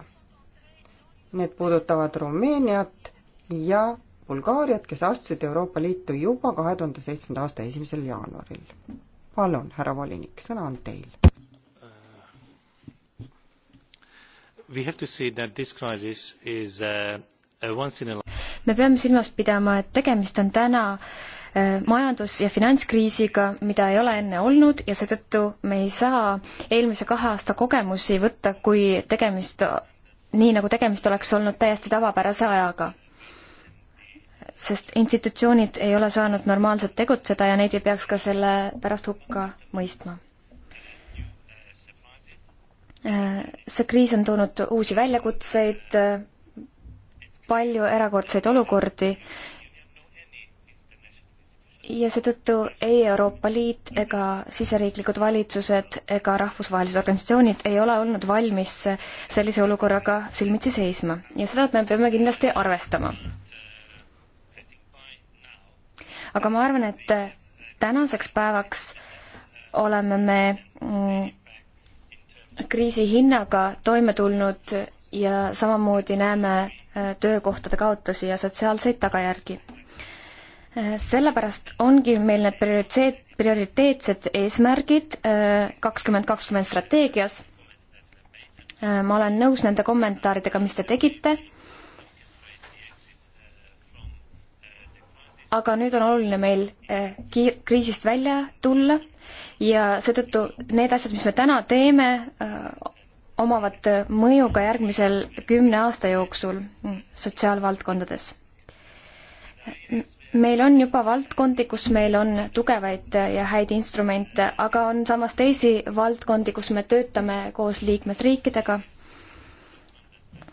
S1: Need puudutavad Rumeeniat ja Bulgaariat, kes astusid Euroopa Liitu juba kahe tuhande seitsmenda aasta esimesel jaanuaril. palun, härra volinik, sõna on teil.
S3: We have to see that this crisis is uh, Uh,
S4: me peame silmas pidama, et tegemist on täna uh, majandus- ja finantskriisiga, mida ei ole enne olnud ja seetõttu me ei saa eelmise kahe aasta kogemusi võtta, kui tegemist, nii nagu tegemist oleks olnud täiesti tavapärase ajaga. sest institutsioonid ei ole saanud normaalselt tegutseda ja neid ei peaks ka selle pärast hukka mõistma. Uh, see kriis on toonud uusi väljakutseid palju erakordseid olukordi ja seetõttu ei Euroopa Liit ega siseriiklikud valitsused ega rahvusvahelised organisatsioonid ei ole olnud valmis sellise olukorraga silmitsi seisma ja seda me peame kindlasti arvestama. aga ma arvan, et tänaseks päevaks oleme me mm, kriisi hinnaga toime tulnud ja samamoodi näeme Äh, töökohtade kaotusi ja sotsiaalseid tagajärgi. Äh, sellepärast ongi meil need prioriteet, prioriteetsed eesmärgid äh, kakskümmend kakskümmend strateegias. ma olen nõus nende kommentaaridega, mis te tegite. aga nüüd on oluline meil kiir-, kriisist välja tulla ja seetõttu need asjad, mis me täna teeme, omavad mõju ka järgmisel kümne aasta jooksul sotsiaalvaldkondades. meil on juba valdkondi, kus meil on tugevaid ja häid instrumente, aga on samas teisi valdkondi, kus me töötame koos liikmesriikidega.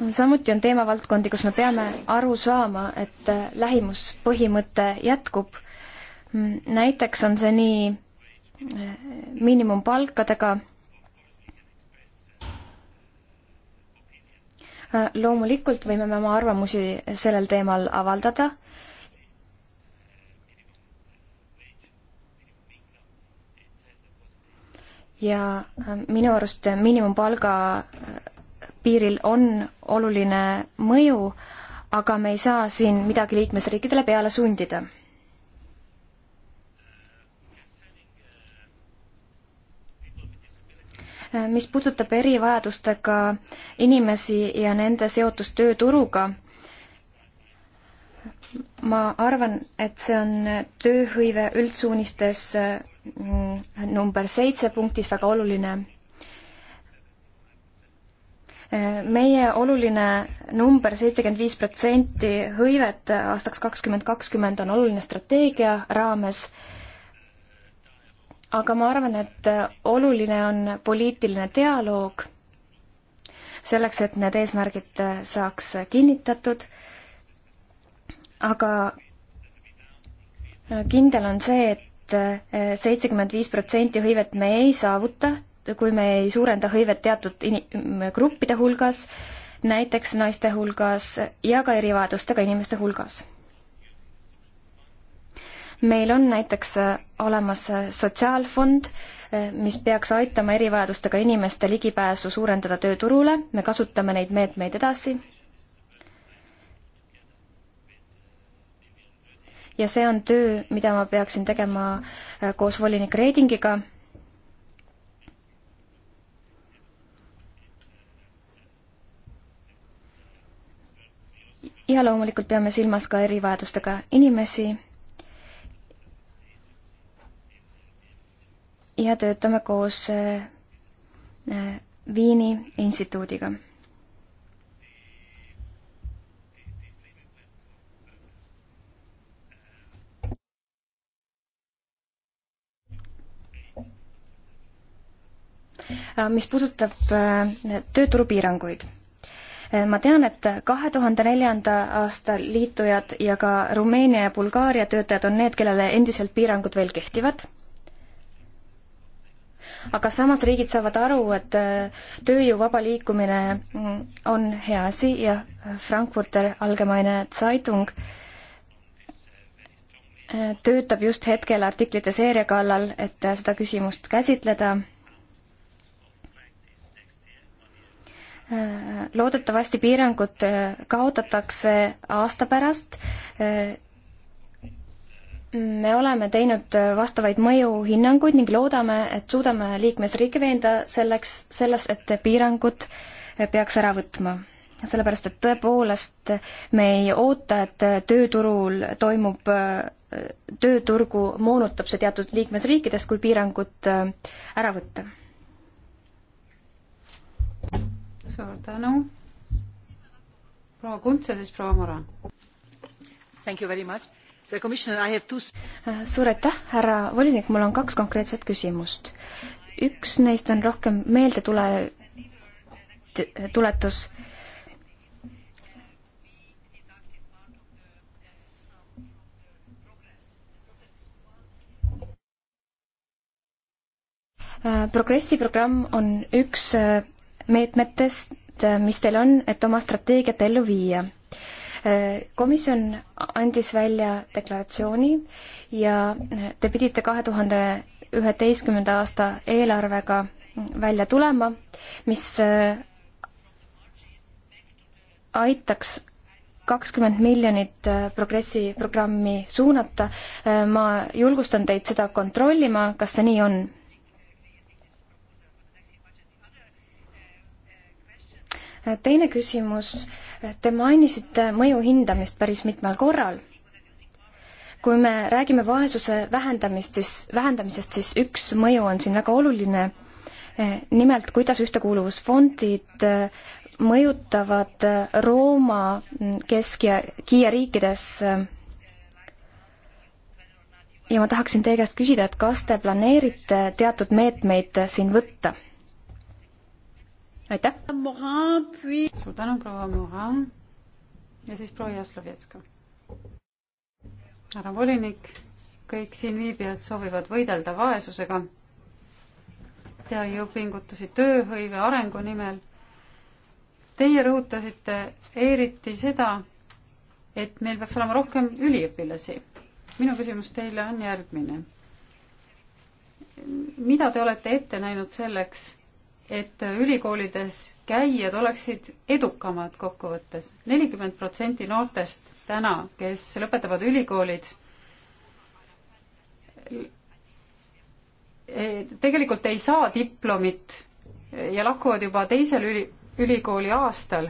S4: samuti on teemavaldkondi, kus me peame aru saama, et lähimuspõhimõte jätkub. näiteks on see nii miinimumpalkadega loomulikult võime me oma arvamusi sellel teemal avaldada. ja äh, minu arust miinimumpalga äh, piiril on oluline mõju, aga me ei saa siin midagi liikmesriikidele peale sundida mis puudutab erivajadustega inimesi ja nende seotust tööturuga, ma arvan, et see on tööhõive üldsuunistes mm, number seitse punktis väga oluline meie oluline number, seitsekümmend viis protsenti hõivet aastaks kakskümmend kakskümmend on oluline strateegia raames aga ma arvan, et oluline on poliitiline dialoog selleks, et need eesmärgid saaks kinnitatud, aga kindel on see, et seitsekümmend viis protsenti hõivet me ei saavuta, kui me ei suurenda hõivet teatud in-, gruppide hulgas, näiteks naiste hulgas ja ka erivajadustega inimeste hulgas meil on näiteks äh, olemas äh, sotsiaalfond, äh, mis peaks aitama erivajadustega inimeste ligipääsu suurendada tööturule, me kasutame neid meetmeid edasi. ja see on töö, mida ma peaksin tegema koos volinik Reedingiga. ja loomulikult peame silmas ka erivajadustega inimesi ja töötame koos äh, äh, Viini instituudiga. Äh, mis puudutab tööturupiiranguid ma tean, et kahe tuhande neljanda aasta liitujad ja ka Rumeenia ja Bulgaaria töötajad on need, kellele endiselt piirangud veel kehtivad aga samas riigid saavad aru, et äh, tööjõu vaba liikumine mm, on hea asi ja Frankfurter Allgemeine Zeitung äh, töötab just hetkel artiklite seeria kallal, et äh, seda küsimust käsitleda. loodetavasti piirangud kaotatakse aasta pärast me oleme teinud äh, vastavaid mõjuhinnanguid ning loodame, et suudame liikmesriike veenda selleks, selles, et piirangud äh, peaks ära võtma. sellepärast, et tõepoolest äh, me ei oota, et tööturul toimub, tööturgu moonutab see teatud liikmesriikides, kui piirangud ära võtta.
S2: suur tänu. proua Kuntse, siis proua Mora. Thank you very much
S4: suur aitäh, härra volinik, mul on kaks konkreetset küsimust. üks neist on rohkem meeldetule-, tuletus progressi programm on üks meetmetest, mis teil on, et oma strateegiat ellu viia komisjon andis välja deklaratsiooni ja te pidite kahe tuhande üheteistkümnenda aasta eelarvega välja tulema, mis äh, aitaks kakskümmend miljonit äh, progressi programmi suunata. Äh, ma julgustan teid seda kontrollima, kas see nii on? teine küsimus Te mainisite mõju hindamist päris mitmel korral. kui me räägime vaesuse vähendamist, siis, vähendamisest, siis üks mõju on siin väga oluline. Eh, nimelt, kuidas ühtekuuluvusfondid eh, mõjutavad eh, Rooma, mm, Kesk- ja Kiie riikides ja ma tahaksin teie käest küsida, et kas te planeerite teatud meetmeid siin võtta?
S2: aitäh! suur tänu, proua Moran ja siis proua Jaslovetska. härra volinik, kõik siinviibijad soovivad võidelda vaesusega, teha jõupingutusi tööhõive arengu nimel. Teie rõhutasite eriti seda, et meil peaks olema rohkem üliõpilasi. minu küsimus teile on järgmine. mida te olete ette näinud selleks, et ülikoolides käijad oleksid edukamad kokkuvõttes. nelikümmend protsenti noortest täna, kes lõpetavad ülikoolid, e, tegelikult ei saa diplomit ja lahkuvad juba teisel üli, ülikooli aastal.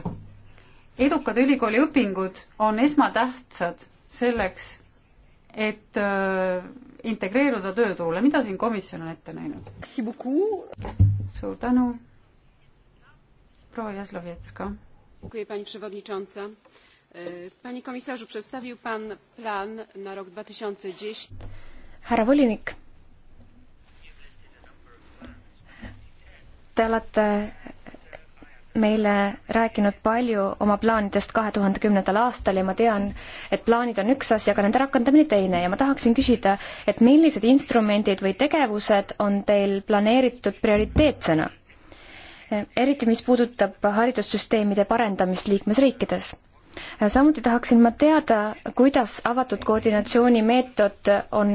S2: edukad ülikooliõpingud on esmatähtsad selleks, et äh, integreeruda tööturule, mida siin komisjon on ette näinud? suur tänu, proua Jaslovetska. Pani przewodnicząca. E, panie komisarzu, przedstawił pan plan na rok 2010.
S4: Härra volinik, te olete meile rääkinud palju oma plaanidest kahe tuhande kümnendal aastal ja ma tean, et plaanid on üks asi, aga nende rakendamine teine ja ma tahaksin küsida, et millised instrumendid või tegevused on teil planeeritud prioriteetsena? eriti, mis puudutab haridussüsteemide parendamist liikmesriikides. samuti tahaksin ma teada, kuidas avatud koordinatsioonimeetod on,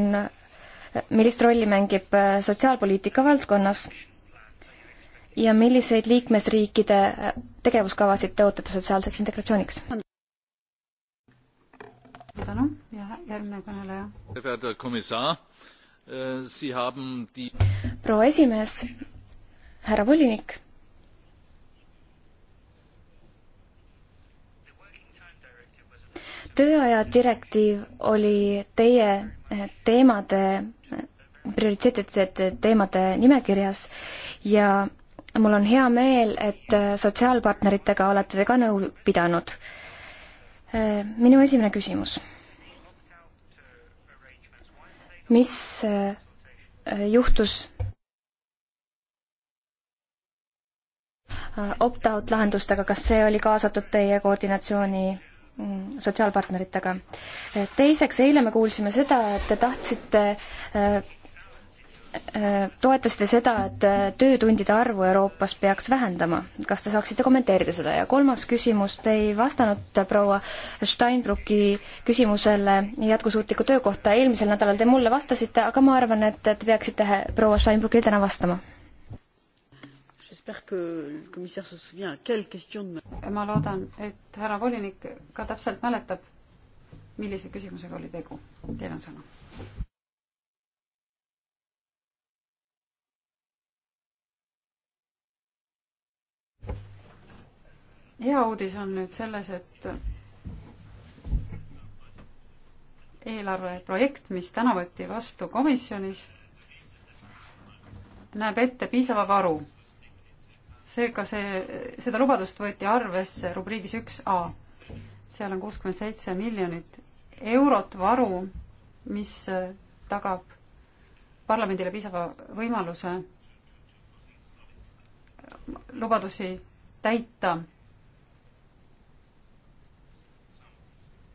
S4: millist rolli mängib sotsiaalpoliitika valdkonnas ja milliseid liikmesriikide äh, tegevuskavasid te ootate sotsiaalseks integratsiooniks? suur tänu ja järgmine
S3: kõneleja. Äh,
S4: proua esimees, härra volinik tööaja direktiiv oli teie äh, teemade, prioriteetsete teemade nimekirjas ja mul on hea meel, et äh, sotsiaalpartneritega olete te ka nõu pidanud. Äh, minu esimene küsimus. mis äh, juhtus opt-out lahendustega, kas see oli kaasatud teie koordinatsiooni mm, sotsiaalpartneritega? teiseks, eile me kuulsime seda, et te tahtsite Äh, toetasite seda, et äh, töötundide arvu Euroopas peaks vähendama. kas te saaksite kommenteerida seda ja kolmas küsimus, te ei vastanud äh, proua Steinbrücki küsimusele jätkusuutliku töö kohta, eelmisel nädalal te mulle vastasite, aga ma arvan, et te peaksite proua Steinbrückile täna vastama.
S2: ma loodan, et härra volinik ka täpselt mäletab, millise küsimusega oli tegu. Teil on sõna. hea uudis on nüüd selles, et eelarveprojekt, mis täna võeti vastu komisjonis, näeb ette piisava varu. seega see, seda lubadust võeti arvesse rubriigis üks A. seal on kuuskümmend seitse miljonit eurot varu, mis tagab parlamendile piisava võimaluse lubadusi täita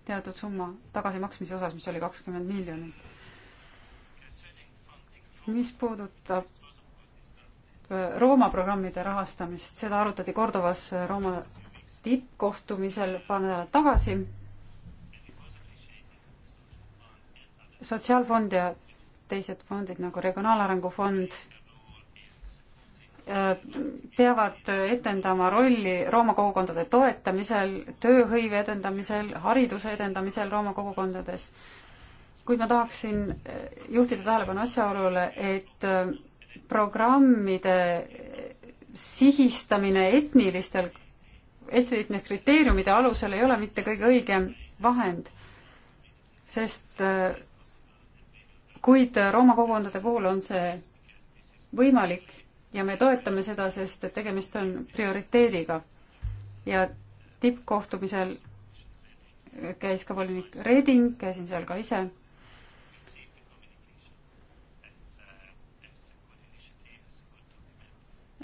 S2: teatud summa tagasimaksmise osas, mis oli kakskümmend miljonit. mis puudutab äh, Rooma programmide rahastamist, seda arutati Kordovas äh, Rooma tippkohtumisel paar nädalat tagasi. sotsiaalfond ja teised fondid nagu Regionaalarengu Fond peavad etendama rolli Rooma kogukondade toetamisel, tööhõive edendamisel, hariduse edendamisel Rooma kogukondades. kuid ma tahaksin eh, juhtida tähelepanu asjaolule, et eh, programmide sihistamine etnilistel, etniline kriteeriumide alusel ei ole mitte kõige õigem vahend, sest eh, kuid Rooma kogukondade puhul on see võimalik ja me toetame seda, sest et tegemist on prioriteediga. ja tippkohtumisel käis ka volinik Reding, käisin seal ka ise.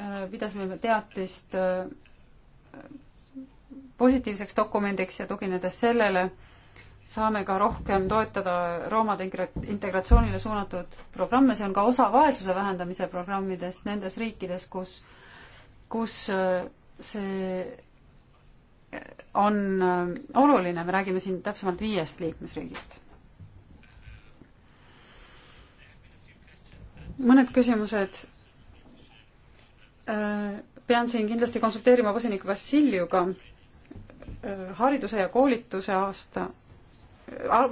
S2: Äh, pidasime teatist äh, positiivseks dokumendiks ja tuginedes sellele saame ka rohkem toetada roomade integratsioonile suunatud programme, see on ka osa vaesuse vähendamise programmidest nendes riikides, kus, kus äh, see on äh, oluline, me räägime siin täpsemalt viiest liikmesriigist. mõned küsimused. Äh, pean siin kindlasti konsulteerima volinik Vassiljuga. hariduse ja koolituse aasta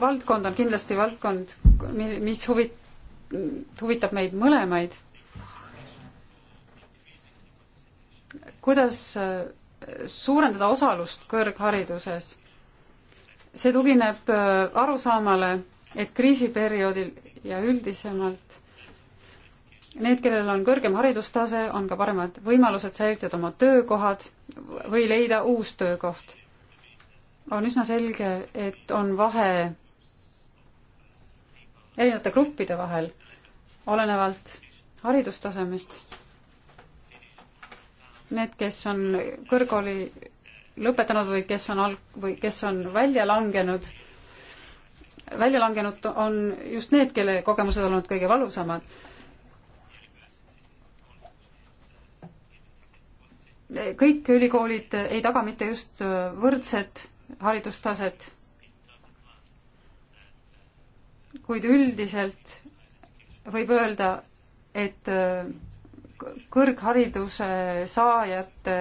S2: valdkond on kindlasti valdkond, mis huvi-, huvitab meid mõlemaid. kuidas äh, suurendada osalust kõrghariduses? see tugineb äh, arusaamale, et kriisiperioodil ja üldisemalt need, kellel on kõrgem haridustase, on ka paremad võimalused säilitada oma töökohad või leida uus töökoht on üsna selge, et on vahe erinevate gruppide vahel, olenevalt haridustasemest. Need, kes on kõrgkooli lõpetanud või kes on alg- või kes on välja langenud, välja langenud on just need, kelle kogemused olnud kõige valusamad kõik ülikoolid ei taga mitte just võrdset haridustaset. kuid üldiselt võib öelda, et äh, kõrghariduse saajate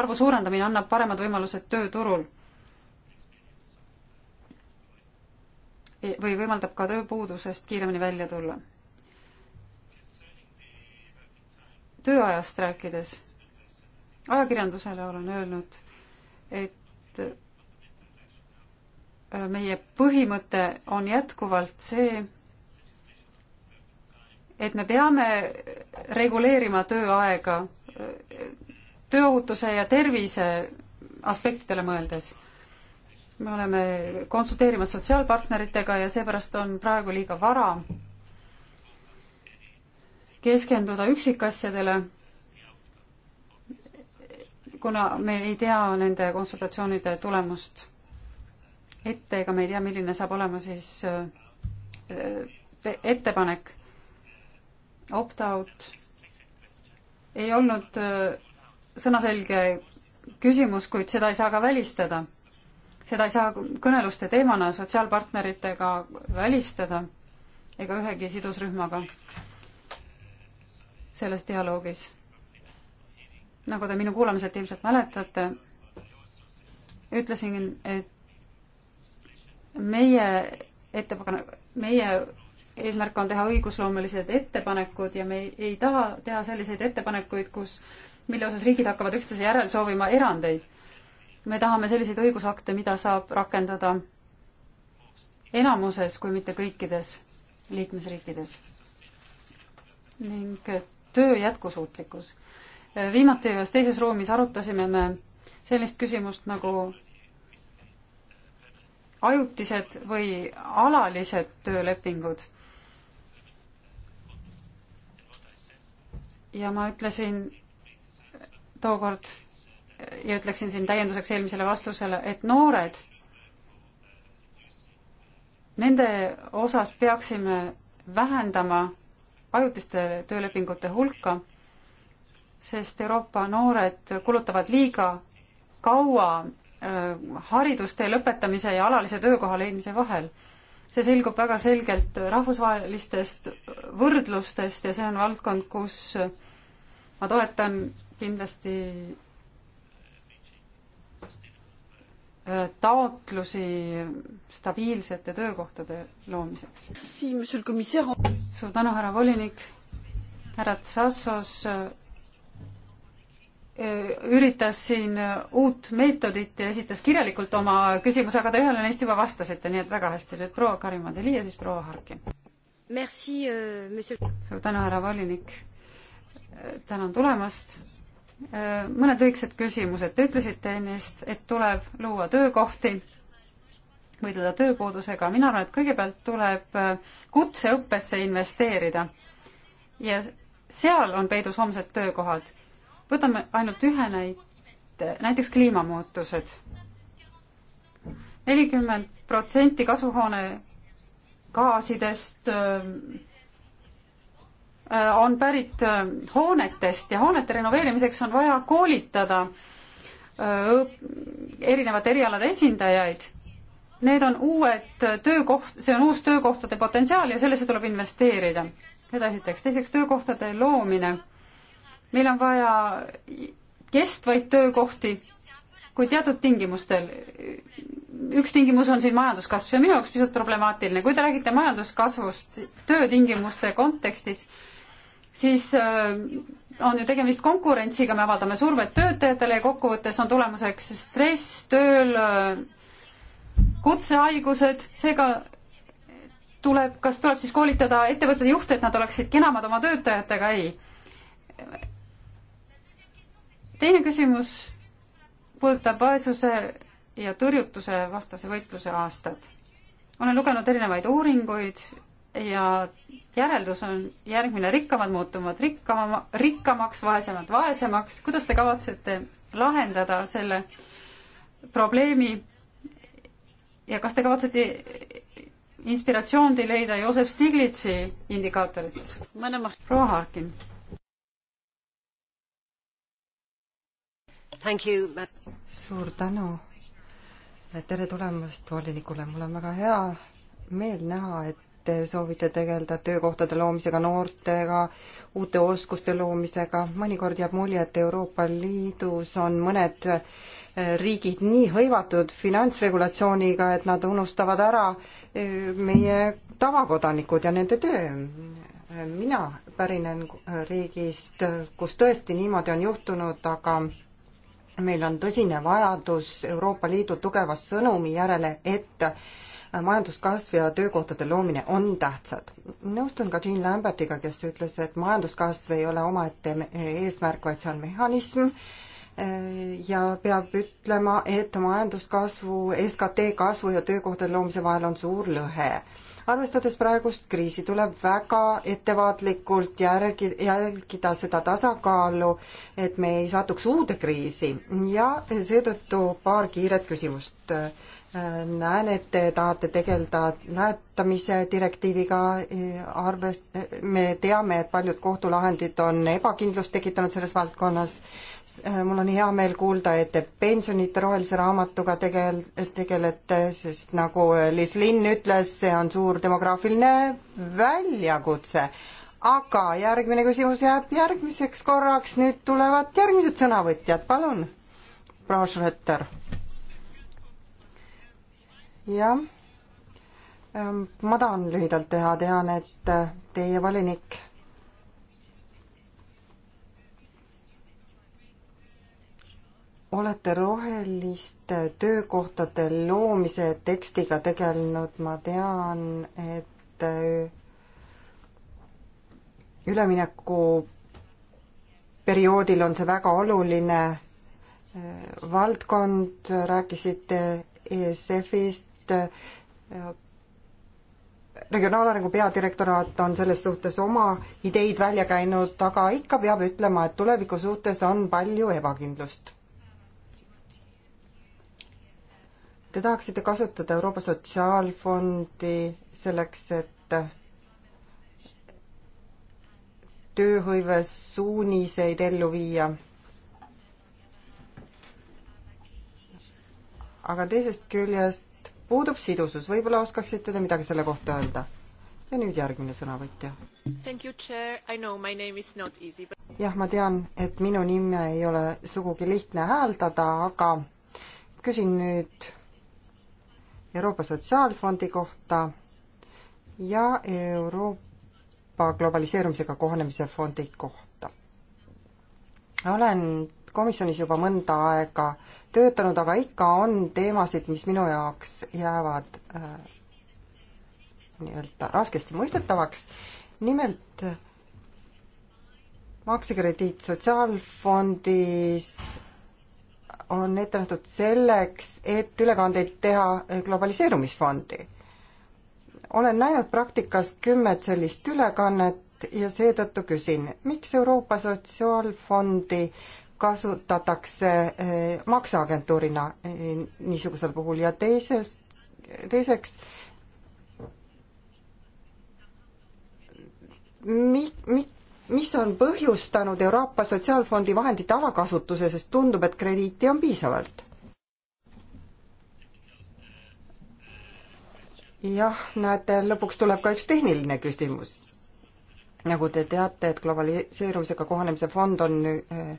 S2: arvu suurendamine annab paremad võimalused tööturul. E, või võimaldab ka tööpuudusest kiiremini välja tulla. tööajast rääkides, ajakirjandusele olen öelnud, et meie põhimõte on jätkuvalt see, et me peame reguleerima tööaega tööohutuse ja tervise aspektidele mõeldes. me oleme konsulteerimas sotsiaalpartneritega ja seepärast on praegu liiga vara keskenduda üksikasjadele, kuna me ei tea nende konsultatsioonide tulemust ette, ega me ei tea, milline saab olema siis äh, ettepanek. Opt-out ei olnud äh, sõnaselge küsimus, kuid seda ei saa ka välistada. seda ei saa kõneluste teemana sotsiaalpartneritega välistada ega ühegi sidusrühmaga selles dialoogis. nagu te minu kuulamiselt ilmselt mäletate, ütlesin, et meie ettepanek, meie eesmärk on teha õigusloomelised ettepanekud ja me ei, ei taha teha selliseid ettepanekuid, kus, mille osas riigid hakkavad üksteise järel soovima erandeid. me tahame selliseid õigusakte, mida saab rakendada enamuses, kui mitte kõikides liikmesriikides. ning töö jätkusuutlikkus. viimati ühes teises ruumis arutasime me sellist küsimust nagu ajutised või alalised töölepingud. ja ma ütlesin tookord ja ütleksin siin täienduseks eelmisele vastusele, et noored, nende osas peaksime vähendama ajutiste töölepingute hulka, sest Euroopa noored kulutavad liiga kaua Äh, haridustee lõpetamise ja alalise töökoha leidmise vahel. see selgub väga selgelt rahvusvahelistest võrdlustest ja see on valdkond, kus ma toetan kindlasti äh, taotlusi stabiilsete töökohtade loomiseks. suur tänu, härra volinik, härra Tsassos üritas siin uut meetodit ja esitas kirjalikult oma küsimuse, aga te ühele neist juba vastasite, nii et väga hästi. nüüd proua Karima Deli ja siis proua Harkin. suur tänu, härra volinik. tänan tulemast. mõned lühikesed küsimused. Te ütlesite ennist, et tuleb luua töökohti, võidelda tööpuudusega. mina arvan, et kõigepealt tuleb kutseõppesse investeerida. ja seal on peidus homsed töökohad võtame ainult ühe näite, näiteks kliimamuutused. nelikümmend protsenti kasvuhoonegaasidest äh, on pärit äh, hoonetest ja hoonete renoveerimiseks on vaja koolitada äh, erinevate erialade esindajaid. Need on uued töökoht, see on uus töökohtade potentsiaal ja sellesse tuleb investeerida. seda esiteks, teiseks töökohtade loomine meil on vaja kestvaid töökohti, kui teatud tingimustel. üks tingimus on siin majanduskasv, see on minu jaoks pisut problemaatiline, kui te räägite majanduskasvust töötingimuste kontekstis, siis äh, on ju tegemist konkurentsiga, me avaldame survet töötajatele ja kokkuvõttes on tulemuseks stress tööl, äh, kutsehaigused, seega tuleb, kas tuleb siis koolitada ettevõtete juhte, et nad oleksid kenamad oma töötajatega, ei teine küsimus puudutab vaesuse ja tõrjutuse vastase võitluse aastat. olen lugenud erinevaid uuringuid ja järeldus on järgmine, rikkamad muutuvad rikkama, rikkamaks, vaesemad vaesemaks. kuidas te kavatsete lahendada selle probleemi ja kas te kavatsete inspiratsiooni leida Joosep Stiglitsi indikaatoritest?
S1: proua Harkin suur tänu. tere tulemast volinikule, mul on väga hea meel näha, et te soovite tegeleda töökohtade loomisega, noortega, uute oskuste loomisega, mõnikord jääb mulje, et Euroopa Liidus on mõned eh, riigid nii hõivatud finantsregulatsiooniga, et nad unustavad ära eh, meie tavakodanikud ja nende töö. mina pärinen eh, riigist, kus tõesti niimoodi on juhtunud, aga meil on tõsine vajadus Euroopa Liidu tugeva sõnumi järele, et majanduskasv ja töökohtade loomine on tähtsad. nõustun ka Jean Lambertiga, kes ütles, et majanduskasv ei ole omaette eesmärk, vaid see on mehhanism ja peab ütlema, et majanduskasvu, SKT kasvu ja töökohtade loomise vahel on suur lõhe arvestades praegust kriisi, tuleb väga ettevaatlikult järgi, jälgida seda tasakaalu, et me ei satuks uude kriisi ja seetõttu paar kiiret küsimust näen, et te tahate tegeleda lähetamise direktiiviga, arvest-, me teame, et paljud kohtulahendid on ebakindlust tekitanud selles valdkonnas Äh, mul on hea meel kuulda, et te pensionite rohelise raamatuga tegel-, tegelete, sest nagu äh, Liis Linn ütles, see on suur demograafiline väljakutse. aga järgmine küsimus jääb järgmiseks korraks, nüüd tulevad järgmised sõnavõtjad, palun, proua Schröter. jah, ähm, ma tahan lühidalt teha, tean, et äh, teie volinik olete roheliste töökohtade loomise tekstiga tegelenud, ma tean, et äh, üleminekuperioodil on see väga oluline äh, valdkond, rääkisite ESF-ist, äh, regionaalarengu peadirektoraat on selles suhtes oma ideid välja käinud, aga ikka peab ütlema, et tuleviku suhtes on palju ebakindlust Te tahaksite kasutada Euroopa Sotsiaalfondi selleks, et tööhõive suuniseid ellu viia. aga teisest küljest puudub sidusus, võib-olla oskaksite te midagi selle kohta öelda? ja nüüd järgmine sõnavõtja. jah, ma tean, et minu nime ei ole sugugi lihtne hääldada, aga küsin nüüd Euroopa Sotsiaalfondi kohta ja Euroopa Globaliseerumisega Kohanemise Fondi kohta. olen komisjonis juba mõnda aega töötanud, aga ikka on teemasid, mis minu jaoks jäävad äh, nii-öelda raskesti mõistetavaks, nimelt äh, maksekrediit sotsiaalfondis on ette nähtud selleks, et ülekandeid teha globaliseerumisfondi. olen näinud praktikas kümmet sellist ülekannet ja seetõttu küsin, miks Euroopa Sotsiaalfondi kasutatakse eh, makseagentuurina eh, niisugusel puhul ja teises, teiseks, mi-, mi-, mis on põhjustanud Euroopa Sotsiaalfondi vahendite alakasutuse, sest tundub, et krediiti on piisavalt? jah, näete, lõpuks tuleb ka üks tehniline küsimus. nagu te teate, et globaliseerumisega kohanemise fond on eh,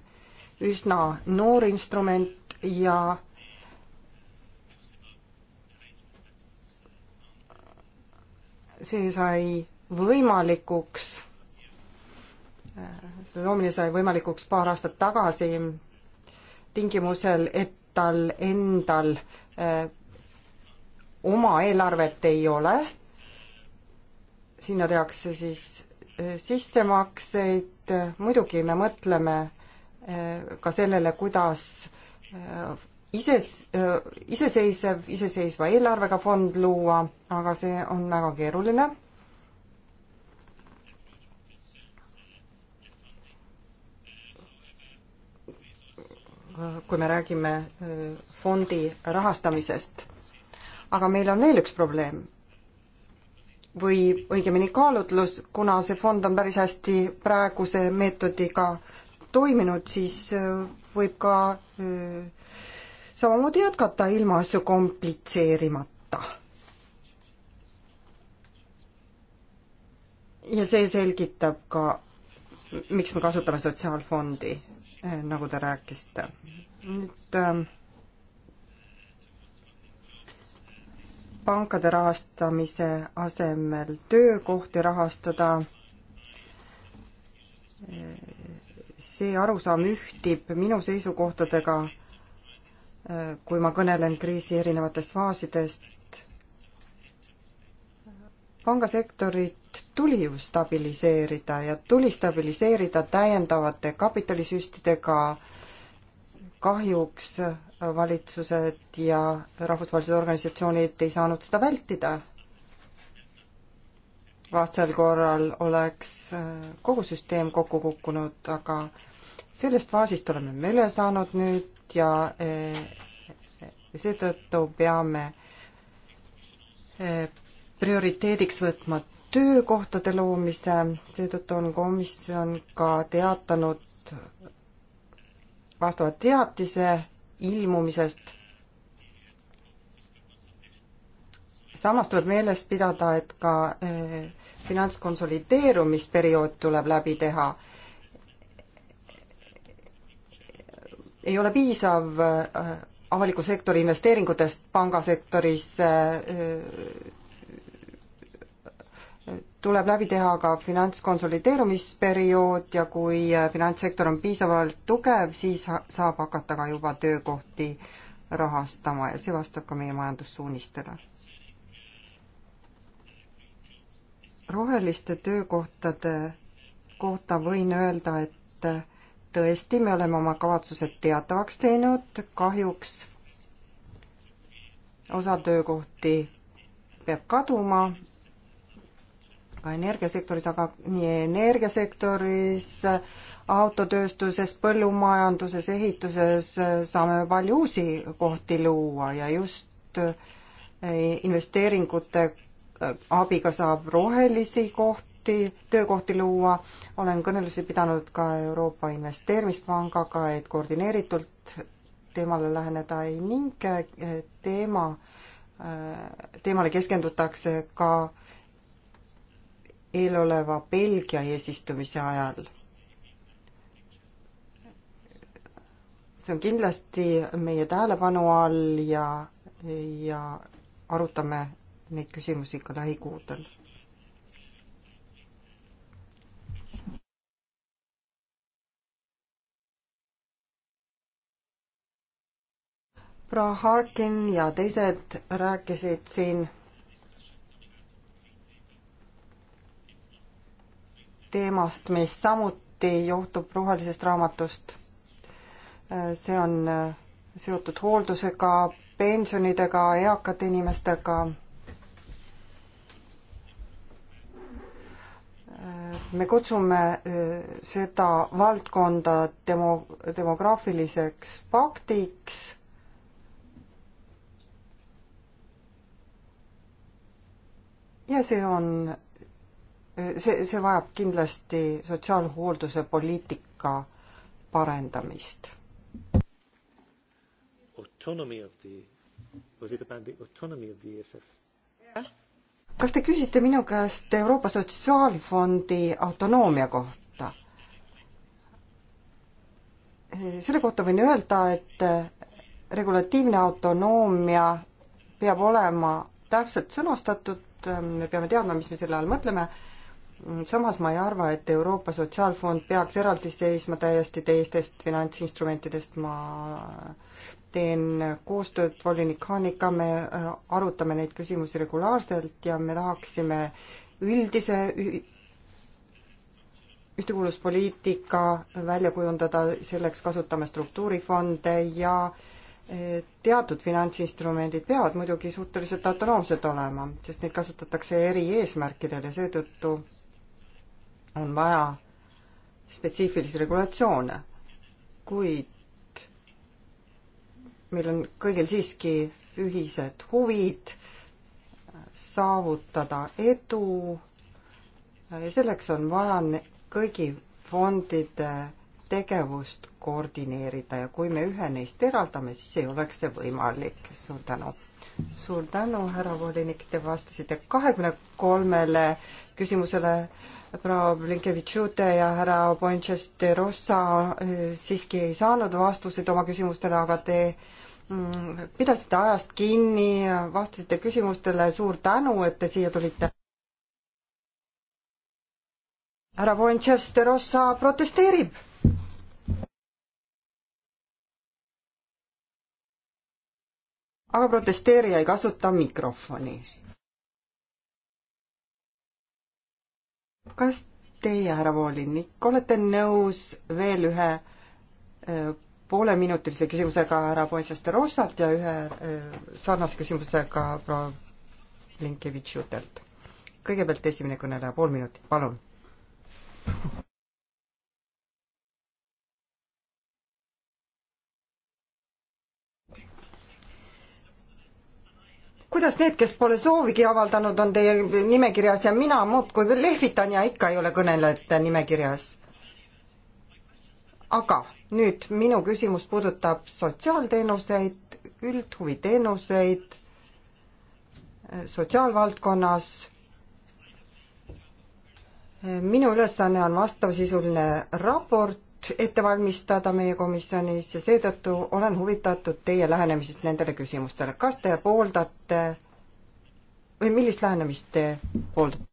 S1: üsna noor instrument ja see sai võimalikuks loomine sai võimalikuks paar aastat tagasi tingimusel, et tal endal öö, eh, oma eelarvet ei ole, sinna tehakse siis eh, sissemakseid, muidugi me mõtleme eh, ka sellele, kuidas ises, iseseisev, iseseisva eelarvega fond luua, aga see on väga keeruline kui me räägime äh, fondi rahastamisest. aga meil on veel üks probleem või õigemini kaalutlus, kuna see fond on päris hästi praeguse meetodiga toiminud, siis äh, võib ka äh, samamoodi jätkata ilma asju komplitseerimata. ja see selgitab ka, miks me kasutame sotsiaalfondi Eh, nagu te rääkisite. nüüd ähm, pankade rahastamise asemel töökohti rahastada, eh, see arusaam ühtib minu seisukohtadega, eh, kui ma kõnelen kriisi erinevatest faasidest. pangasektorit liit tuli ju stabiliseerida ja tuli stabiliseerida täiendavate kapitalisüstidega kahjuks valitsused ja rahvusvahelised organisatsioonid ei saanud seda vältida. vastasel korral oleks äh, kogu süsteem kokku kukkunud, aga sellest faasist oleme me üle saanud nüüd ja äh, seetõttu peame äh, prioriteediks võtma töökohtade loomise, seetõttu on komisjon ka teatanud vastava teatise ilmumisest. samas tuleb meeles pidada, et ka eh, finantskonsolideerumisperiood tuleb läbi teha. ei ole piisav eh, avaliku sektori investeeringutest pangasektorisse eh, tuleb läbi teha ka finantskonsolideerumisperiood ja kui äh, finantssektor on piisavalt tugev, siis saab hakata ka juba töökohti rahastama ja see vastab ka meie majandussuunistele. roheliste töökohtade kohta võin öelda, et äh, tõesti, me oleme oma kavatsused teatavaks teinud, kahjuks osa töökohti peab kaduma ka energiasektoris, aga nii energiasektoris, autotööstuses, põllumajanduses, ehituses saame palju uusi kohti luua ja just eh, investeeringute eh, abiga saab rohelisi kohti, töökohti luua. olen kõnelusi pidanud ka Euroopa Investeerimispangaga, et koordineeritult teemale läheneda ning eh, teema, teemale keskendutakse ka eeloleva Belgia eesistumise ajal. see on kindlasti meie tähelepanu all ja, ja arutame neid küsimusi ka lähikuudel. Pra Harkin ja teised rääkisid siin teemast, mis samuti johtub rohelisest raamatust. see on äh, seotud hooldusega, pensionidega, eakate inimestega. Äh, me kutsume äh, seda valdkonda demo, demograafiliseks paktiks ja see on see, see vajab kindlasti sotsiaalhoolduse poliitika parendamist.
S3: Autonomy of the, was it about the autonomy of the ESF yeah.?
S1: kas te küsite minu käest Euroopa Sotsiaalfondi autonoomia kohta? selle kohta võin öelda, et regulatiivne autonoomia peab olema täpselt sõnastatud, me peame teadma, mis me selle all mõtleme Mm, samas ma ei arva, et Euroopa Sotsiaalfond peaks eraldi seisma täiesti teistest finantsinstrumentidest, ma teen koostööd volinik Haaniga, me äh, arutame neid küsimusi regulaarselt ja me tahaksime üldise ühtekuuluvuspoliitika välja kujundada, selleks kasutame struktuurifonde ja äh, teatud finantsinstrumendid peavad muidugi suhteliselt autonoomsed olema, sest neid kasutatakse eri eesmärkidel ja seetõttu on vaja spetsiifilisi regulatsioone, kuid meil on kõigil siiski ühised huvid saavutada edu ja selleks on vaja kõigi fondide tegevust koordineerida ja kui me ühe neist eraldame, siis ei oleks see võimalik. suur tänu. suur tänu, härra volinik, te vastasite kahekümne kolmele küsimusele proua Blinkevitšute ja härra Ponches de Rossa eh, siiski ei saanud vastuseid oma küsimustele, aga te mm, pidasite ajast kinni, vastasite küsimustele, suur tänu, et te siia tulite. härra Ponches de Rossa protesteerib aga protesteerija ei kasuta mikrofoni. kas teie, härra volinik, olete nõus veel ühe äh, pooleminutilise küsimusega härra Poisest Roosalt ja ühe äh, sarnase küsimusega proua Blinkevitšutelt? kõigepealt esimene kõneleja, pool minutit, palun. kuidas need, kes pole soovigi avaldanud, on teie nimekirjas ja mina muudkui lehvitan ja ikka ei ole kõnelejate nimekirjas? aga nüüd minu küsimus puudutab sotsiaalteenuseid, üldhuviteenuseid eh, sotsiaalvaldkonnas. Eh, minu ülesanne on vastavasisuline raport, tööd ette valmistada meie komisjonis ja seetõttu olen huvitatud teie lähenemisest nendele küsimustele. kas te pooldate või millist lähenemist te pooldate?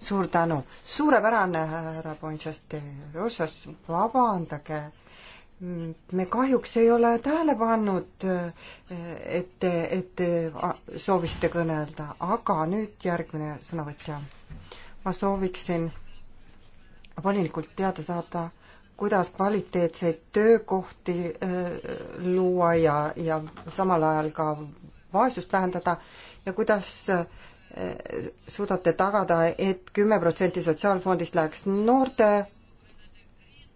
S1: suur tänu, suurepärane härra Ponšaste, Rosas, vabandage, me kahjuks ei ole tähele pannud, et te, et te soovisite kõnelda, aga nüüd järgmine sõnavõtja. ma sooviksin volinikult teada saada, kuidas kvaliteetseid töökohti äh, luua ja, ja samal ajal ka vaesust vähendada ja kuidas äh, suudate tagada et, et kümme protsenti sotsiaalfondist läheks noorte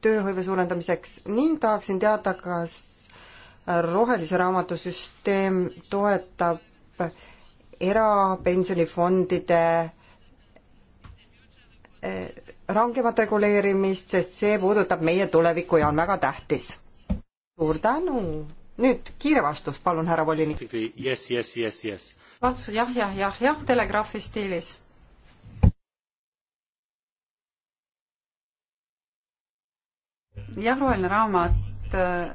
S1: tööhõive suurendamiseks ning tahaksin teada, kas rohelise raamatu süsteem toetab erapensionifondide äh, rangemat reguleerimist, sest see puudutab meie tulevikku ja on väga tähtis. suur tänu. nüüd kiire vastus, palun, härra volinik. Yes, yes, yes, yes.
S2: vastus on jah, jah, jah, jah, telegraafi stiilis jah, roheline raamat äh,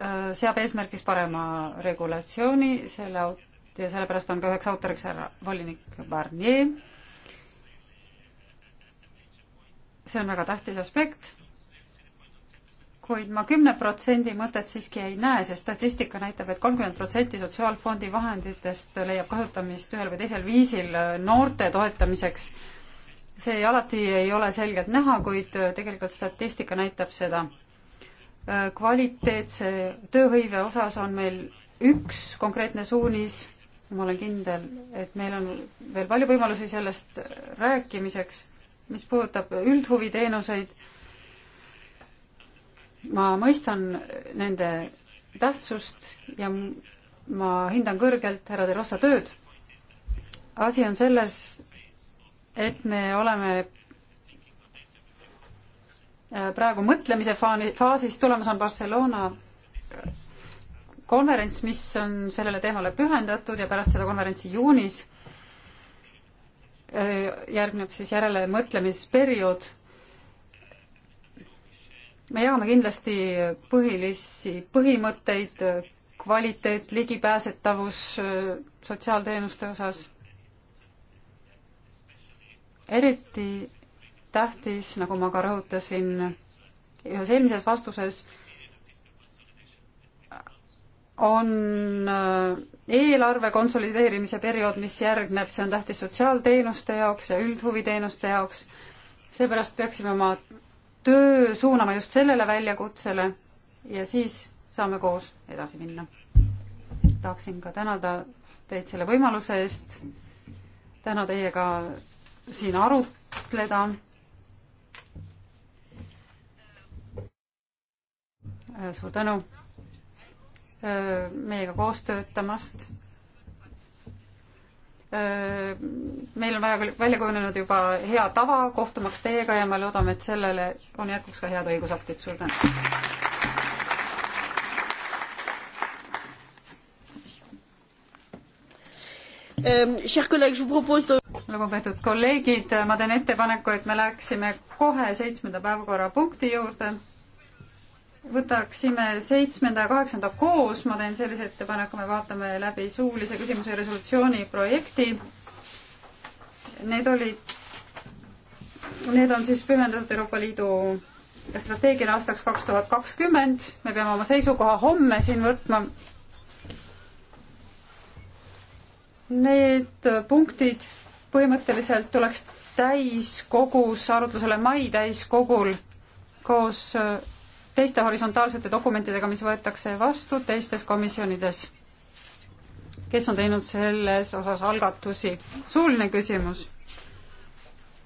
S2: äh, seab eesmärgiks parema regulatsiooni, selle aut- ja sellepärast on ka üheks autoriks härra volinik Barnier see on väga tähtis aspekt, kuid ma kümne protsendi mõtet siiski ei näe, sest statistika näitab et, et kolmkümmend protsenti sotsiaalfondi vahenditest leiab kasutamist ühel või teisel viisil äh, noorte toetamiseks. see ei, alati ei ole selgelt näha, kuid äh, tegelikult statistika näitab seda. Äh, kvaliteetse tööhõive osas on meil üks konkreetne suunis ma olen kindel, et meil on veel palju võimalusi sellest rääkimiseks mis puudutab üldhuviteenuseid, ma mõistan nende tähtsust ja ma hindan kõrgelt härra De Rossa tööd. asi on selles, et me oleme äh, praegu mõtlemise faasis, tulemas on Barcelona konverents, mis on sellele teemale pühendatud ja pärast seda konverentsi juunis Äh, järgneb siis järelemõtlemisperiood. me jagame kindlasti põhilisi põhimõtteid, kvaliteet, ligipääsetavus äh, sotsiaalteenuste osas. eriti tähtis, nagu ma ka rõhutasin ühes eelmises vastuses on äh, eelarve konsolideerimise periood, mis järgneb, see on tähtis sotsiaalteenuste jaoks ja üldhuviteenuste jaoks. seepärast peaksime oma töö suunama just sellele väljakutsele ja siis saame koos edasi minna. tahaksin ka tänada teid selle võimaluse eest täna teiega siin arutleda. suur tänu meiega koos töötamast. meil on väga välja kujunenud juba hea tava kohtumaks teiega ja me loodame, et sellele on jätkuks ka head õigusaktid. suur tänu. Ähm, lugupeetud kolleegid, ma teen ettepaneku, et me läheksime kohe seitsmenda päevakorrapunkti juurde võtaksime seitsmenda ja kaheksanda koos, ma teen sellise ettepaneku, me vaatame läbi suulise küsimuse resolutsiooni projekti. Need olid, need on siis pühendatud Euroopa Liidu strateegiale aastaks kaks tuhat kakskümmend, me peame oma seisukoha homme siin võtma. Need punktid põhimõtteliselt tuleks täiskogus arutlusele mai täiskogul koos teiste horisontaalsete dokumentidega, mis võetakse vastu teistes komisjonides. kes on teinud selles osas algatusi? suuline küsimus.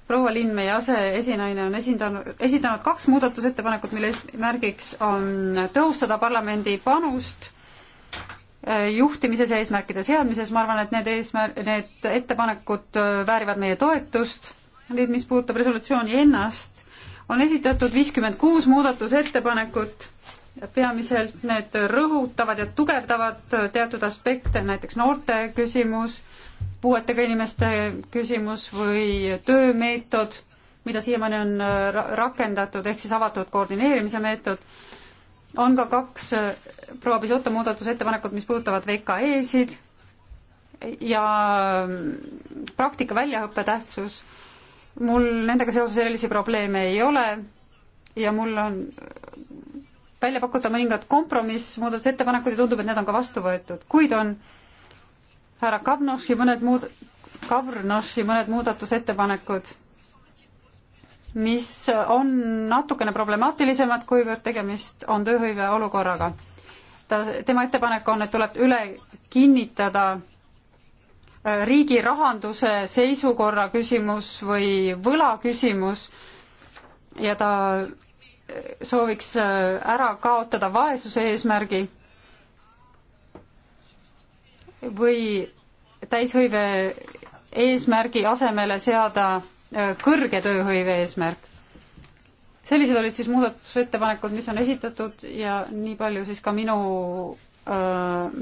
S2: proua Linn, meie aseesinaine, on esindanud, esitanud kaks muudatusettepanekut, mille eesmärgiks on tõhustada parlamendi panust eh, juhtimises ja eesmärkide seadmises, ma arvan, et need eesmär-, need ettepanekud eh, väärivad meie toetust. nüüd, mis puudutab resolutsiooni ennast, on esitatud viiskümmend kuus muudatusettepanekut ja peamiselt need rõhutavad ja tugevdavad teatud aspekte, näiteks noorte küsimus, puuetega inimeste küsimus või töömeetod, mida siiamaani on rakendatud, ehk siis avatud koordineerimise meetod. on ka kaks äh, proua Pisoto muudatusettepanekut, mis puudutavad VKE-sid ja mm, praktika väljaõppe tähtsus mul nendega seoses erilisi probleeme ei ole ja mul on välja pakuta mõningad kompromissmuudatusettepanekud ja tundub, et need on ka vastu võetud, kuid on härra Kavnoši mõned muud, Kavnoši mõned muudatusettepanekud, mis on natukene problemaatilisemad, kuivõrd tegemist on tööhõive olukorraga. ta, tema ettepanek on, et tuleb üle kinnitada Äh, riigi rahanduse seisukorra küsimus või võla küsimus ja ta äh, sooviks äh, ära kaotada vaesuse eesmärgi või täishõive eesmärgi asemele seada kõrge tööhõive eesmärk. sellised olid siis muudatusettepanekud, mis on esitatud ja nii palju siis ka minu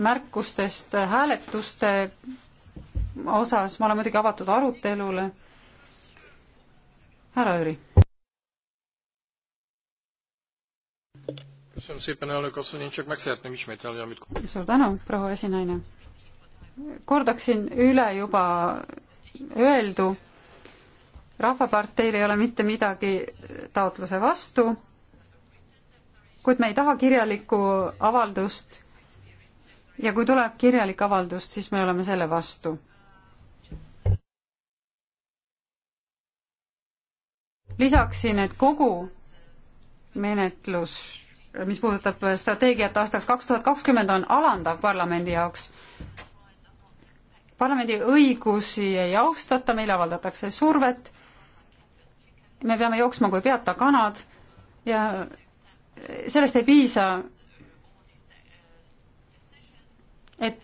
S2: märkustest hääletuste osas, ma olen muidugi avatud arutelule. härra Jüri. suur tänu, proua esinaine. kordaksin üle juba öeldu. rahvaparteil ei ole mitte midagi taotluse vastu, kuid me ei taha kirjalikku avaldust ja kui tuleb kirjalik avaldus, siis me oleme selle vastu lisaksin, et kogu menetlus, mis puudutab strateegiat aastaks kaks tuhat kakskümmend, on alandav parlamendi jaoks. parlamendi õigusi ei austata, meile avaldatakse survet, me peame jooksma kui pead taganad ja sellest ei piisa, et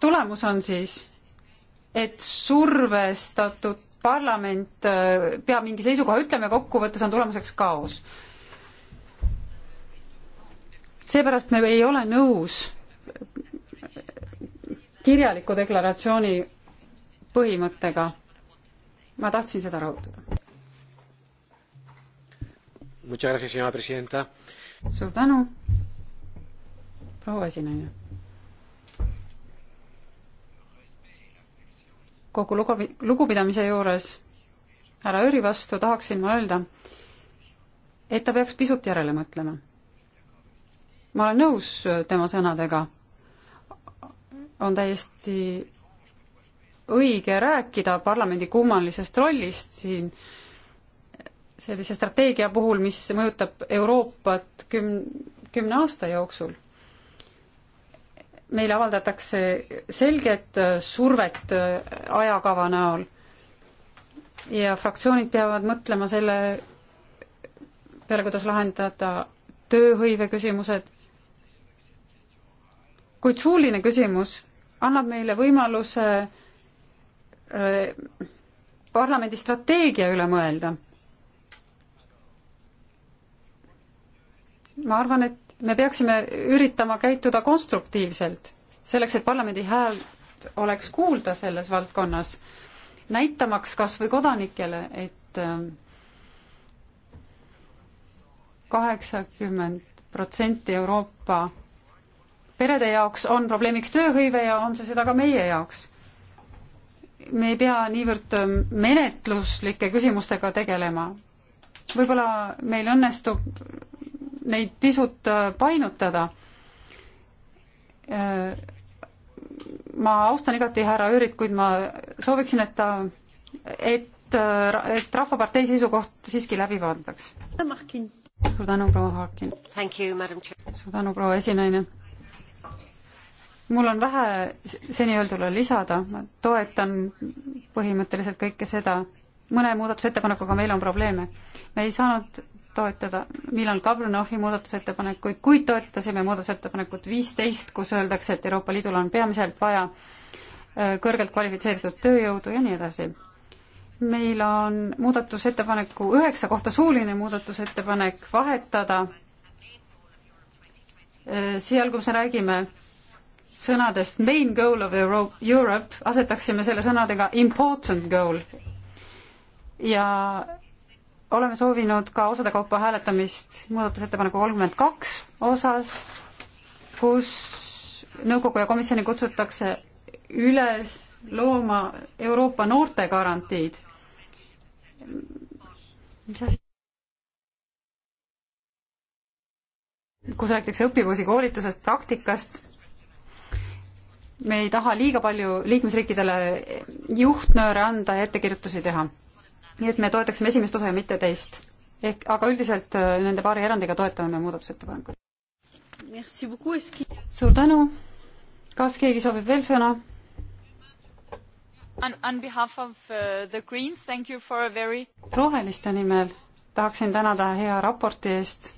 S2: tulemus on siis, et survestatud parlament äh, peab mingi seisukoha ütlema ja kokkuvõttes on tulemuseks kaos. seepärast me ei ole nõus kirjaliku deklaratsiooni põhimõttega. ma tahtsin seda rõhutada. suur tänu, proua esinaine kogu lugu, lugupidamise juures härra Jüri vastu tahaksin ma öelda, et ta peaks pisut järele mõtlema. ma olen nõus tema sõnadega, on täiesti õige rääkida parlamendi kummalisest rollist siin sellise strateegia puhul, mis mõjutab Euroopat küm-, kümne aasta jooksul meile avaldatakse selget survet ajakava näol. ja fraktsioonid peavad mõtlema selle peale, kuidas lahendada tööhõive küsimused. kuid suuline küsimus annab meile võimaluse äh, parlamendi strateegia üle mõelda. ma arvan, et me peaksime üritama käituda konstruktiivselt, selleks et parlamendi häält oleks kuulda selles valdkonnas, näitamaks kas või kodanikele, et ähm, kaheksakümmend protsenti Euroopa perede jaoks on probleemiks tööhõive ja on see seda ka meie jaoks. me ei pea niivõrd ähm, menetluslike küsimustega tegelema. võib-olla meil õnnestub neid pisut äh, painutada. Äh, ma austan igati härra Öörit, kuid ma sooviksin, et ta, et, äh, et Rahvapartei seisukoht siiski läbi vaadataks. suur tänu, proua Harkin. suur tänu, proua esinaine mul on vähe seni öeldule lisada, ma toetan põhimõtteliselt kõike seda, mõne muudatusettepanekuga meil on probleeme. me ei saanud toetada Milan Kabrnovi muudatusettepanekuid, kuid toetasime muudatusettepanekut viisteist, kus öeldakse, et Euroopa Liidul on peamiselt vaja äh, kõrgelt kvalifitseeritud tööjõudu ja nii edasi. meil on muudatusettepaneku üheksa kohta suuline muudatusettepanek vahetada äh, seal, kus me räägime sõnadest main goal of Euro Europe, asetaksime selle sõnadega important goal ja oleme soovinud ka osade kaupa hääletamist muudatusettepaneku kolmkümmend kaks osas, kus nõukogu ja komisjoni kutsutakse üles looma Euroopa noortegarantiid. mis asi? kus räägitakse õppivusi koolitusest, praktikast. me ei taha liiga palju liikmesriikidele juhtnööre anda ja ettekirjutusi teha nii et me toetaksime esimest osa ja mitte teist. ehk, aga üldiselt äh, nende paari erandiga toetame me muudatusettepanekuid. suur tänu. kas keegi soovib veel sõna? On behalf of uh, the Greens, thank you for a very roheliste nimel tahaksin tänada hea raporti eest.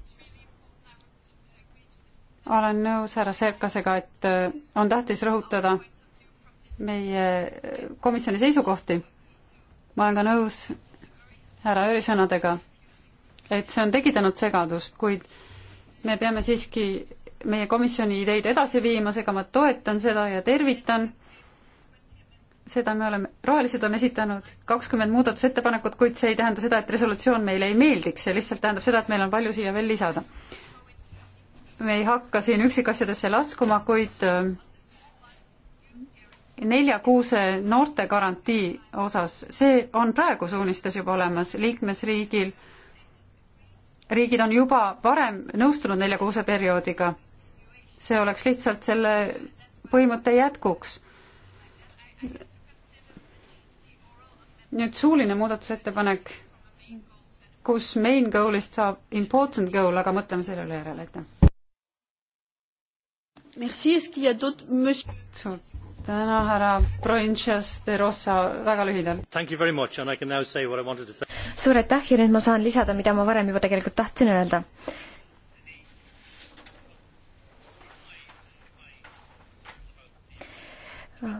S2: olen nõus härra Serkasega, et äh, on tähtis rõhutada meie äh, komisjoni seisukohti ma olen ka nõus härra Ööri sõnadega, et see on tekitanud segadust, kuid me peame siiski meie komisjoni ideid edasi viima, seega ma toetan seda ja tervitan seda me oleme, rohelised on esitanud kakskümmend muudatusettepanekut, kuid see ei tähenda seda, et resolutsioon meile ei meeldiks, see lihtsalt tähendab seda, et meil on palju siia veel lisada. me ei hakka siin üksikasjadesse laskuma, kuid äh, nelja kuuse noortegarantii osas, see on praegu suunistes juba olemas liikmesriigil, riigid on juba varem nõustunud nelja kuuse perioodiga. see oleks lihtsalt selle põhimõtte jätkuks. nüüd suuline muudatusettepanek, kus main goal'ist saab important goal, aga mõtleme selle üle järele, aitäh.
S4: suur täna, härra Provincias de Rosa, väga lühidalt. suur aitäh ja nüüd ma saan lisada, mida ma varem juba tegelikult tahtsin öelda.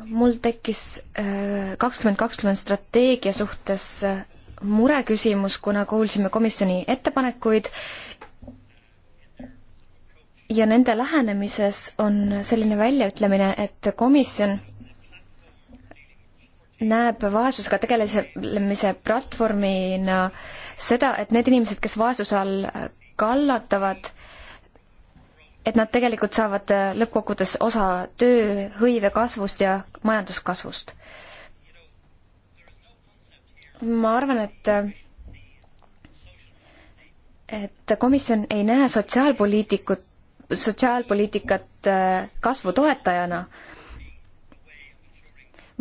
S4: mul tekkis äh, kakskümmend kakskümmend strateegia suhtes äh, mureküsimus, kuna kuulsime komisjoni ettepanekuid ja nende lähenemises on selline väljaütlemine, et komisjon näeb vaesusega tegelemise platvormina seda, et need inimesed, kes vaesuse all kallatavad, et nad tegelikult saavad lõppkokkuvõttes osa tööhõive kasvust ja majanduskasvust. ma arvan, et et komisjon ei näe sotsiaalpoliitikut sotsiaalpoliitikat äh, kasvu toetajana,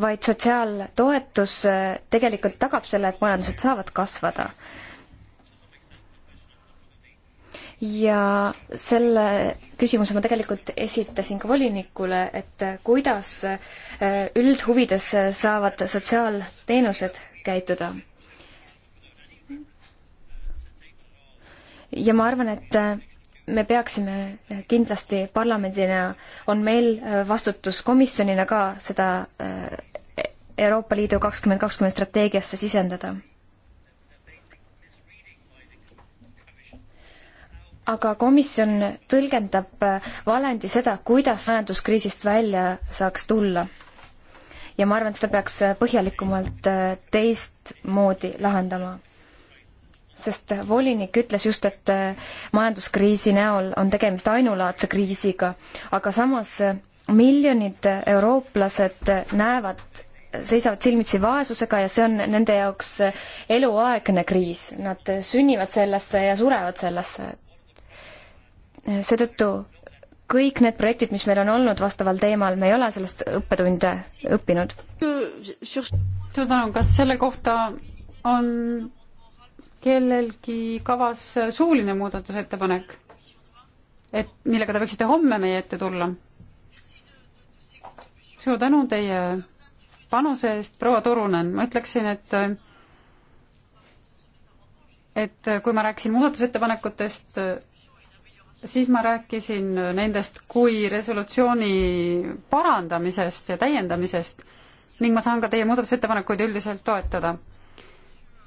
S4: vaid sotsiaaltoetus äh, tegelikult tagab selle, et majandused saavad kasvada. ja selle küsimuse ma tegelikult esitasin ka volinikule, et kuidas äh, üldhuvides saavad sotsiaalteenused käituda ja ma arvan, et me peaksime kindlasti parlamendina, on meil äh, vastutus komisjonina ka seda äh, Euroopa Liidu kakskümmend kakskümmend strateegiasse sisendada. aga komisjon tõlgendab äh, valendi seda, kuidas majanduskriisist välja saaks tulla. ja ma arvan, et seda peaks põhjalikumalt teistmoodi lahendama sest volinik ütles just, et äh, majanduskriisi näol on tegemist ainulaadse kriisiga, aga samas äh, miljonid eurooplased äh, näevad, seisavad silmitsi vaesusega ja see on nende jaoks eluaegne kriis. Nad sünnivad sellesse ja surevad sellesse. seetõttu kõik need projektid, mis meil on olnud vastaval teemal, me ei ole sellest õppetunde õppinud.
S2: suur tänu, kas selle kohta on kellelgi kavas suuline muudatusettepanek, et millega te võiksite homme meie ette tulla? suur tänu teie panuse eest, proua Turunen, ma ütleksin, et et kui ma rääkisin muudatusettepanekutest, siis ma rääkisin nendest kui resolutsiooni parandamisest ja täiendamisest ning ma saan ka teie muudatusettepanekuid üldiselt toetada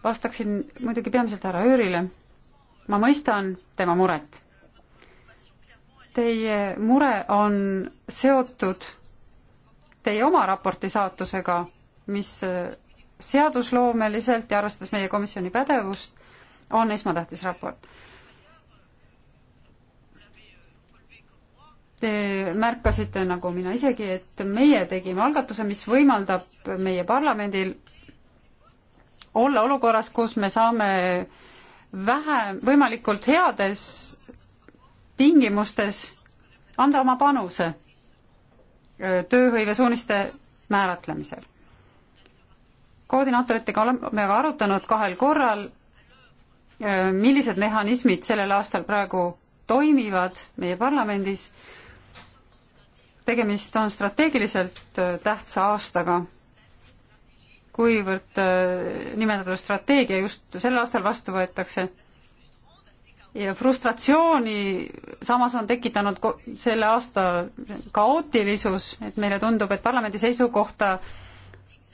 S2: vastaksin muidugi peamiselt härra Öörile. ma mõistan tema muret. Teie mure on seotud teie oma raporti saatusega, mis seadusloomeliselt ja arvestades meie komisjoni pädevust, on esmatähtis raport. Te märkasite, nagu mina isegi, et meie tegime algatuse, mis võimaldab meie parlamendil olla olukorras, kus me saame vähe, võimalikult heades tingimustes anda oma panuse tööhõivesuuniste määratlemisel. koordinaatoritega oleme ka arutanud kahel korral, millised mehhanismid sellel aastal praegu toimivad meie parlamendis. tegemist on strateegiliselt tähtsa aastaga kuivõrd äh, nimetatud strateegia just sel aastal vastu võetakse. ja frustratsiooni samas on tekitanud selle aasta kaootilisus, et meile tundub, et parlamendi seisukohta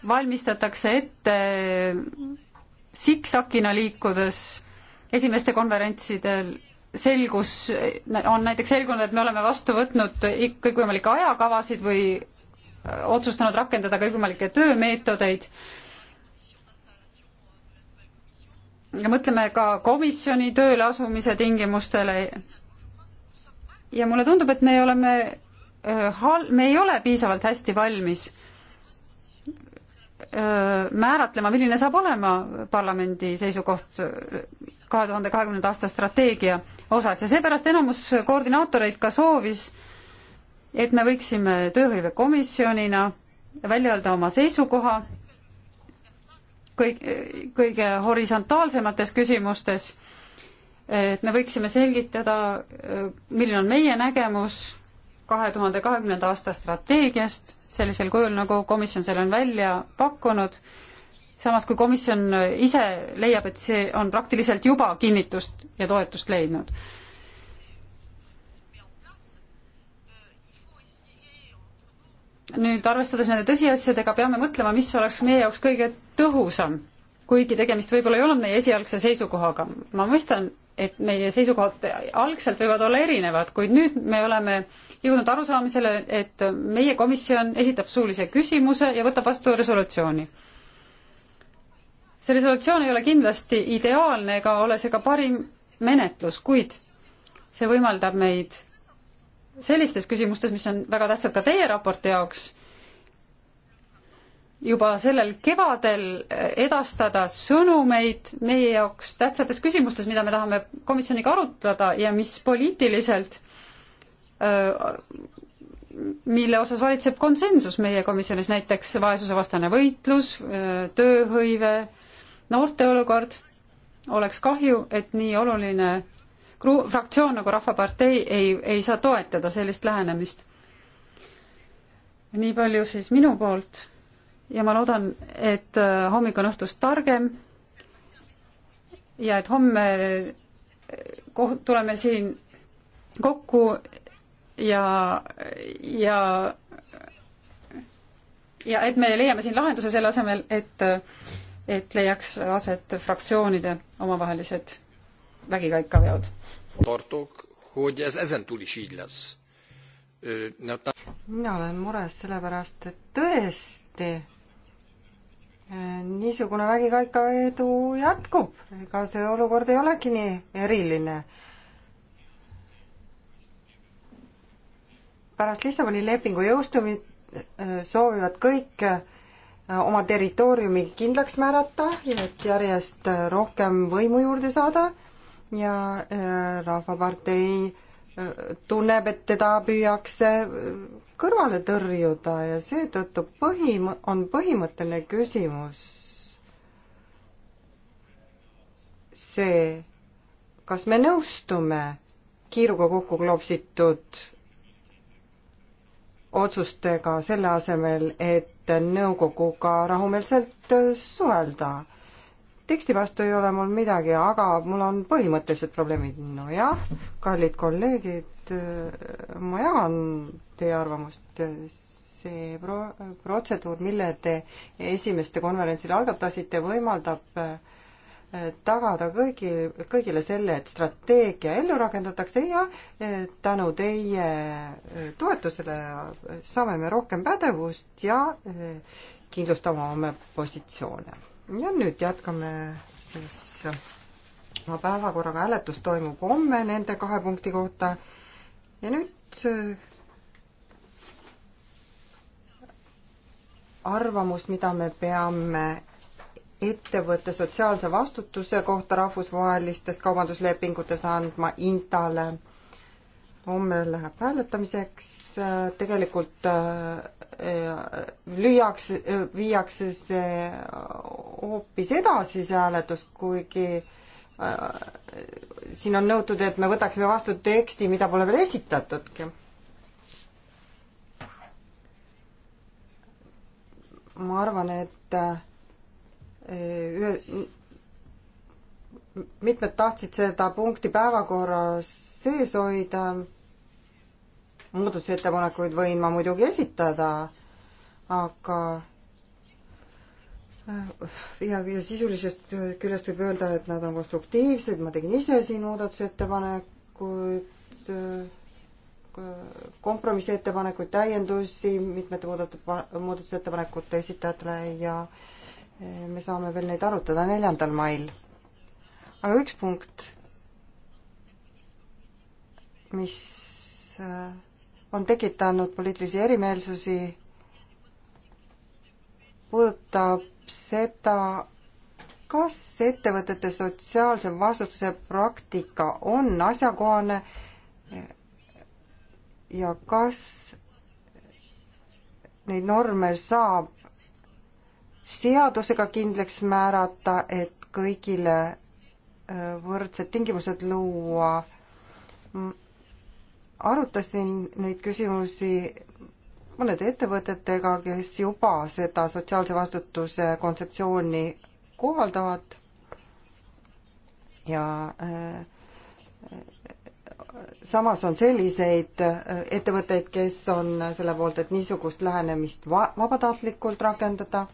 S2: valmistatakse ette siksakina liikudes esimeste konverentsidel selgus, on näiteks selgunud, et me oleme vastu võtnud kõikvõimalikke ajakavasid või otsustanud rakendada kõikvõimalikke töömeetodeid. ja mõtleme ka komisjoni tööle asumise tingimustele. ja mulle tundub, et me oleme äh, hal-, me ei ole piisavalt hästi valmis äh, määratlema, milline saab olema parlamendi seisukoht äh, kahe tuhande kahekümnenda aasta strateegia osas ja seepärast enamus koordinaatoreid ka soovis et me võiksime tööhõivekomisjonina välja öelda oma seisukoha kõik, kõige horisontaalsemates küsimustes, et me võiksime selgitada, milline on meie nägemus kahe tuhande kahekümnenda aasta strateegiast sellisel kujul, nagu komisjon selle on välja pakkunud, samas kui komisjon ise leiab, et see on praktiliselt juba kinnitust ja toetust leidnud nüüd arvestades nende tõsiasjadega, peame mõtlema, mis oleks meie jaoks kõige tõhusam, kuigi tegemist võib-olla ei olnud meie esialgse seisukohaga. ma mõistan, et meie seisukohad algselt võivad olla erinevad, kuid nüüd me oleme jõudnud arusaamisele, et meie komisjon esitab suulise küsimuse ja võtab vastu resolutsiooni. see resolutsioon ei ole kindlasti ideaalne ega ole see ka parim menetlus, kuid see võimaldab meid sellistes küsimustes, mis on väga tähtsad ka teie raporti jaoks, juba sellel kevadel eh, edastada sõnumeid meie jaoks tähtsates küsimustes, mida me tahame komisjoniga arutada ja mis poliitiliselt eh, mille osas valitseb konsensus meie komisjonis, näiteks vaesusevastane võitlus, eh, tööhõive, noorte olukord, oleks kahju, et nii oluline gruu-, fraktsioon nagu Rahvapartei ei, ei saa toetada sellist lähenemist. nii palju siis minu poolt ja ma loodan, et äh, hommik on õhtust targem ja et homme äh, koht-, tuleme siin kokku ja, ja
S4: ja et me leiame siin lahenduse selle asemel,
S2: et, äh, et leiaks aset fraktsioonide omavahelised vägikaikaveod.
S1: mina olen mures sellepärast, et tõesti e, niisugune vägikaikavedu jätkub, ega see olukord ei olegi nii eriline pärast Lissaboni lepingu jõustumit e, soovivad kõik e, oma territooriumi kindlaks määrata, et järjest rohkem võimu juurde saada ja äh, Rahvapartei äh, tunneb, et teda püüakse äh, kõrvale tõrjuda ja seetõttu põhim-, on põhimõtteline küsimus see, kas me nõustume kiiruga kokku klopsitud otsustega selle asemel, et nõukoguga rahumeelselt suhelda teksti vastu ei ole mul midagi, aga mul on põhimõttelised probleemid. nojah, kallid kolleegid, ma jagan teie arvamust. see pro-, protseduur, mille te esimeste konverentsil algatasite, võimaldab eh, tagada kõigi, kõigile selle, et strateegia ellu rakendatakse ja eh, tänu teie eh, toetusele saame me rohkem pädevust ja kindlustame oma positsioone ja nüüd jätkame siis äh, oma päevakorraga, hääletus toimub homme nende kahe punkti kohta ja nüüd äh, arvamus, mida me peame ettevõtte sotsiaalse vastutuse kohta rahvusvahelistest kaubanduslepingutes andma Intale homme läheb hääletamiseks, tegelikult äh, lüüaks, äh, viiakse see hoopis edasi, see hääletus, kuigi äh, siin on nõutud, et me võtaksime vastu teksti, mida pole veel esitatudki. ma arvan, et ühe, mitmed tahtsid seda punkti päevakorras sees hoida muudatusettepanekuid võin ma muidugi esitada, aga äh, ja, ja sisulisest küljest võib öelda, et nad on konstruktiivsed, ma tegin ise siin muudatusettepanekuid, äh, kompromissettepanekuid, täiendusi mitmete muudatusettepanekute esitajatele ja äh, me saame veel neid arutada neljandal mail. aga üks punkt, mis on tekitanud poliitilisi erimeelsusi, puudutab seda, kas ettevõtete sotsiaalse vastutuse praktika on asjakohane ja kas neid norme saab seadusega kindlaks määrata, et kõigile äh, võrdsed tingimused luua arutasin neid küsimusi mõnede ettevõtetega, kes juba seda sotsiaalse vastutuse kontseptsiooni kohaldavad ja äh, samas on selliseid äh, ettevõtteid, kes on selle poolt, et niisugust lähenemist va-, vabatahtlikult rakendada.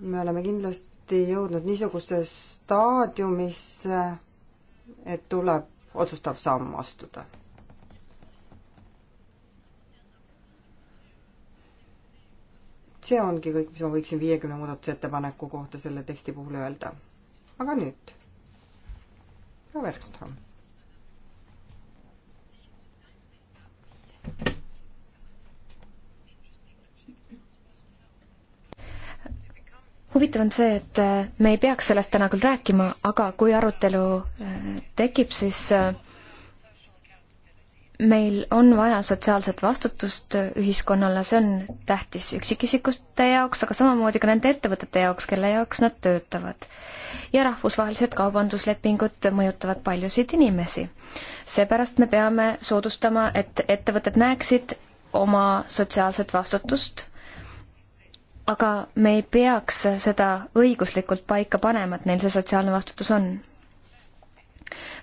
S1: me oleme kindlasti jõudnud niisugusesse staadiumisse, et tuleb otsustav samm astuda. see ongi kõik, mis ma võiksin viiekümne muudatusettepaneku kohta selle teksti puhul öelda. aga nüüd. proua Verkström.
S4: huvitav on see, et äh, me ei peaks sellest täna küll rääkima, aga kui arutelu äh, tekib, siis äh, meil on vaja sotsiaalset vastutust ühiskonnale, see on tähtis üksikisikute jaoks, aga samamoodi ka nende ettevõtete jaoks, kelle jaoks nad töötavad. ja rahvusvahelised kaubanduslepingud mõjutavad paljusid inimesi. seepärast me peame soodustama, et ettevõtted näeksid oma sotsiaalset vastutust aga me ei peaks seda õiguslikult paika panema, et neil see sotsiaalne vastutus on.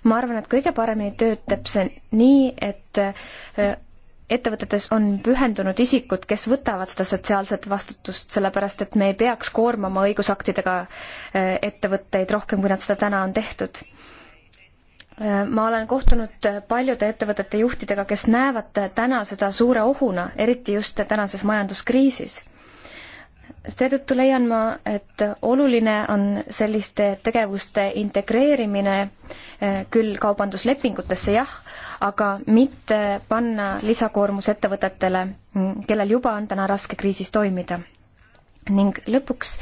S4: ma arvan, et kõige paremini töötab see nii, et äh, ettevõtetes on pühendunud isikud, kes võtavad seda sotsiaalset vastutust, sellepärast et me ei peaks koormama õigusaktidega äh, ettevõtteid rohkem, kui nad seda täna on tehtud. Äh, ma olen kohtunud paljude ettevõtete juhtidega, kes näevad täna seda suure ohuna, eriti just tänases majanduskriisis seetõttu leian ma, et oluline on selliste tegevuste integreerimine eh, küll kaubanduslepingutesse, jah, aga mitte panna lisakoormus ettevõtetele, mm, kellel juba on täna raske kriisis toimida. ning lõpuks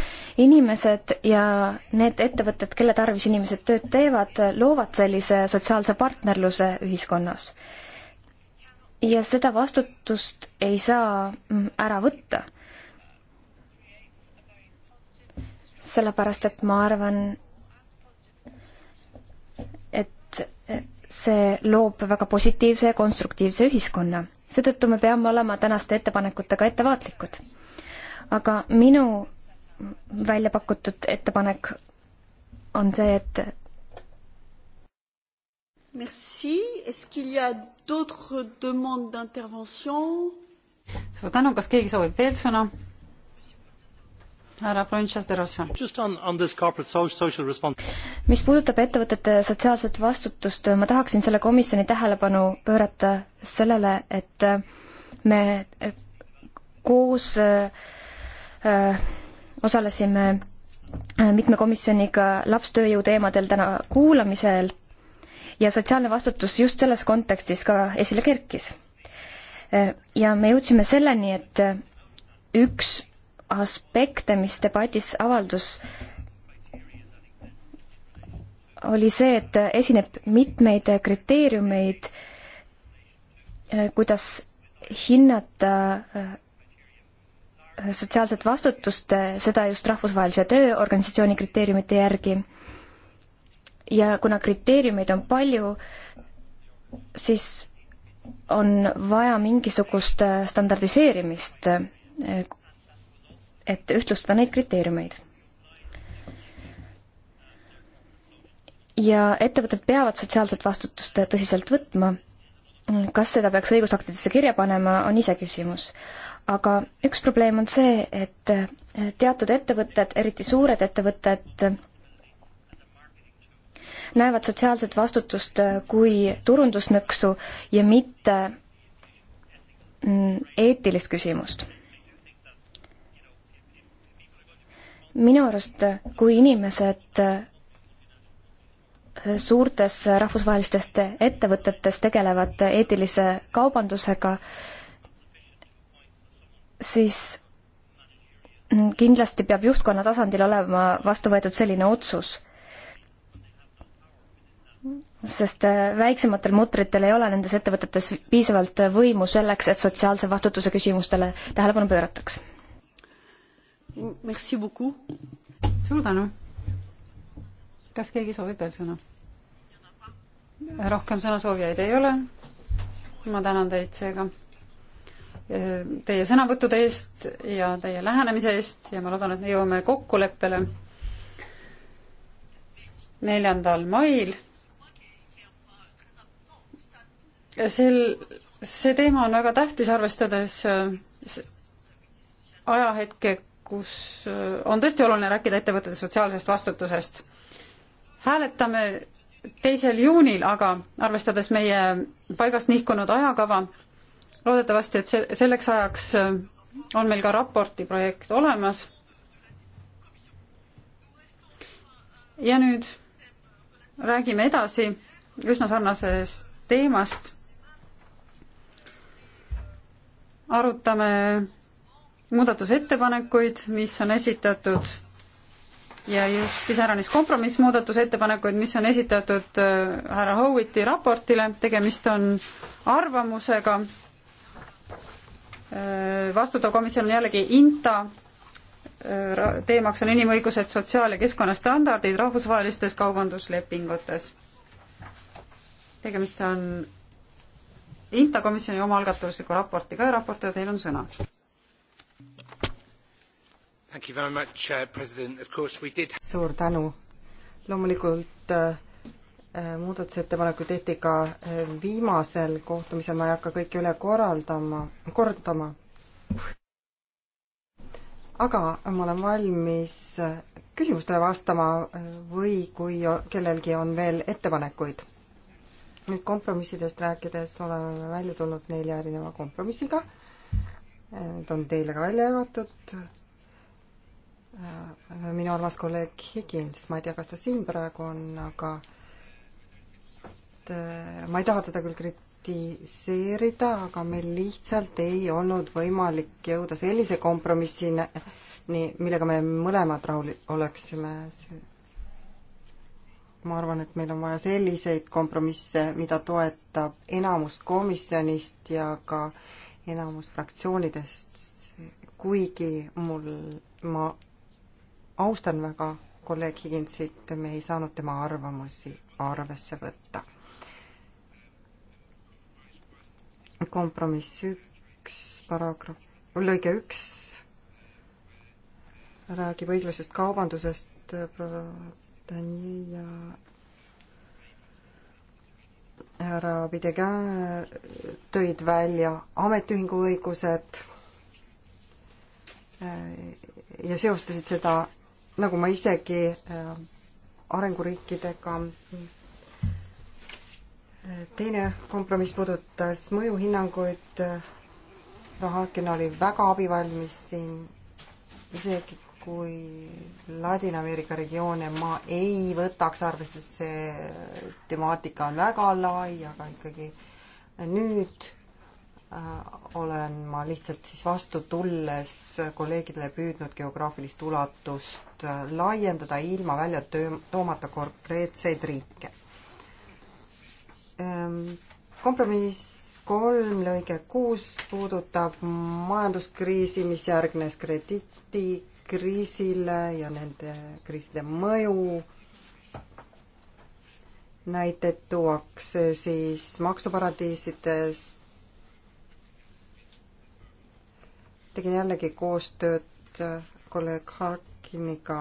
S4: inimesed ja need ettevõtted, kelle tarvis inimesed tööd teevad, loovad sellise sotsiaalse partnerluse ühiskonnas. ja seda vastutust ei saa mm, ära võtta sellepärast et ma arvan, et see loob väga positiivse ja konstruktiivse ühiskonna. seetõttu me peame olema tänaste ettepanekutega ettevaatlikud. aga minu välja pakutud ettepanek on see, et
S2: Merci. Est-ce qu'il y a d'autres demandes d'intervention?
S4: suur tänu, kas keegi soovib veel sõna?
S2: härra Prontsas de Rosa.
S4: mis puudutab ettevõtete sotsiaalset vastutust, ma tahaksin selle komisjoni tähelepanu pöörata sellele, et me koos äh, osalesime mitme komisjoniga lapstööjõu teemadel täna kuulamisel ja sotsiaalne vastutus just selles kontekstis ka esile kerkis. Äh, ja me jõudsime selleni, et üks aspekte, mis debatis avaldus, oli see, et esineb mitmeid kriteeriumeid, eh, kuidas hinnata eh, sotsiaalset vastutust, eh, seda just Rahvusvahelise Tööorganisatsiooni kriteeriumite järgi. ja kuna kriteeriumeid on palju, siis on vaja mingisugust standardiseerimist et ühtlustada neid kriteeriumeid. ja ettevõtted peavad sotsiaalset vastutust tõsiselt võtma. kas seda peaks õigusaktidesse kirja panema, on iseküsimus. aga üks probleem on see, et teatud ettevõtted, eriti suured ettevõtted, näevad sotsiaalset vastutust kui turundusnõksu ja mitte eetilist küsimust. minu arust, kui inimesed suurtes rahvusvahelistes ettevõtetes tegelevad eetilise kaubandusega, siis kindlasti peab juhtkonna tasandil olema vastu võetud selline otsus. sest väiksematel mutritel ei ole nendes ettevõtetes piisavalt võimu selleks, et sotsiaalse vastutuse küsimustele tähelepanu pöörataks
S2: Merci beaucoup. suur tänu. kas keegi soovib veel sõna? rohkem sõnasoovijaid ei ole. ma tänan teid seega eh, teie sõnavõttude eest ja teie lähenemise eest ja ma loodan, et me jõuame kokkuleppele neljandal mail. sel, see teema on väga tähtis, arvestades eh, ajahetke kus äh, on tõesti oluline rääkida ettevõtete sotsiaalsest vastutusest. hääletame teisel juunil, aga arvestades meie paigast nihkunud ajakava, loodetavasti, et see, selleks ajaks äh, on meil ka raporti projekt olemas. ja nüüd räägime edasi üsna sarnasest teemast. arutame muudatusettepanekuid, mis on esitatud ja just iseäranis kompromissmuudatusettepanekuid, mis on esitatud äh, härra Howitti raportile, tegemist on arvamusega, äh, vastutav komisjon on jällegi INTA, äh, teemaks on inimõigused, sotsiaal- ja keskkonnastandardid rahvusvahelistes kaubanduslepingutes. tegemist on INTA komisjoni omaalgatusliku raportiga ja raportöö, teil on
S1: sõna Uh, did... suur tänu. loomulikult äh, äh muudatusettepaneku tehti ka äh, viimasel kohtumisel, ma ei hakka kõike üle korraldama, kordama. aga ma olen valmis äh, küsimustele vastama äh, või kui kellelgi on veel ettepanekuid nüüd kompromissidest rääkides oleme välja tulnud nelja erineva kompromissiga. Need on teile ka välja jagatud. Äh, minu armas kolleeg Higins, ma ei tea, kas ta siin praegu on, aga ma ei taha teda küll kritiseerida, aga meil lihtsalt ei olnud võimalik jõuda sellise kompromissini, millega me mõlemad rahul oleksime. ma arvan, et meil on vaja selliseid kompromisse, mida toetab enamus komisjonist ja ka enamus fraktsioonidest, kuigi mul, ma austan väga kolleeg Higinsit, me ei saanud tema arvamusi arvesse võtta. kompromiss üks, paragrahv, lõige üks räägib õiglasest kaubandusest ja härra Pidegan tõid välja ametiühingu õigused äh, ja seostasid seda nagu ma isegi äh, arenguriikidega. Äh, teine kompromiss puudutas mõjuhinnanguid. Äh, Rahakina oli väga abivalmis siin, isegi kui Ladina-Ameerika regioone ma ei võtaks arvesse, sest see temaatika on väga lai, aga ikkagi nüüd Äh, olen ma lihtsalt siis vastu tulles kolleegidele püüdnud geograafilist ulatust äh, laiendada ilma välja töö-, toomata konkreetseid riike. Ähm, kompromiss kolm lõige kuus puudutab majanduskriisi, mis järgnes krediitikriisile ja nende kriiside mõju näited tuuakse siis maksuparadiisidest, tegin jällegi koostööd äh, kolleeg Harkiniga.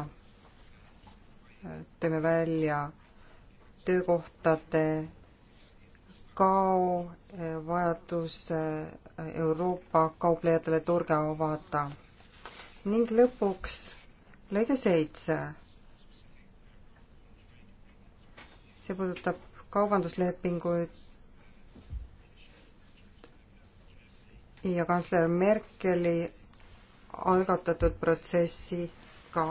S1: Äh, teeme välja töökohtade kao äh, vajadus Euroopa kauplejatele turge avada. ning lõpuks lõige seitse. see puudutab kaubanduslepinguid ja kantsler Merkeli algatatud protsessi ka.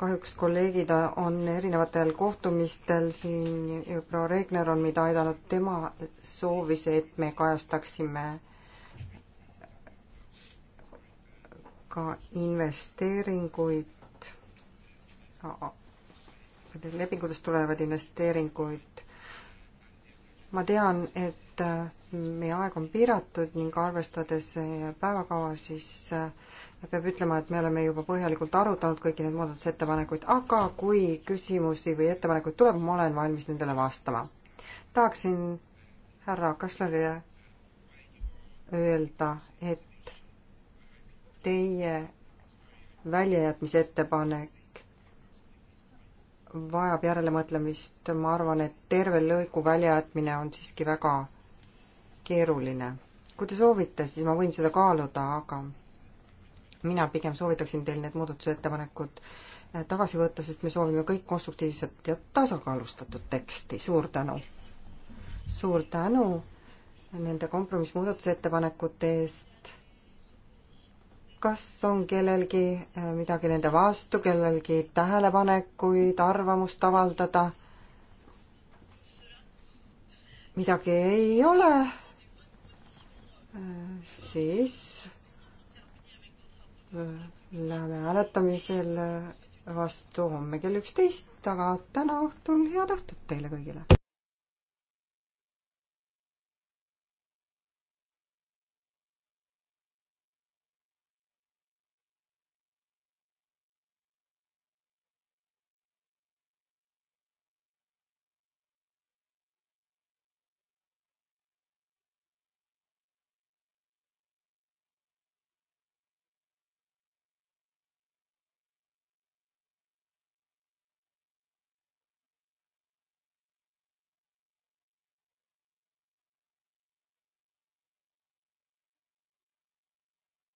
S1: kahjuks kolleegid on erinevatel kohtumistel siin, proua Regner on meid aidanud, tema soovis, et me kajastaksime ka investeeringuid, lepingutest tulenevaid investeeringuid ma tean, et äh, meie aeg on piiratud ning arvestades äh, päevakava, siis äh, peab ütlema, et me oleme juba põhjalikult arutanud kõiki neid muudatusettepanekuid, aga kui küsimusi või ettepanekuid tuleb, ma olen valmis nendele vastama. tahaksin härra Kaslerile öelda, et teie väljajätmise ettepanek vajab järelemõtlemist, ma arvan, et terve lõigu väljajätmine on siiski väga keeruline. kui te soovite, siis ma võin seda kaaluda, aga mina pigem soovitaksin teil need muudatusettepanekud äh, tagasi võtta, sest me soovime kõik konstruktiivset ja tasakaalustatud teksti, suur tänu! suur tänu nende kompromissmuudatusettepanekute eest, kas on kellelgi äh, midagi nende vastu, kellelgi tähelepanekuid, arvamust avaldada? midagi ei ole, äh, siis äh, läheme hääletamisel vastu homme kell üksteist, aga täna õhtul head õhtut teile kõigile!